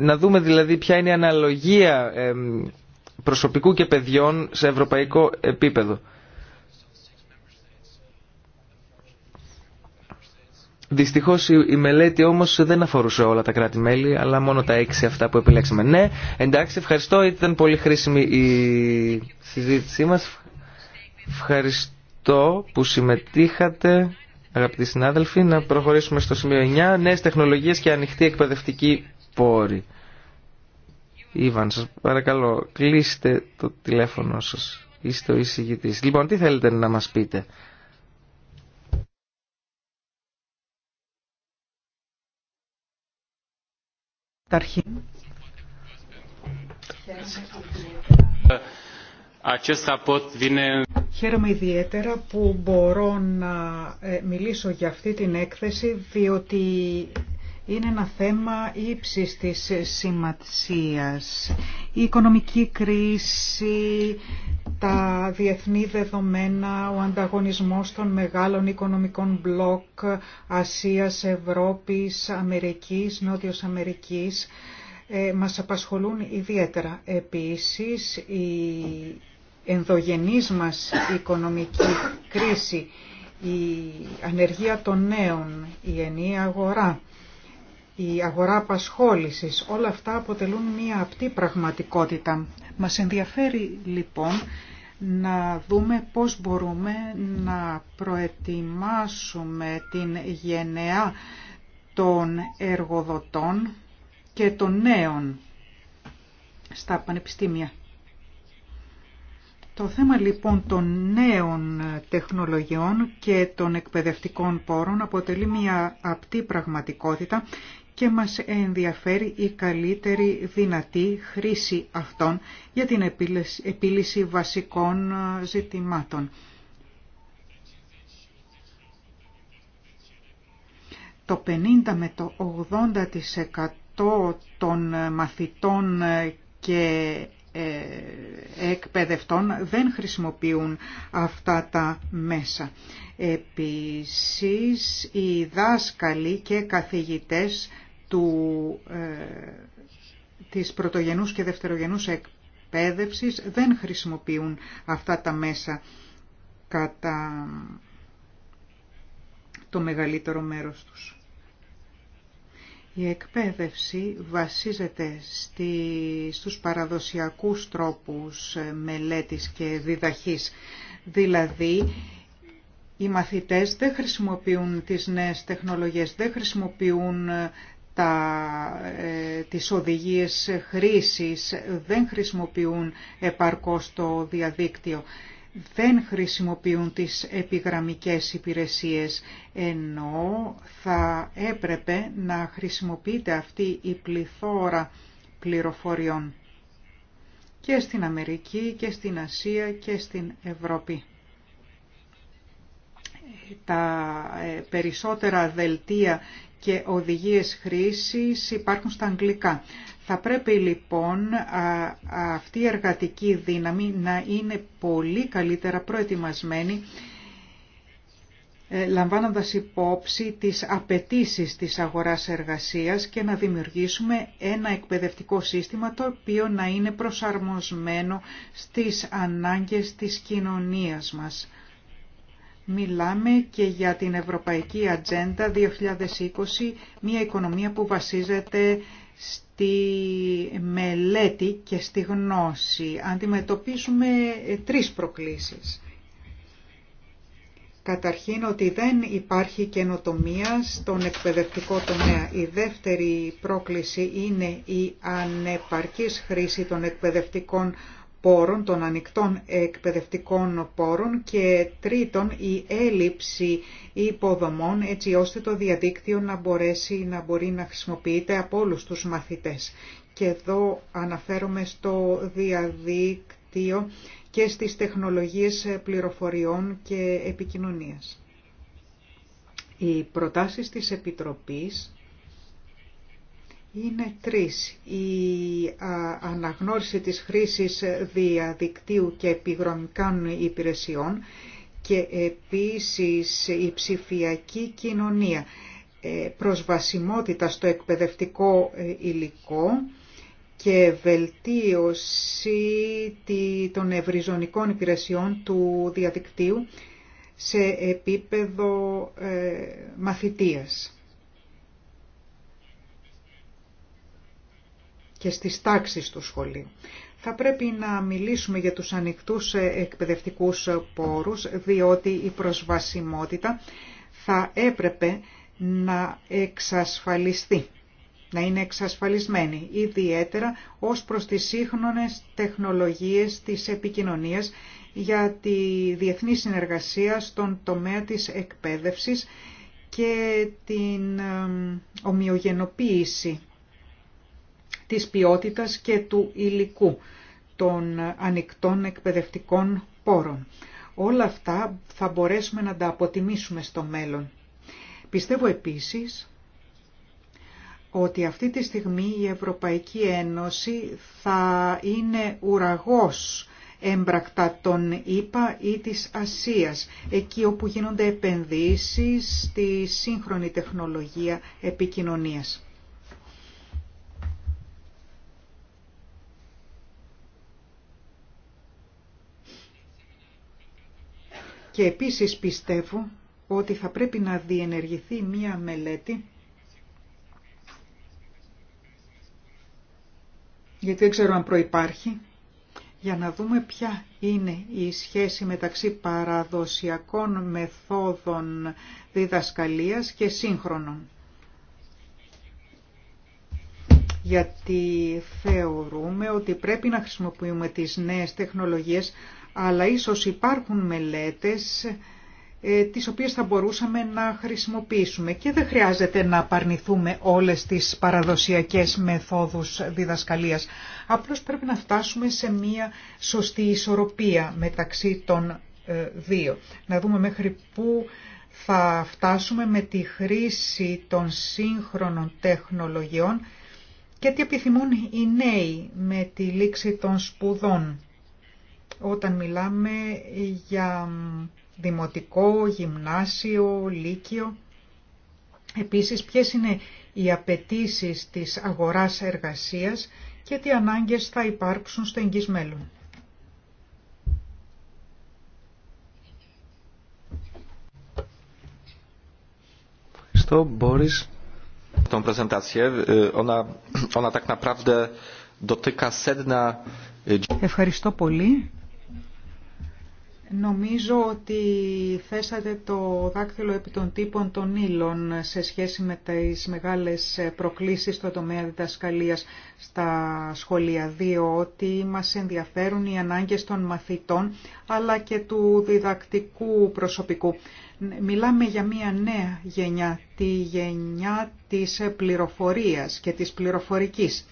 να δούμε δηλαδή ποια είναι η αναλογία προσωπικού και παιδιών σε ευρωπαϊκό επίπεδο. Δυστυχώ η μελέτη όμως δεν αφορούσε όλα τα κράτη-μέλη, αλλά μόνο τα έξι αυτά που επιλέξαμε. Ναι, εντάξει, ευχαριστώ. Ήταν πολύ χρήσιμη η συζήτησή μας. Ευχαριστώ που συμμετείχατε, αγαπητοί συνάδελφοι. Να προχωρήσουμε στο σημείο 9. Νέε τεχνολογίε και ανοιχτή εκπαιδευτική πόρη. Ήβαν, σα παρακαλώ, κλείστε το τηλέφωνο σα. Είστε ο εισηγητή. Λοιπόν, τι θέλετε να μα πείτε. Καταρχήν, Χαίρομαι ιδιαίτερα που μπορώ να ε, μιλήσω για αυτή την έκθεση διότι είναι ένα θέμα ύψης της σημασίας. Η οικονομική κρίση, τα διεθνή δεδομένα, ο ανταγωνισμός των μεγάλων οικονομικών μπλοκ Ασίας, Ευρώπης, Αμερικής, Νότιος Αμερικής ε, μας απασχολούν ιδιαίτερα. Επίσης, η ενδογενής μας οικονομική κρίση, η ανεργία των νέων, η ενή αγορά η αγορά απασχόλησης, όλα αυτά αποτελούν μία απτή πραγματικότητα. Μας ενδιαφέρει λοιπόν να δούμε πώς μπορούμε να προετοιμάσουμε την γενεά των εργοδοτών και των νέων στα πανεπιστήμια. Το θέμα λοιπόν των νέων τεχνολογιών και των εκπαιδευτικών πόρων αποτελεί μια απτή πραγματικότητα και μας ενδιαφέρει η καλύτερη δυνατή χρήση αυτών για την επίλυση βασικών ζητημάτων. Το 50 με το 80% των ε, μαθητών ε, και ε, εκπαιδευτών δεν χρησιμοποιούν αυτά τα μέσα. Επίσης, οι δάσκαλοι και καθηγητές του, ε, της πρωτογενούς και δευτερογενούς εκπαίδευσης δεν χρησιμοποιούν αυτά τα μέσα κατά το μεγαλύτερο μέρος τους. Η εκπαίδευση βασίζεται στη, στους παραδοσιακούς τρόπους ε, μελέτης και διδαχής. Δηλαδή, οι μαθητές δεν χρησιμοποιούν τις νέες τεχνολογίες, δεν χρησιμοποιούν ε, τα, ε, τις οδηγίες χρήσης δεν χρησιμοποιούν επαρκώς το διαδίκτυο. Δεν χρησιμοποιούν τις επιγραμμικές υπηρεσίες, ενώ θα έπρεπε να χρησιμοποιείται αυτή η πληθώρα πληροφοριών και στην Αμερική και στην Ασία και στην Ευρώπη. Τα ε, περισσότερα δελτία και οδηγίες χρήσης υπάρχουν στα αγγλικά. Θα πρέπει λοιπόν αυτή η εργατική δύναμη να είναι πολύ καλύτερα προετοιμασμένη ε, λαμβάνοντας υπόψη τις απαιτήσεις της αγοράς εργασίας και να δημιουργήσουμε ένα εκπαιδευτικό σύστημα το οποίο να είναι προσαρμοσμένο στις ανάγκες της κοινωνίας μας. Μιλάμε και για την Ευρωπαϊκή Ατζέντα 2020, μια οικονομία που βασίζεται στη μελέτη και στη γνώση. Αντιμετωπίζουμε ε, τρεις προκλήσεις. Καταρχήν ότι δεν υπάρχει καινοτομία στον εκπαιδευτικό τομέα. Η δεύτερη πρόκληση είναι η ανεπαρκής χρήση των εκπαιδευτικών πόρων, των ανοιχτών εκπαιδευτικών πόρων και τρίτον η έλλειψη υποδομών έτσι ώστε το διαδίκτυο να μπορέσει να μπορεί να χρησιμοποιείται από όλους τους μαθητές. Και εδώ αναφέρομαι στο διαδίκτυο και στις τεχνολογίες πληροφοριών και επικοινωνίας. Οι προτάσεις της Επιτροπής είναι τρεις. Η αναγνώριση της χρήσης διαδικτύου και επιγραμμικών υπηρεσιών και επίσης η ψηφιακή κοινωνία, ε, προσβασιμότητα στο εκπαιδευτικό ε, υλικό και βελτίωση των ευρυζωνικών υπηρεσιών του διαδικτύου σε επίπεδο ε, μαθητείας. και στις τάξεις του σχολείου. Θα πρέπει να μιλήσουμε για τους ανοιχτούς εκπαιδευτικούς πόρους, διότι η προσβασιμότητα θα έπρεπε να εξασφαλιστεί, να είναι εξασφαλισμένη, ιδιαίτερα ως προς τις σύγχρονες τεχνολογίες της επικοινωνίας για τη διεθνή συνεργασία στον τομέα της εκπαίδευσης και την ομοιογενοποίηση της ποιότητας και του υλικού των ανοιχτών εκπαιδευτικών πόρων. Όλα αυτά θα μπορέσουμε να τα αποτιμήσουμε στο μέλλον. Πιστεύω επίσης ότι αυτή τη στιγμή η Ευρωπαϊκή Ένωση θα είναι ουραγός έμπρακτα των ΗΠΑ ή της Ασίας, εκεί όπου γίνονται επενδύσεις στη σύγχρονη τεχνολογία επικοινωνίας. Και επίσης πιστεύω ότι θα πρέπει να διενεργηθεί μία μελέτη γιατί δεν ξέρω αν προϋπάρχει, για να δούμε ποια είναι η σχέση μεταξύ παραδοσιακών μεθόδων διδασκαλίας και σύγχρονων. Γιατί θεωρούμε ότι πρέπει να χρησιμοποιούμε τις νέες τεχνολογίες, αλλά ίσως υπάρχουν μελέτες ε, τις οποίες θα μπορούσαμε να χρησιμοποιήσουμε και δεν χρειάζεται να απαρνηθούμε όλες τις παραδοσιακές μεθόδους διδασκαλίας. Απλώς πρέπει να φτάσουμε σε μία σωστή ισορροπία μεταξύ των ε, δύο. Να δούμε μέχρι πού θα φτάσουμε με τη χρήση των σύγχρονων τεχνολογιών και τι επιθυμούν οι νέοι με τη λήξη των σπουδών όταν μιλάμε για δημοτικό, γυμνάσιο, λύκειο. Επίσης, ποιες είναι οι απαιτήσει της αγοράς εργασίας και τι ανάγκες θα υπάρξουν στο εγγύς μέλλον. Tą prezentację, ona, ona tak naprawdę dotyka Ευχαριστώ πολύ. Νομίζω ότι θέσατε το δάκτυλο επί των τύπων των ύλων σε σχέση με τις μεγάλες προκλήσεις στο τομέα διδασκαλίας στα σχολεία, διότι μας ενδιαφέρουν οι ανάγκες των μαθητών αλλά και του διδακτικού προσωπικού. Μιλάμε για μια νέα γενιά, τη γενιά της πληροφορίας και της πληροφορικής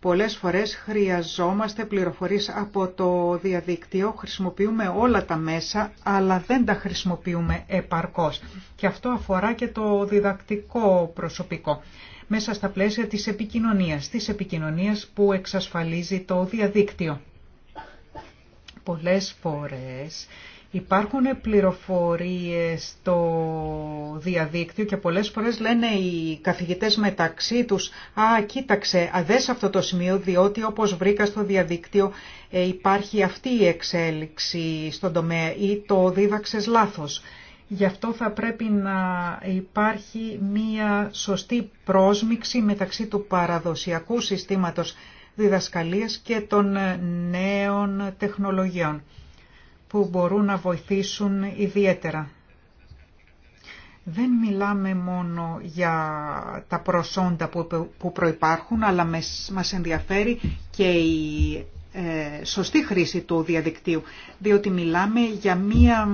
Πολλές φορές χρειαζόμαστε πληροφορίες από το διαδίκτυο, χρησιμοποιούμε όλα τα μέσα, αλλά δεν τα χρησιμοποιούμε επαρκώς. Και αυτό αφορά και το διδακτικό προσωπικό, μέσα στα πλαίσια της επικοινωνίας, της επικοινωνίας που εξασφαλίζει το διαδίκτυο. Πολλές φορές Υπάρχουν πληροφορίες στο διαδίκτυο και πολλές φορές λένε οι καθηγητές μεταξύ τους «Α, κοίταξε, αδές αυτό το σημείο, διότι όπως βρήκα στο διαδίκτυο ε, υπάρχει αυτή η εξέλιξη στον τομέα ή το δίδαξες λάθος». Γι' αυτό θα πρέπει να υπάρχει μία σωστή πρόσμιξη μεταξύ του παραδοσιακού συστήματος διδασκαλίας και των ε, νέων τεχνολογιών που μπορούν να βοηθήσουν ιδιαίτερα. Δεν μιλάμε μόνο για τα προσόντα που προϋπάρχουν, αλλά μας ενδιαφέρει και η ε, σωστή χρήση του διαδικτύου, διότι μιλάμε για μία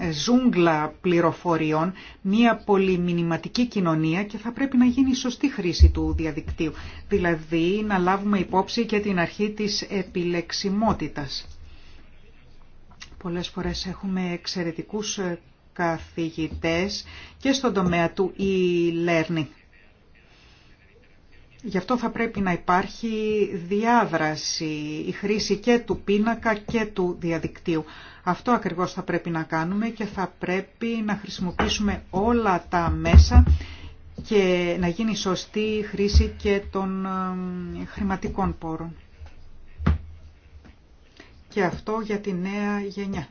ε, ζούγκλα πληροφοριών, μία πολυμηνυματική κοινωνία και θα πρέπει να γίνει σωστή χρήση του διαδικτύου, δηλαδή να λάβουμε υπόψη και την αρχή της επιλεξιμότητας. Πολλές φορές έχουμε εξαιρετικούς ε, καθηγητές και στον τομέα του e-learning. Γι' αυτό θα πρέπει να υπάρχει διάδραση, η χρήση και του πίνακα και του διαδικτύου. Αυτό ακριβώς θα πρέπει να κάνουμε και θα πρέπει να χρησιμοποιήσουμε όλα τα μέσα και να γίνει σωστή χρήση και των ε, χρηματικών πόρων και αυτό για τη νέα γενιά.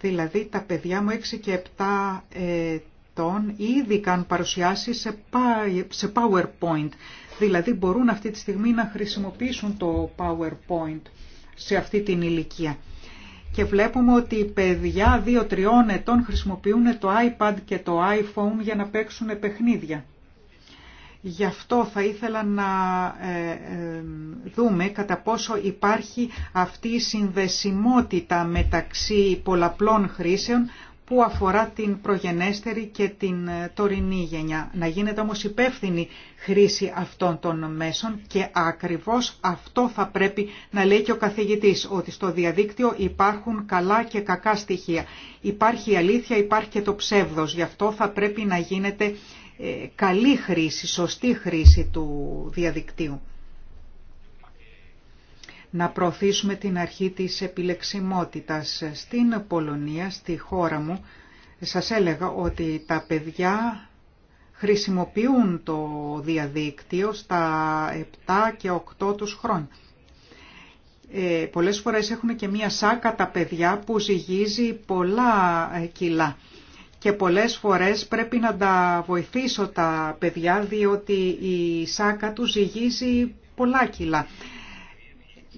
Δηλαδή τα παιδιά μου 6 και 7 ετών ήδη καν παρουσιάσει σε PowerPoint. Δηλαδή μπορούν αυτή τη στιγμή να χρησιμοποιήσουν το PowerPoint σε αυτή την ηλικία. Και βλέπουμε ότι οι παιδιά 2-3 ετών χρησιμοποιούν το iPad και το iPhone για να παίξουν παιχνίδια. Γι' αυτό θα ήθελα να ε, ε, δούμε κατά πόσο υπάρχει αυτή η συνδεσιμότητα μεταξύ πολλαπλών χρήσεων που αφορά την προγενέστερη και την ε, τωρινή γενιά. Να γίνεται όμως υπεύθυνη χρήση αυτών των μέσων και ακριβώς αυτό θα πρέπει να λέει και ο καθηγητής, ότι στο διαδίκτυο υπάρχουν καλά και κακά στοιχεία. Υπάρχει η αλήθεια, υπάρχει και το ψεύδος, γι' αυτό θα πρέπει να γίνεται ε, καλή χρήση, σωστή χρήση του διαδικτύου. Να προωθήσουμε την αρχή της επιλεξιμότητας. Στην Πολωνία, στη χώρα μου, σας έλεγα ότι τα παιδιά χρησιμοποιούν το διαδίκτυο στα 7 και 8 τους χρόνια. Ε, πολλές φορές έχουν και μία σάκα τα παιδιά που ζυγίζει πολλά κιλά και πολλές φορές πρέπει να τα βοηθήσω τα παιδιά διότι η σάκα του ζυγίζει πολλά κιλά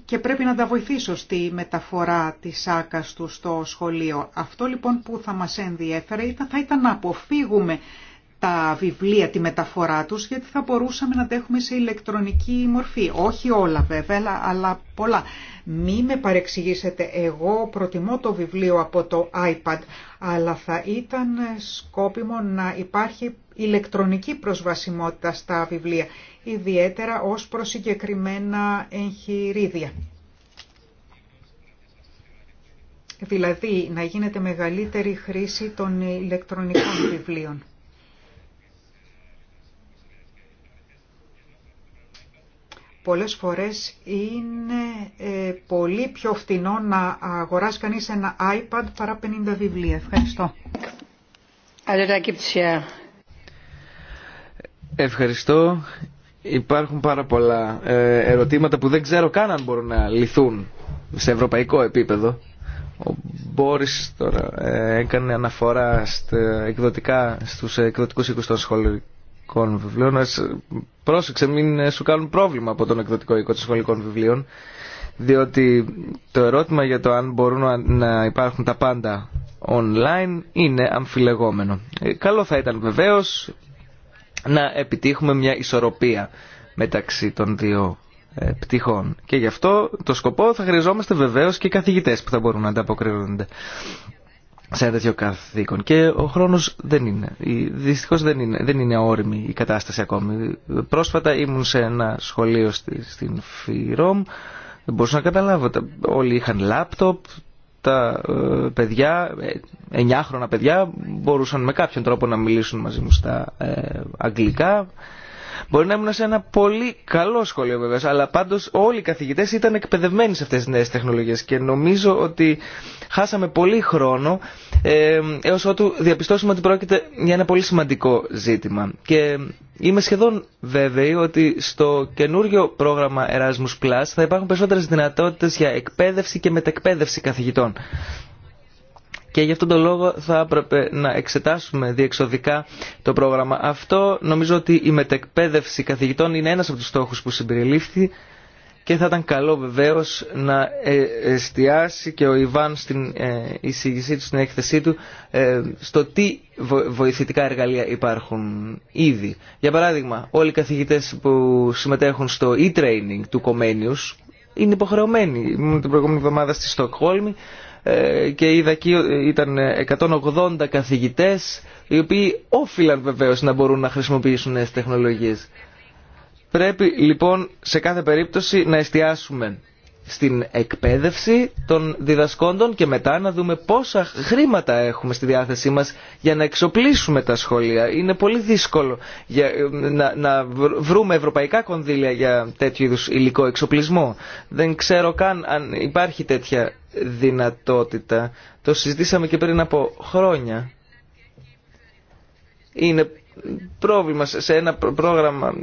και πρέπει να τα βοηθήσω στη μεταφορά της σάκας του στο σχολείο. Αυτό λοιπόν που θα μας ενδιέφερε θα ήταν να αποφύγουμε τα βιβλία, τη μεταφορά τους, γιατί θα μπορούσαμε να τα έχουμε σε ηλεκτρονική μορφή. Όχι όλα βέβαια, αλλά πολλά. Μη με παρεξηγήσετε, εγώ προτιμώ το βιβλίο από το iPad, αλλά θα ήταν σκόπιμο να υπάρχει ηλεκτρονική προσβασιμότητα στα βιβλία, ιδιαίτερα ως προς συγκεκριμένα εγχειρίδια. Δηλαδή, να γίνεται μεγαλύτερη χρήση των ηλεκτρονικών βιβλίων. πολλές φορές είναι ε, πολύ πιο φτηνό να αγοράσει κανείς ένα iPad παρά 50 βιβλία. Ευχαριστώ. Ευχαριστώ. Υπάρχουν πάρα πολλά ε, ερωτήματα που δεν ξέρω καν αν μπορούν να λυθούν σε ευρωπαϊκό επίπεδο. Ο Μπόρις τώρα ε, έκανε αναφορά στε, εκδοτικά, στους εκδοτικούς οίκους των σχολικών βιβλίων πρόσεξε μην ε, σου κάνουν πρόβλημα από τον εκδοτικό οίκο των σχολικών βιβλίων διότι το ερώτημα για το αν μπορούν να υπάρχουν τα πάντα online είναι αμφιλεγόμενο. Ε, καλό θα ήταν βεβαίως να επιτύχουμε μια ισορροπία μεταξύ των δύο ε, πτυχών. Και γι' αυτό το σκοπό θα χρειαζόμαστε βεβαίως και καθηγητές που θα μπορούν να ανταποκρίνονται σε ένα τέτοιο καθήκον. Και ο χρόνο δεν είναι. Δυστυχώ δεν είναι, δεν είναι όριμη η κατάσταση ακόμη. Πρόσφατα ήμουν σε ένα σχολείο στη, στην ΦΥΡΟΜ, Δεν μπορούσα να καταλάβω. Όλοι είχαν λάπτοπ. Τα ε, παιδιά, ε, εννιάχρονα παιδιά, μπορούσαν με κάποιον τρόπο να μιλήσουν μαζί μου στα ε, αγγλικά. Μπορεί να ήμουν σε ένα πολύ καλό σχολείο βέβαια, αλλά πάντως όλοι οι καθηγητές ήταν εκπαιδευμένοι σε αυτές τις νέες τεχνολογίες και νομίζω ότι χάσαμε πολύ χρόνο ε, έως ότου διαπιστώσουμε ότι πρόκειται για ένα πολύ σημαντικό ζήτημα. Και είμαι σχεδόν βέβαιη ότι στο καινούριο πρόγραμμα Erasmus Plus θα υπάρχουν περισσότερε δυνατότητε για εκπαίδευση και μετεκπαίδευση καθηγητών και γι' αυτόν τον λόγο θα έπρεπε να εξετάσουμε διεξοδικά το πρόγραμμα. Αυτό νομίζω ότι η μετεκπαίδευση καθηγητών είναι ένας από τους στόχους που συμπεριλήφθη και θα ήταν καλό βεβαίως να ε, εστιάσει και ο Ιβάν στην ε, εισηγησή του, στην έκθεσή του, ε, στο τι βοηθητικά εργαλεία υπάρχουν ήδη. Για παράδειγμα, όλοι οι καθηγητές που συμμετέχουν στο e-training του Κομένιους είναι υποχρεωμένοι, ήμουν την προηγούμενη εβδομάδα στη Στοκχόλμη, ε, και είδα εκεί ήταν 180 καθηγητές οι οποίοι όφυλαν βεβαίως να μπορούν να χρησιμοποιήσουν τις τεχνολογίες. Πρέπει λοιπόν σε κάθε περίπτωση να εστιάσουμε στην εκπαίδευση των διδασκόντων και μετά να δούμε πόσα χρήματα έχουμε στη διάθεσή μας για να εξοπλίσουμε τα σχολεία. Είναι πολύ δύσκολο για, ε, να, να βρούμε ευρωπαϊκά κονδύλια για τέτοιου είδους υλικό εξοπλισμό. Δεν ξέρω καν αν υπάρχει τέτοια δυνατότητα. Το συζητήσαμε και πριν από χρόνια. Είναι πρόβλημα σε ένα πρόγραμμα...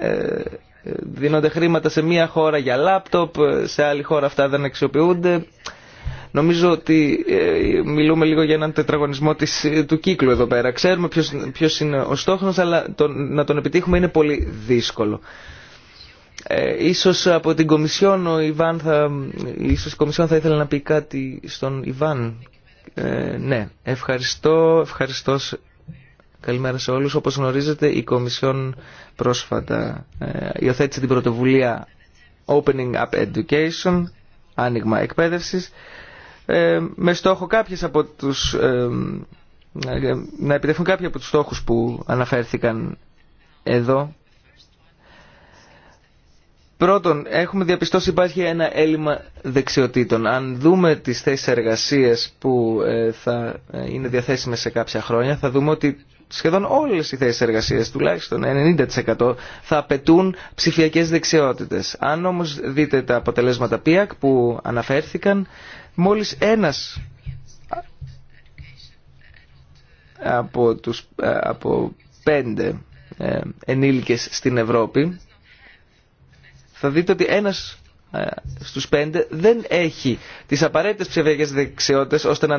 Ε, δίνονται χρήματα σε μία χώρα για λάπτοπ, σε άλλη χώρα αυτά δεν αξιοποιούνται. Νομίζω ότι ε, μιλούμε λίγο για έναν τετραγωνισμό της, ε, του κύκλου εδώ πέρα. Ξέρουμε ποιος, ποιος είναι ο στόχος, αλλά να τον επιτύχουμε είναι πολύ δύσκολο. Ε, ίσως από την Κομισιόν ο Ιβάν θα, ίσως η Κομισιόν θα ήθελε να πει κάτι στον Ιβάν. Ε, ναι, ευχαριστώ, ευχαριστώ Καλημέρα σε όλους. Όπως γνωρίζετε η Κομισιόν πρόσφατα ε, υιοθέτησε την πρωτοβουλία Opening Up Education, άνοιγμα εκπαίδευσης, ε, με στόχο κάποιες από τους, ε, ε, να επιτευχθούν κάποιοι από τους στόχους που αναφέρθηκαν εδώ. Πρώτον, έχουμε διαπιστώσει υπάρχει ένα έλλειμμα δεξιοτήτων. Αν δούμε τις θέσεις εργασίας που θα είναι διαθέσιμες σε κάποια χρόνια, θα δούμε ότι σχεδόν όλες οι θέσεις εργασίας, τουλάχιστον 90% θα απαιτούν ψηφιακές δεξιότητες. Αν όμως δείτε τα αποτελέσματα ΠΙΑΚ που αναφέρθηκαν, μόλις ένας από, τους, ε, από πέντε ε, ενήλικες στην Ευρώπη, θα δείτε ότι ένας ε, στους πέντε δεν έχει τις απαραίτητες ψηφιακές δεξιότητες ώστε να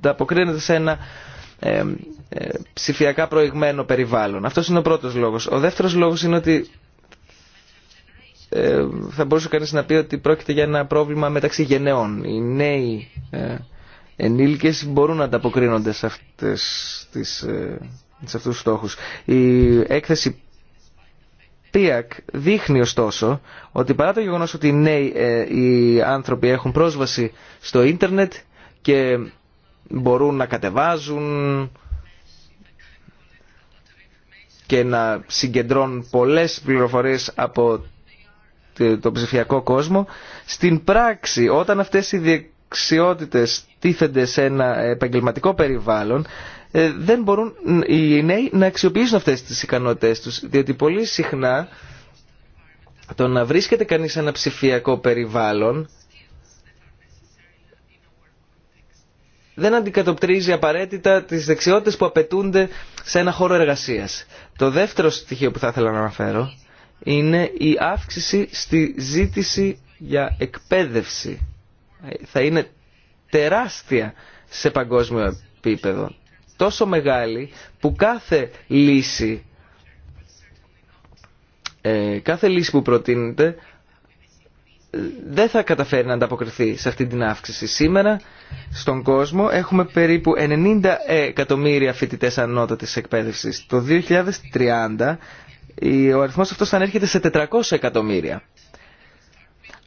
ανταποκρίνεται σε ένα ε, ε, ψηφιακά προηγμένο περιβάλλον. Αυτός είναι ο πρώτος λόγος. Ο δεύτερος λόγος είναι ότι ε, θα μπορούσε κανείς να πει ότι πρόκειται για ένα πρόβλημα μεταξύ γενναιών. Οι νέοι ενήλικες μπορούν να ανταποκρίνονται σε, αυτές, τις, σε αυτούς τους στόχους. Η έκθεση ΠΙΑΚ δείχνει ωστόσο ότι παρά το γεγονός ότι οι νέοι οι άνθρωποι έχουν πρόσβαση στο ίντερνετ και μπορούν να κατεβάζουν και να συγκεντρώνουν πολλές πληροφορίες από το ψηφιακό κόσμο. Στην πράξη, όταν αυτές οι δεξιότητες τίθενται σε ένα επαγγελματικό περιβάλλον, ε, δεν μπορούν οι νέοι να αξιοποιήσουν αυτές τις ικανότητες τους, διότι πολύ συχνά το να βρίσκεται κανείς σε ένα ψηφιακό περιβάλλον δεν αντικατοπτρίζει απαραίτητα τις δεξιότητες που απαιτούνται σε ένα χώρο εργασίας. Το δεύτερο στοιχείο που θα ήθελα να αναφέρω είναι η αύξηση στη ζήτηση για εκπαίδευση. Θα είναι τεράστια σε παγκόσμιο επίπεδο. Τόσο μεγάλη που κάθε λύση, ε, κάθε λύση που προτείνεται δεν θα καταφέρει να ανταποκριθεί σε αυτή την αύξηση. Σήμερα στον κόσμο έχουμε περίπου 90 εκατομμύρια φοιτητέ ανώτατη εκπαίδευση. Το 2030 ο αριθμό αυτό θα ανέρχεται σε 400 εκατομμύρια.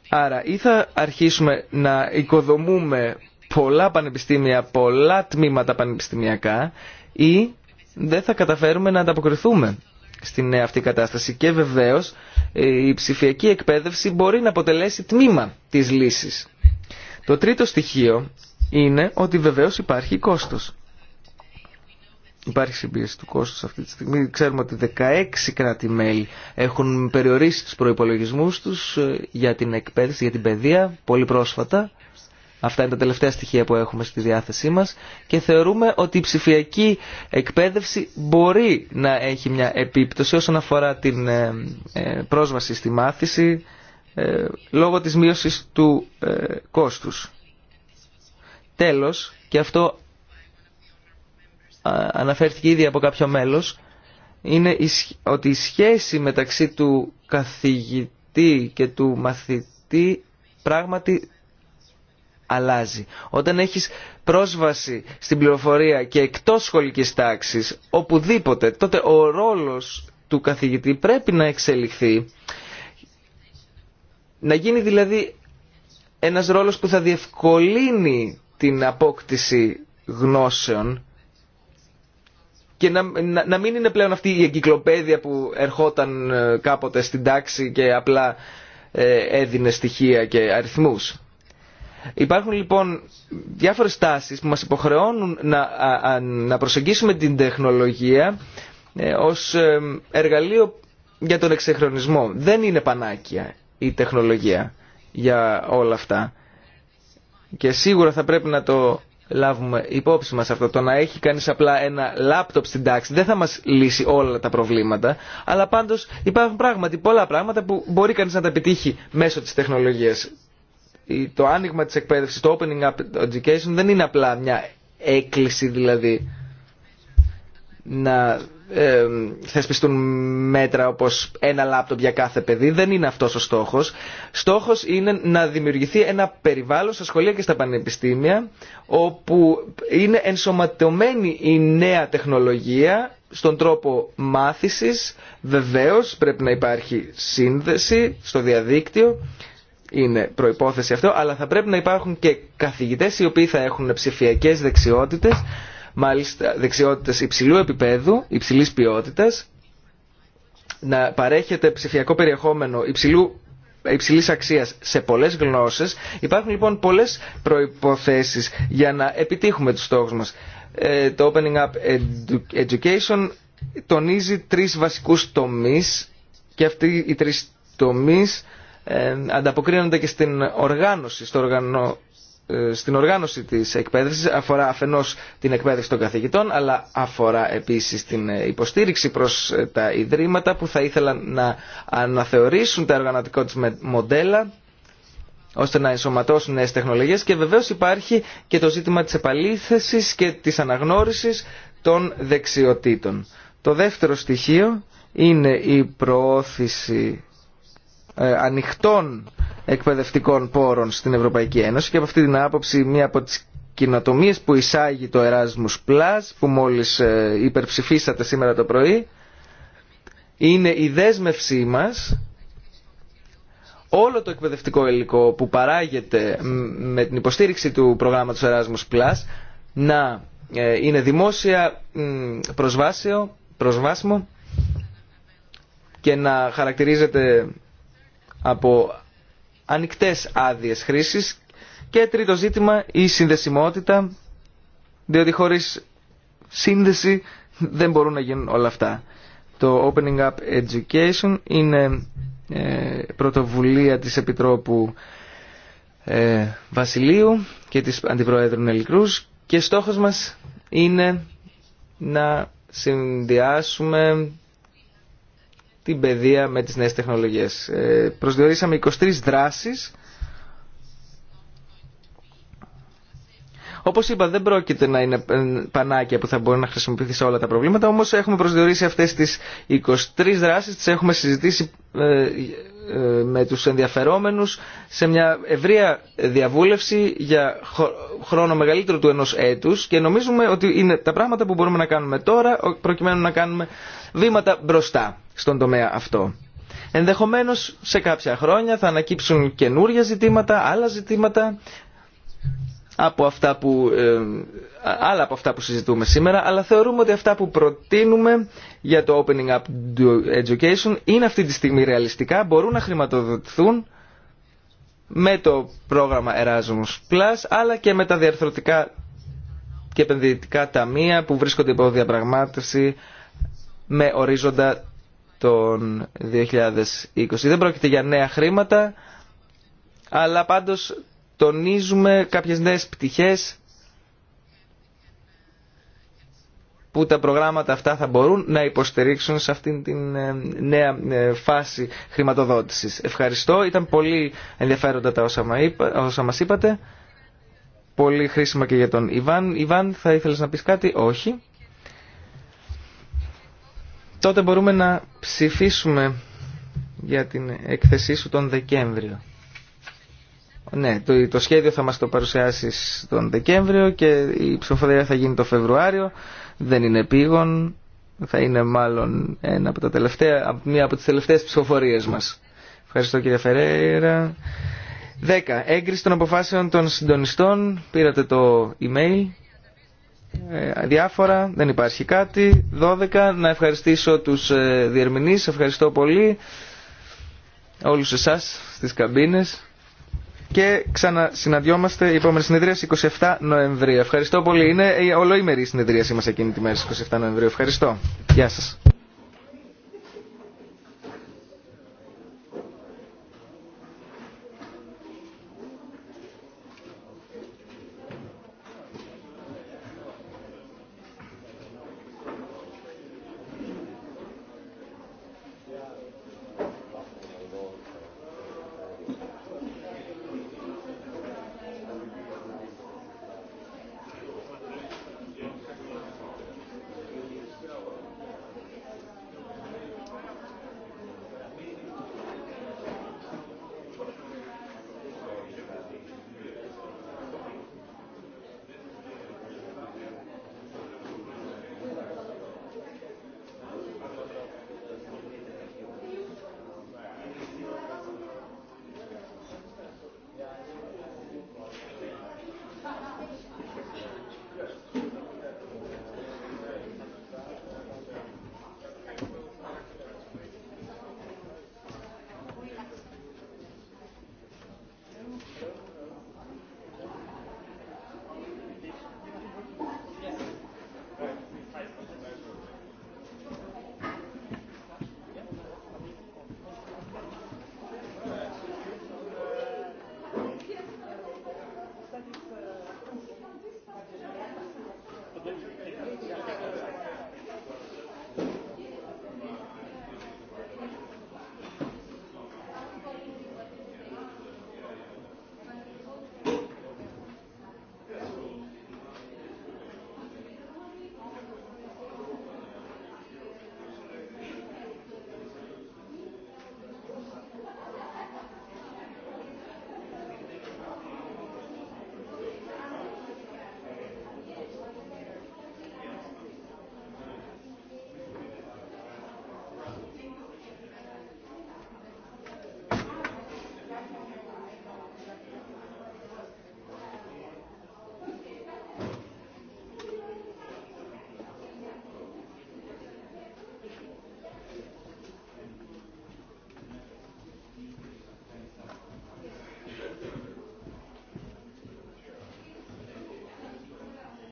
Άρα ή θα αρχίσουμε να οικοδομούμε πολλά πανεπιστήμια, πολλά τμήματα πανεπιστημιακά ή δεν θα καταφέρουμε να ανταποκριθούμε στην ε, αυτή κατάσταση. Και βεβαίως ε, η ψηφιακή εκπαίδευση μπορεί να αποτελέσει τμήμα της λύσης. Το τρίτο στοιχείο είναι ότι βεβαίως υπάρχει κόστος. Υπάρχει συμπίεση του κόστου, αυτή τη στιγμή. Ξέρουμε ότι 16 κράτη-μέλη έχουν περιορίσει τους προϋπολογισμούς τους ε, για την εκπαίδευση, για την παιδεία, πολύ πρόσφατα. Αυτά είναι τα τελευταία στοιχεία που έχουμε στη διάθεσή μας και θεωρούμε ότι η ψηφιακή εκπαίδευση μπορεί να έχει μια επίπτωση όσον αφορά την ε, ε, πρόσβαση στη μάθηση ε, λόγω της μείωσης του κόστους. Τέλος, και αυτό αναφέρθηκε ήδη από κάποιο μέλος, είναι ότι η σχέση μεταξύ του καθηγητή και του μαθητή πράγματι αλλάζει. Όταν έχεις πρόσβαση στην πληροφορία και εκτός σχολικής τάξης, οπουδήποτε, τότε ο ρόλος του καθηγητή πρέπει να εξελιχθεί, να γίνει δηλαδή ένας ρόλος που θα διευκολύνει την απόκτηση γνώσεων και να, μην είναι πλέον αυτή η εγκυκλοπαίδεια που ερχόταν ε, κάποτε στην τάξη και απλά ε, έδινε στοιχεία και αριθμούς. Υπάρχουν λοιπόν διάφορες τάσεις που μας υποχρεώνουν να, να προσεγγίσουμε την τεχνολογία ε, ως ε, εργαλείο για τον εξεχρονισμό. Δεν είναι πανάκια η τεχνολογία για όλα αυτά. Και σίγουρα θα πρέπει να το λάβουμε υπόψη μας αυτό. Το να έχει κανείς απλά ένα λάπτοπ στην τάξη δεν θα μας λύσει όλα τα προβλήματα. Αλλά πάντως υπάρχουν πράγματι πολλά πράγματα που μπορεί κανείς να τα επιτύχει μέσω της τεχνολογίας το άνοιγμα της εκπαίδευσης, το opening up education δεν είναι απλά μια έκκληση δηλαδή να ε, θεσπιστούν μέτρα όπως ένα λάπτοπ για κάθε παιδί. Δεν είναι αυτός ο στόχος. Στόχος είναι να δημιουργηθεί ένα περιβάλλον στα σχολεία και στα πανεπιστήμια όπου είναι ενσωματωμένη η νέα τεχνολογία στον τρόπο μάθησης. Βεβαίως πρέπει να υπάρχει σύνδεση στο διαδίκτυο είναι προϋπόθεση αυτό, αλλά θα πρέπει να υπάρχουν και καθηγητές οι οποίοι θα έχουν ψηφιακές δεξιότητες, μάλιστα δεξιότητες υψηλού επίπεδου, υψηλής ποιότητας, να παρέχεται ψηφιακό περιεχόμενο υψηλού υψηλή αξία σε πολλέ γνώσει. Υπάρχουν λοιπόν πολλέ προποθέσει για να επιτύχουμε του στόχου μα. Ε, το Opening Up Education τονίζει τρει βασικού τομεί και αυτοί οι τρει τομεί ανταποκρίνονται και στην οργάνωση, στο ε, στην οργάνωση της εκπαίδευσης αφορά αφενός την εκπαίδευση των καθηγητών αλλά αφορά επίσης την ε, υποστήριξη προς ε, τα ιδρύματα που θα ήθελαν να αναθεωρήσουν τα οργανωτικά τους μοντέλα ώστε να ενσωματώσουν νέες τεχνολογίες και βεβαίως υπάρχει και το ζήτημα της επαλήθεσης και της αναγνώρισης των δεξιοτήτων. Το δεύτερο στοιχείο είναι η προώθηση ε, ανοιχτών εκπαιδευτικών πόρων στην Ευρωπαϊκή Ένωση και από αυτή την άποψη μία από τις κοινοτομίε που εισάγει το Erasmus Plus που μόλις ε, υπερψηφίσατε σήμερα το πρωί είναι η δέσμευσή μας όλο το εκπαιδευτικό υλικό που παράγεται με την υποστήριξη του προγράμματος Erasmus Plus να ε, είναι δημόσια προσβάσιο, προσβάσιμο και να χαρακτηρίζεται από ανοιχτέ άδειε χρήση. και τρίτο ζήτημα η συνδεσιμότητα διότι χωρίς σύνδεση δεν μπορούν να γίνουν όλα αυτά. Το Opening Up Education είναι ε, πρωτοβουλία της Επιτρόπου ε, Βασιλείου και της Αντιπροέδρου Νελικρούς και στόχος μας είναι να συνδυάσουμε την παιδεία με τις νέες τεχνολογίες. Ε, προσδιορίσαμε 23 δράσεις. Όπως είπα δεν πρόκειται να είναι πανάκια που θα μπορεί να χρησιμοποιηθεί σε όλα τα προβλήματα, όμως έχουμε προσδιορίσει αυτές τις 23 δράσεις, τις έχουμε συζητήσει ε, ε, με τους ενδιαφερόμενους σε μια ευρεία διαβούλευση για χρόνο μεγαλύτερο του ενός έτους και νομίζουμε ότι είναι τα πράγματα που μπορούμε να κάνουμε τώρα προκειμένου να κάνουμε βήματα μπροστά στον τομέα αυτό. Ενδεχομένως σε κάποια χρόνια θα ανακύψουν καινούργια ζητήματα, άλλα ζητήματα από αυτά που, ε, άλλα από αυτά που συζητούμε σήμερα, αλλά θεωρούμε ότι αυτά που προτείνουμε για το Opening Up Education είναι αυτή τη στιγμή ρεαλιστικά, μπορούν να χρηματοδοτηθούν με το πρόγραμμα Erasmus Plus, αλλά και με τα διαρθρωτικά και επενδυτικά ταμεία που βρίσκονται υπό διαπραγμάτευση με ορίζοντα τον 2020. Δεν πρόκειται για νέα χρήματα, αλλά πάντως τονίζουμε κάποιες νέες πτυχές που τα προγράμματα αυτά θα μπορούν να υποστηρίξουν σε αυτήν την ε, νέα ε, φάση χρηματοδότησης. Ευχαριστώ. Ήταν πολύ ενδιαφέροντα τα όσα μας είπατε. Πολύ χρήσιμα και για τον Ιβάν. Ιβάν, θα ήθελες να πεις κάτι? Όχι τότε μπορούμε να ψηφίσουμε για την έκθεσή σου τον Δεκέμβριο. Ναι, το, το σχέδιο θα μας το παρουσιάσεις τον Δεκέμβριο και η ψηφοφορία θα γίνει το Φεβρουάριο. Δεν είναι πήγον, θα είναι μάλλον από μία από τις τελευταίες ψηφοφορίες μας. Ευχαριστώ κύριε Φερέιρα. 10. Έγκριση των αποφάσεων των συντονιστών. Πήρατε το email. Ε, διάφορα, δεν υπάρχει κάτι. 12. Να ευχαριστήσω τους ε, διερμηνείς, ευχαριστώ πολύ όλους εσάς στις καμπίνες και ξανασυναντιόμαστε η επόμενη συνεδρία 27 Νοεμβρίου. Ευχαριστώ πολύ. Είναι η ολοήμερη συνεδρία μας εκείνη τη μέρα 27 Νοεμβρίου. Ευχαριστώ. Γεια σας.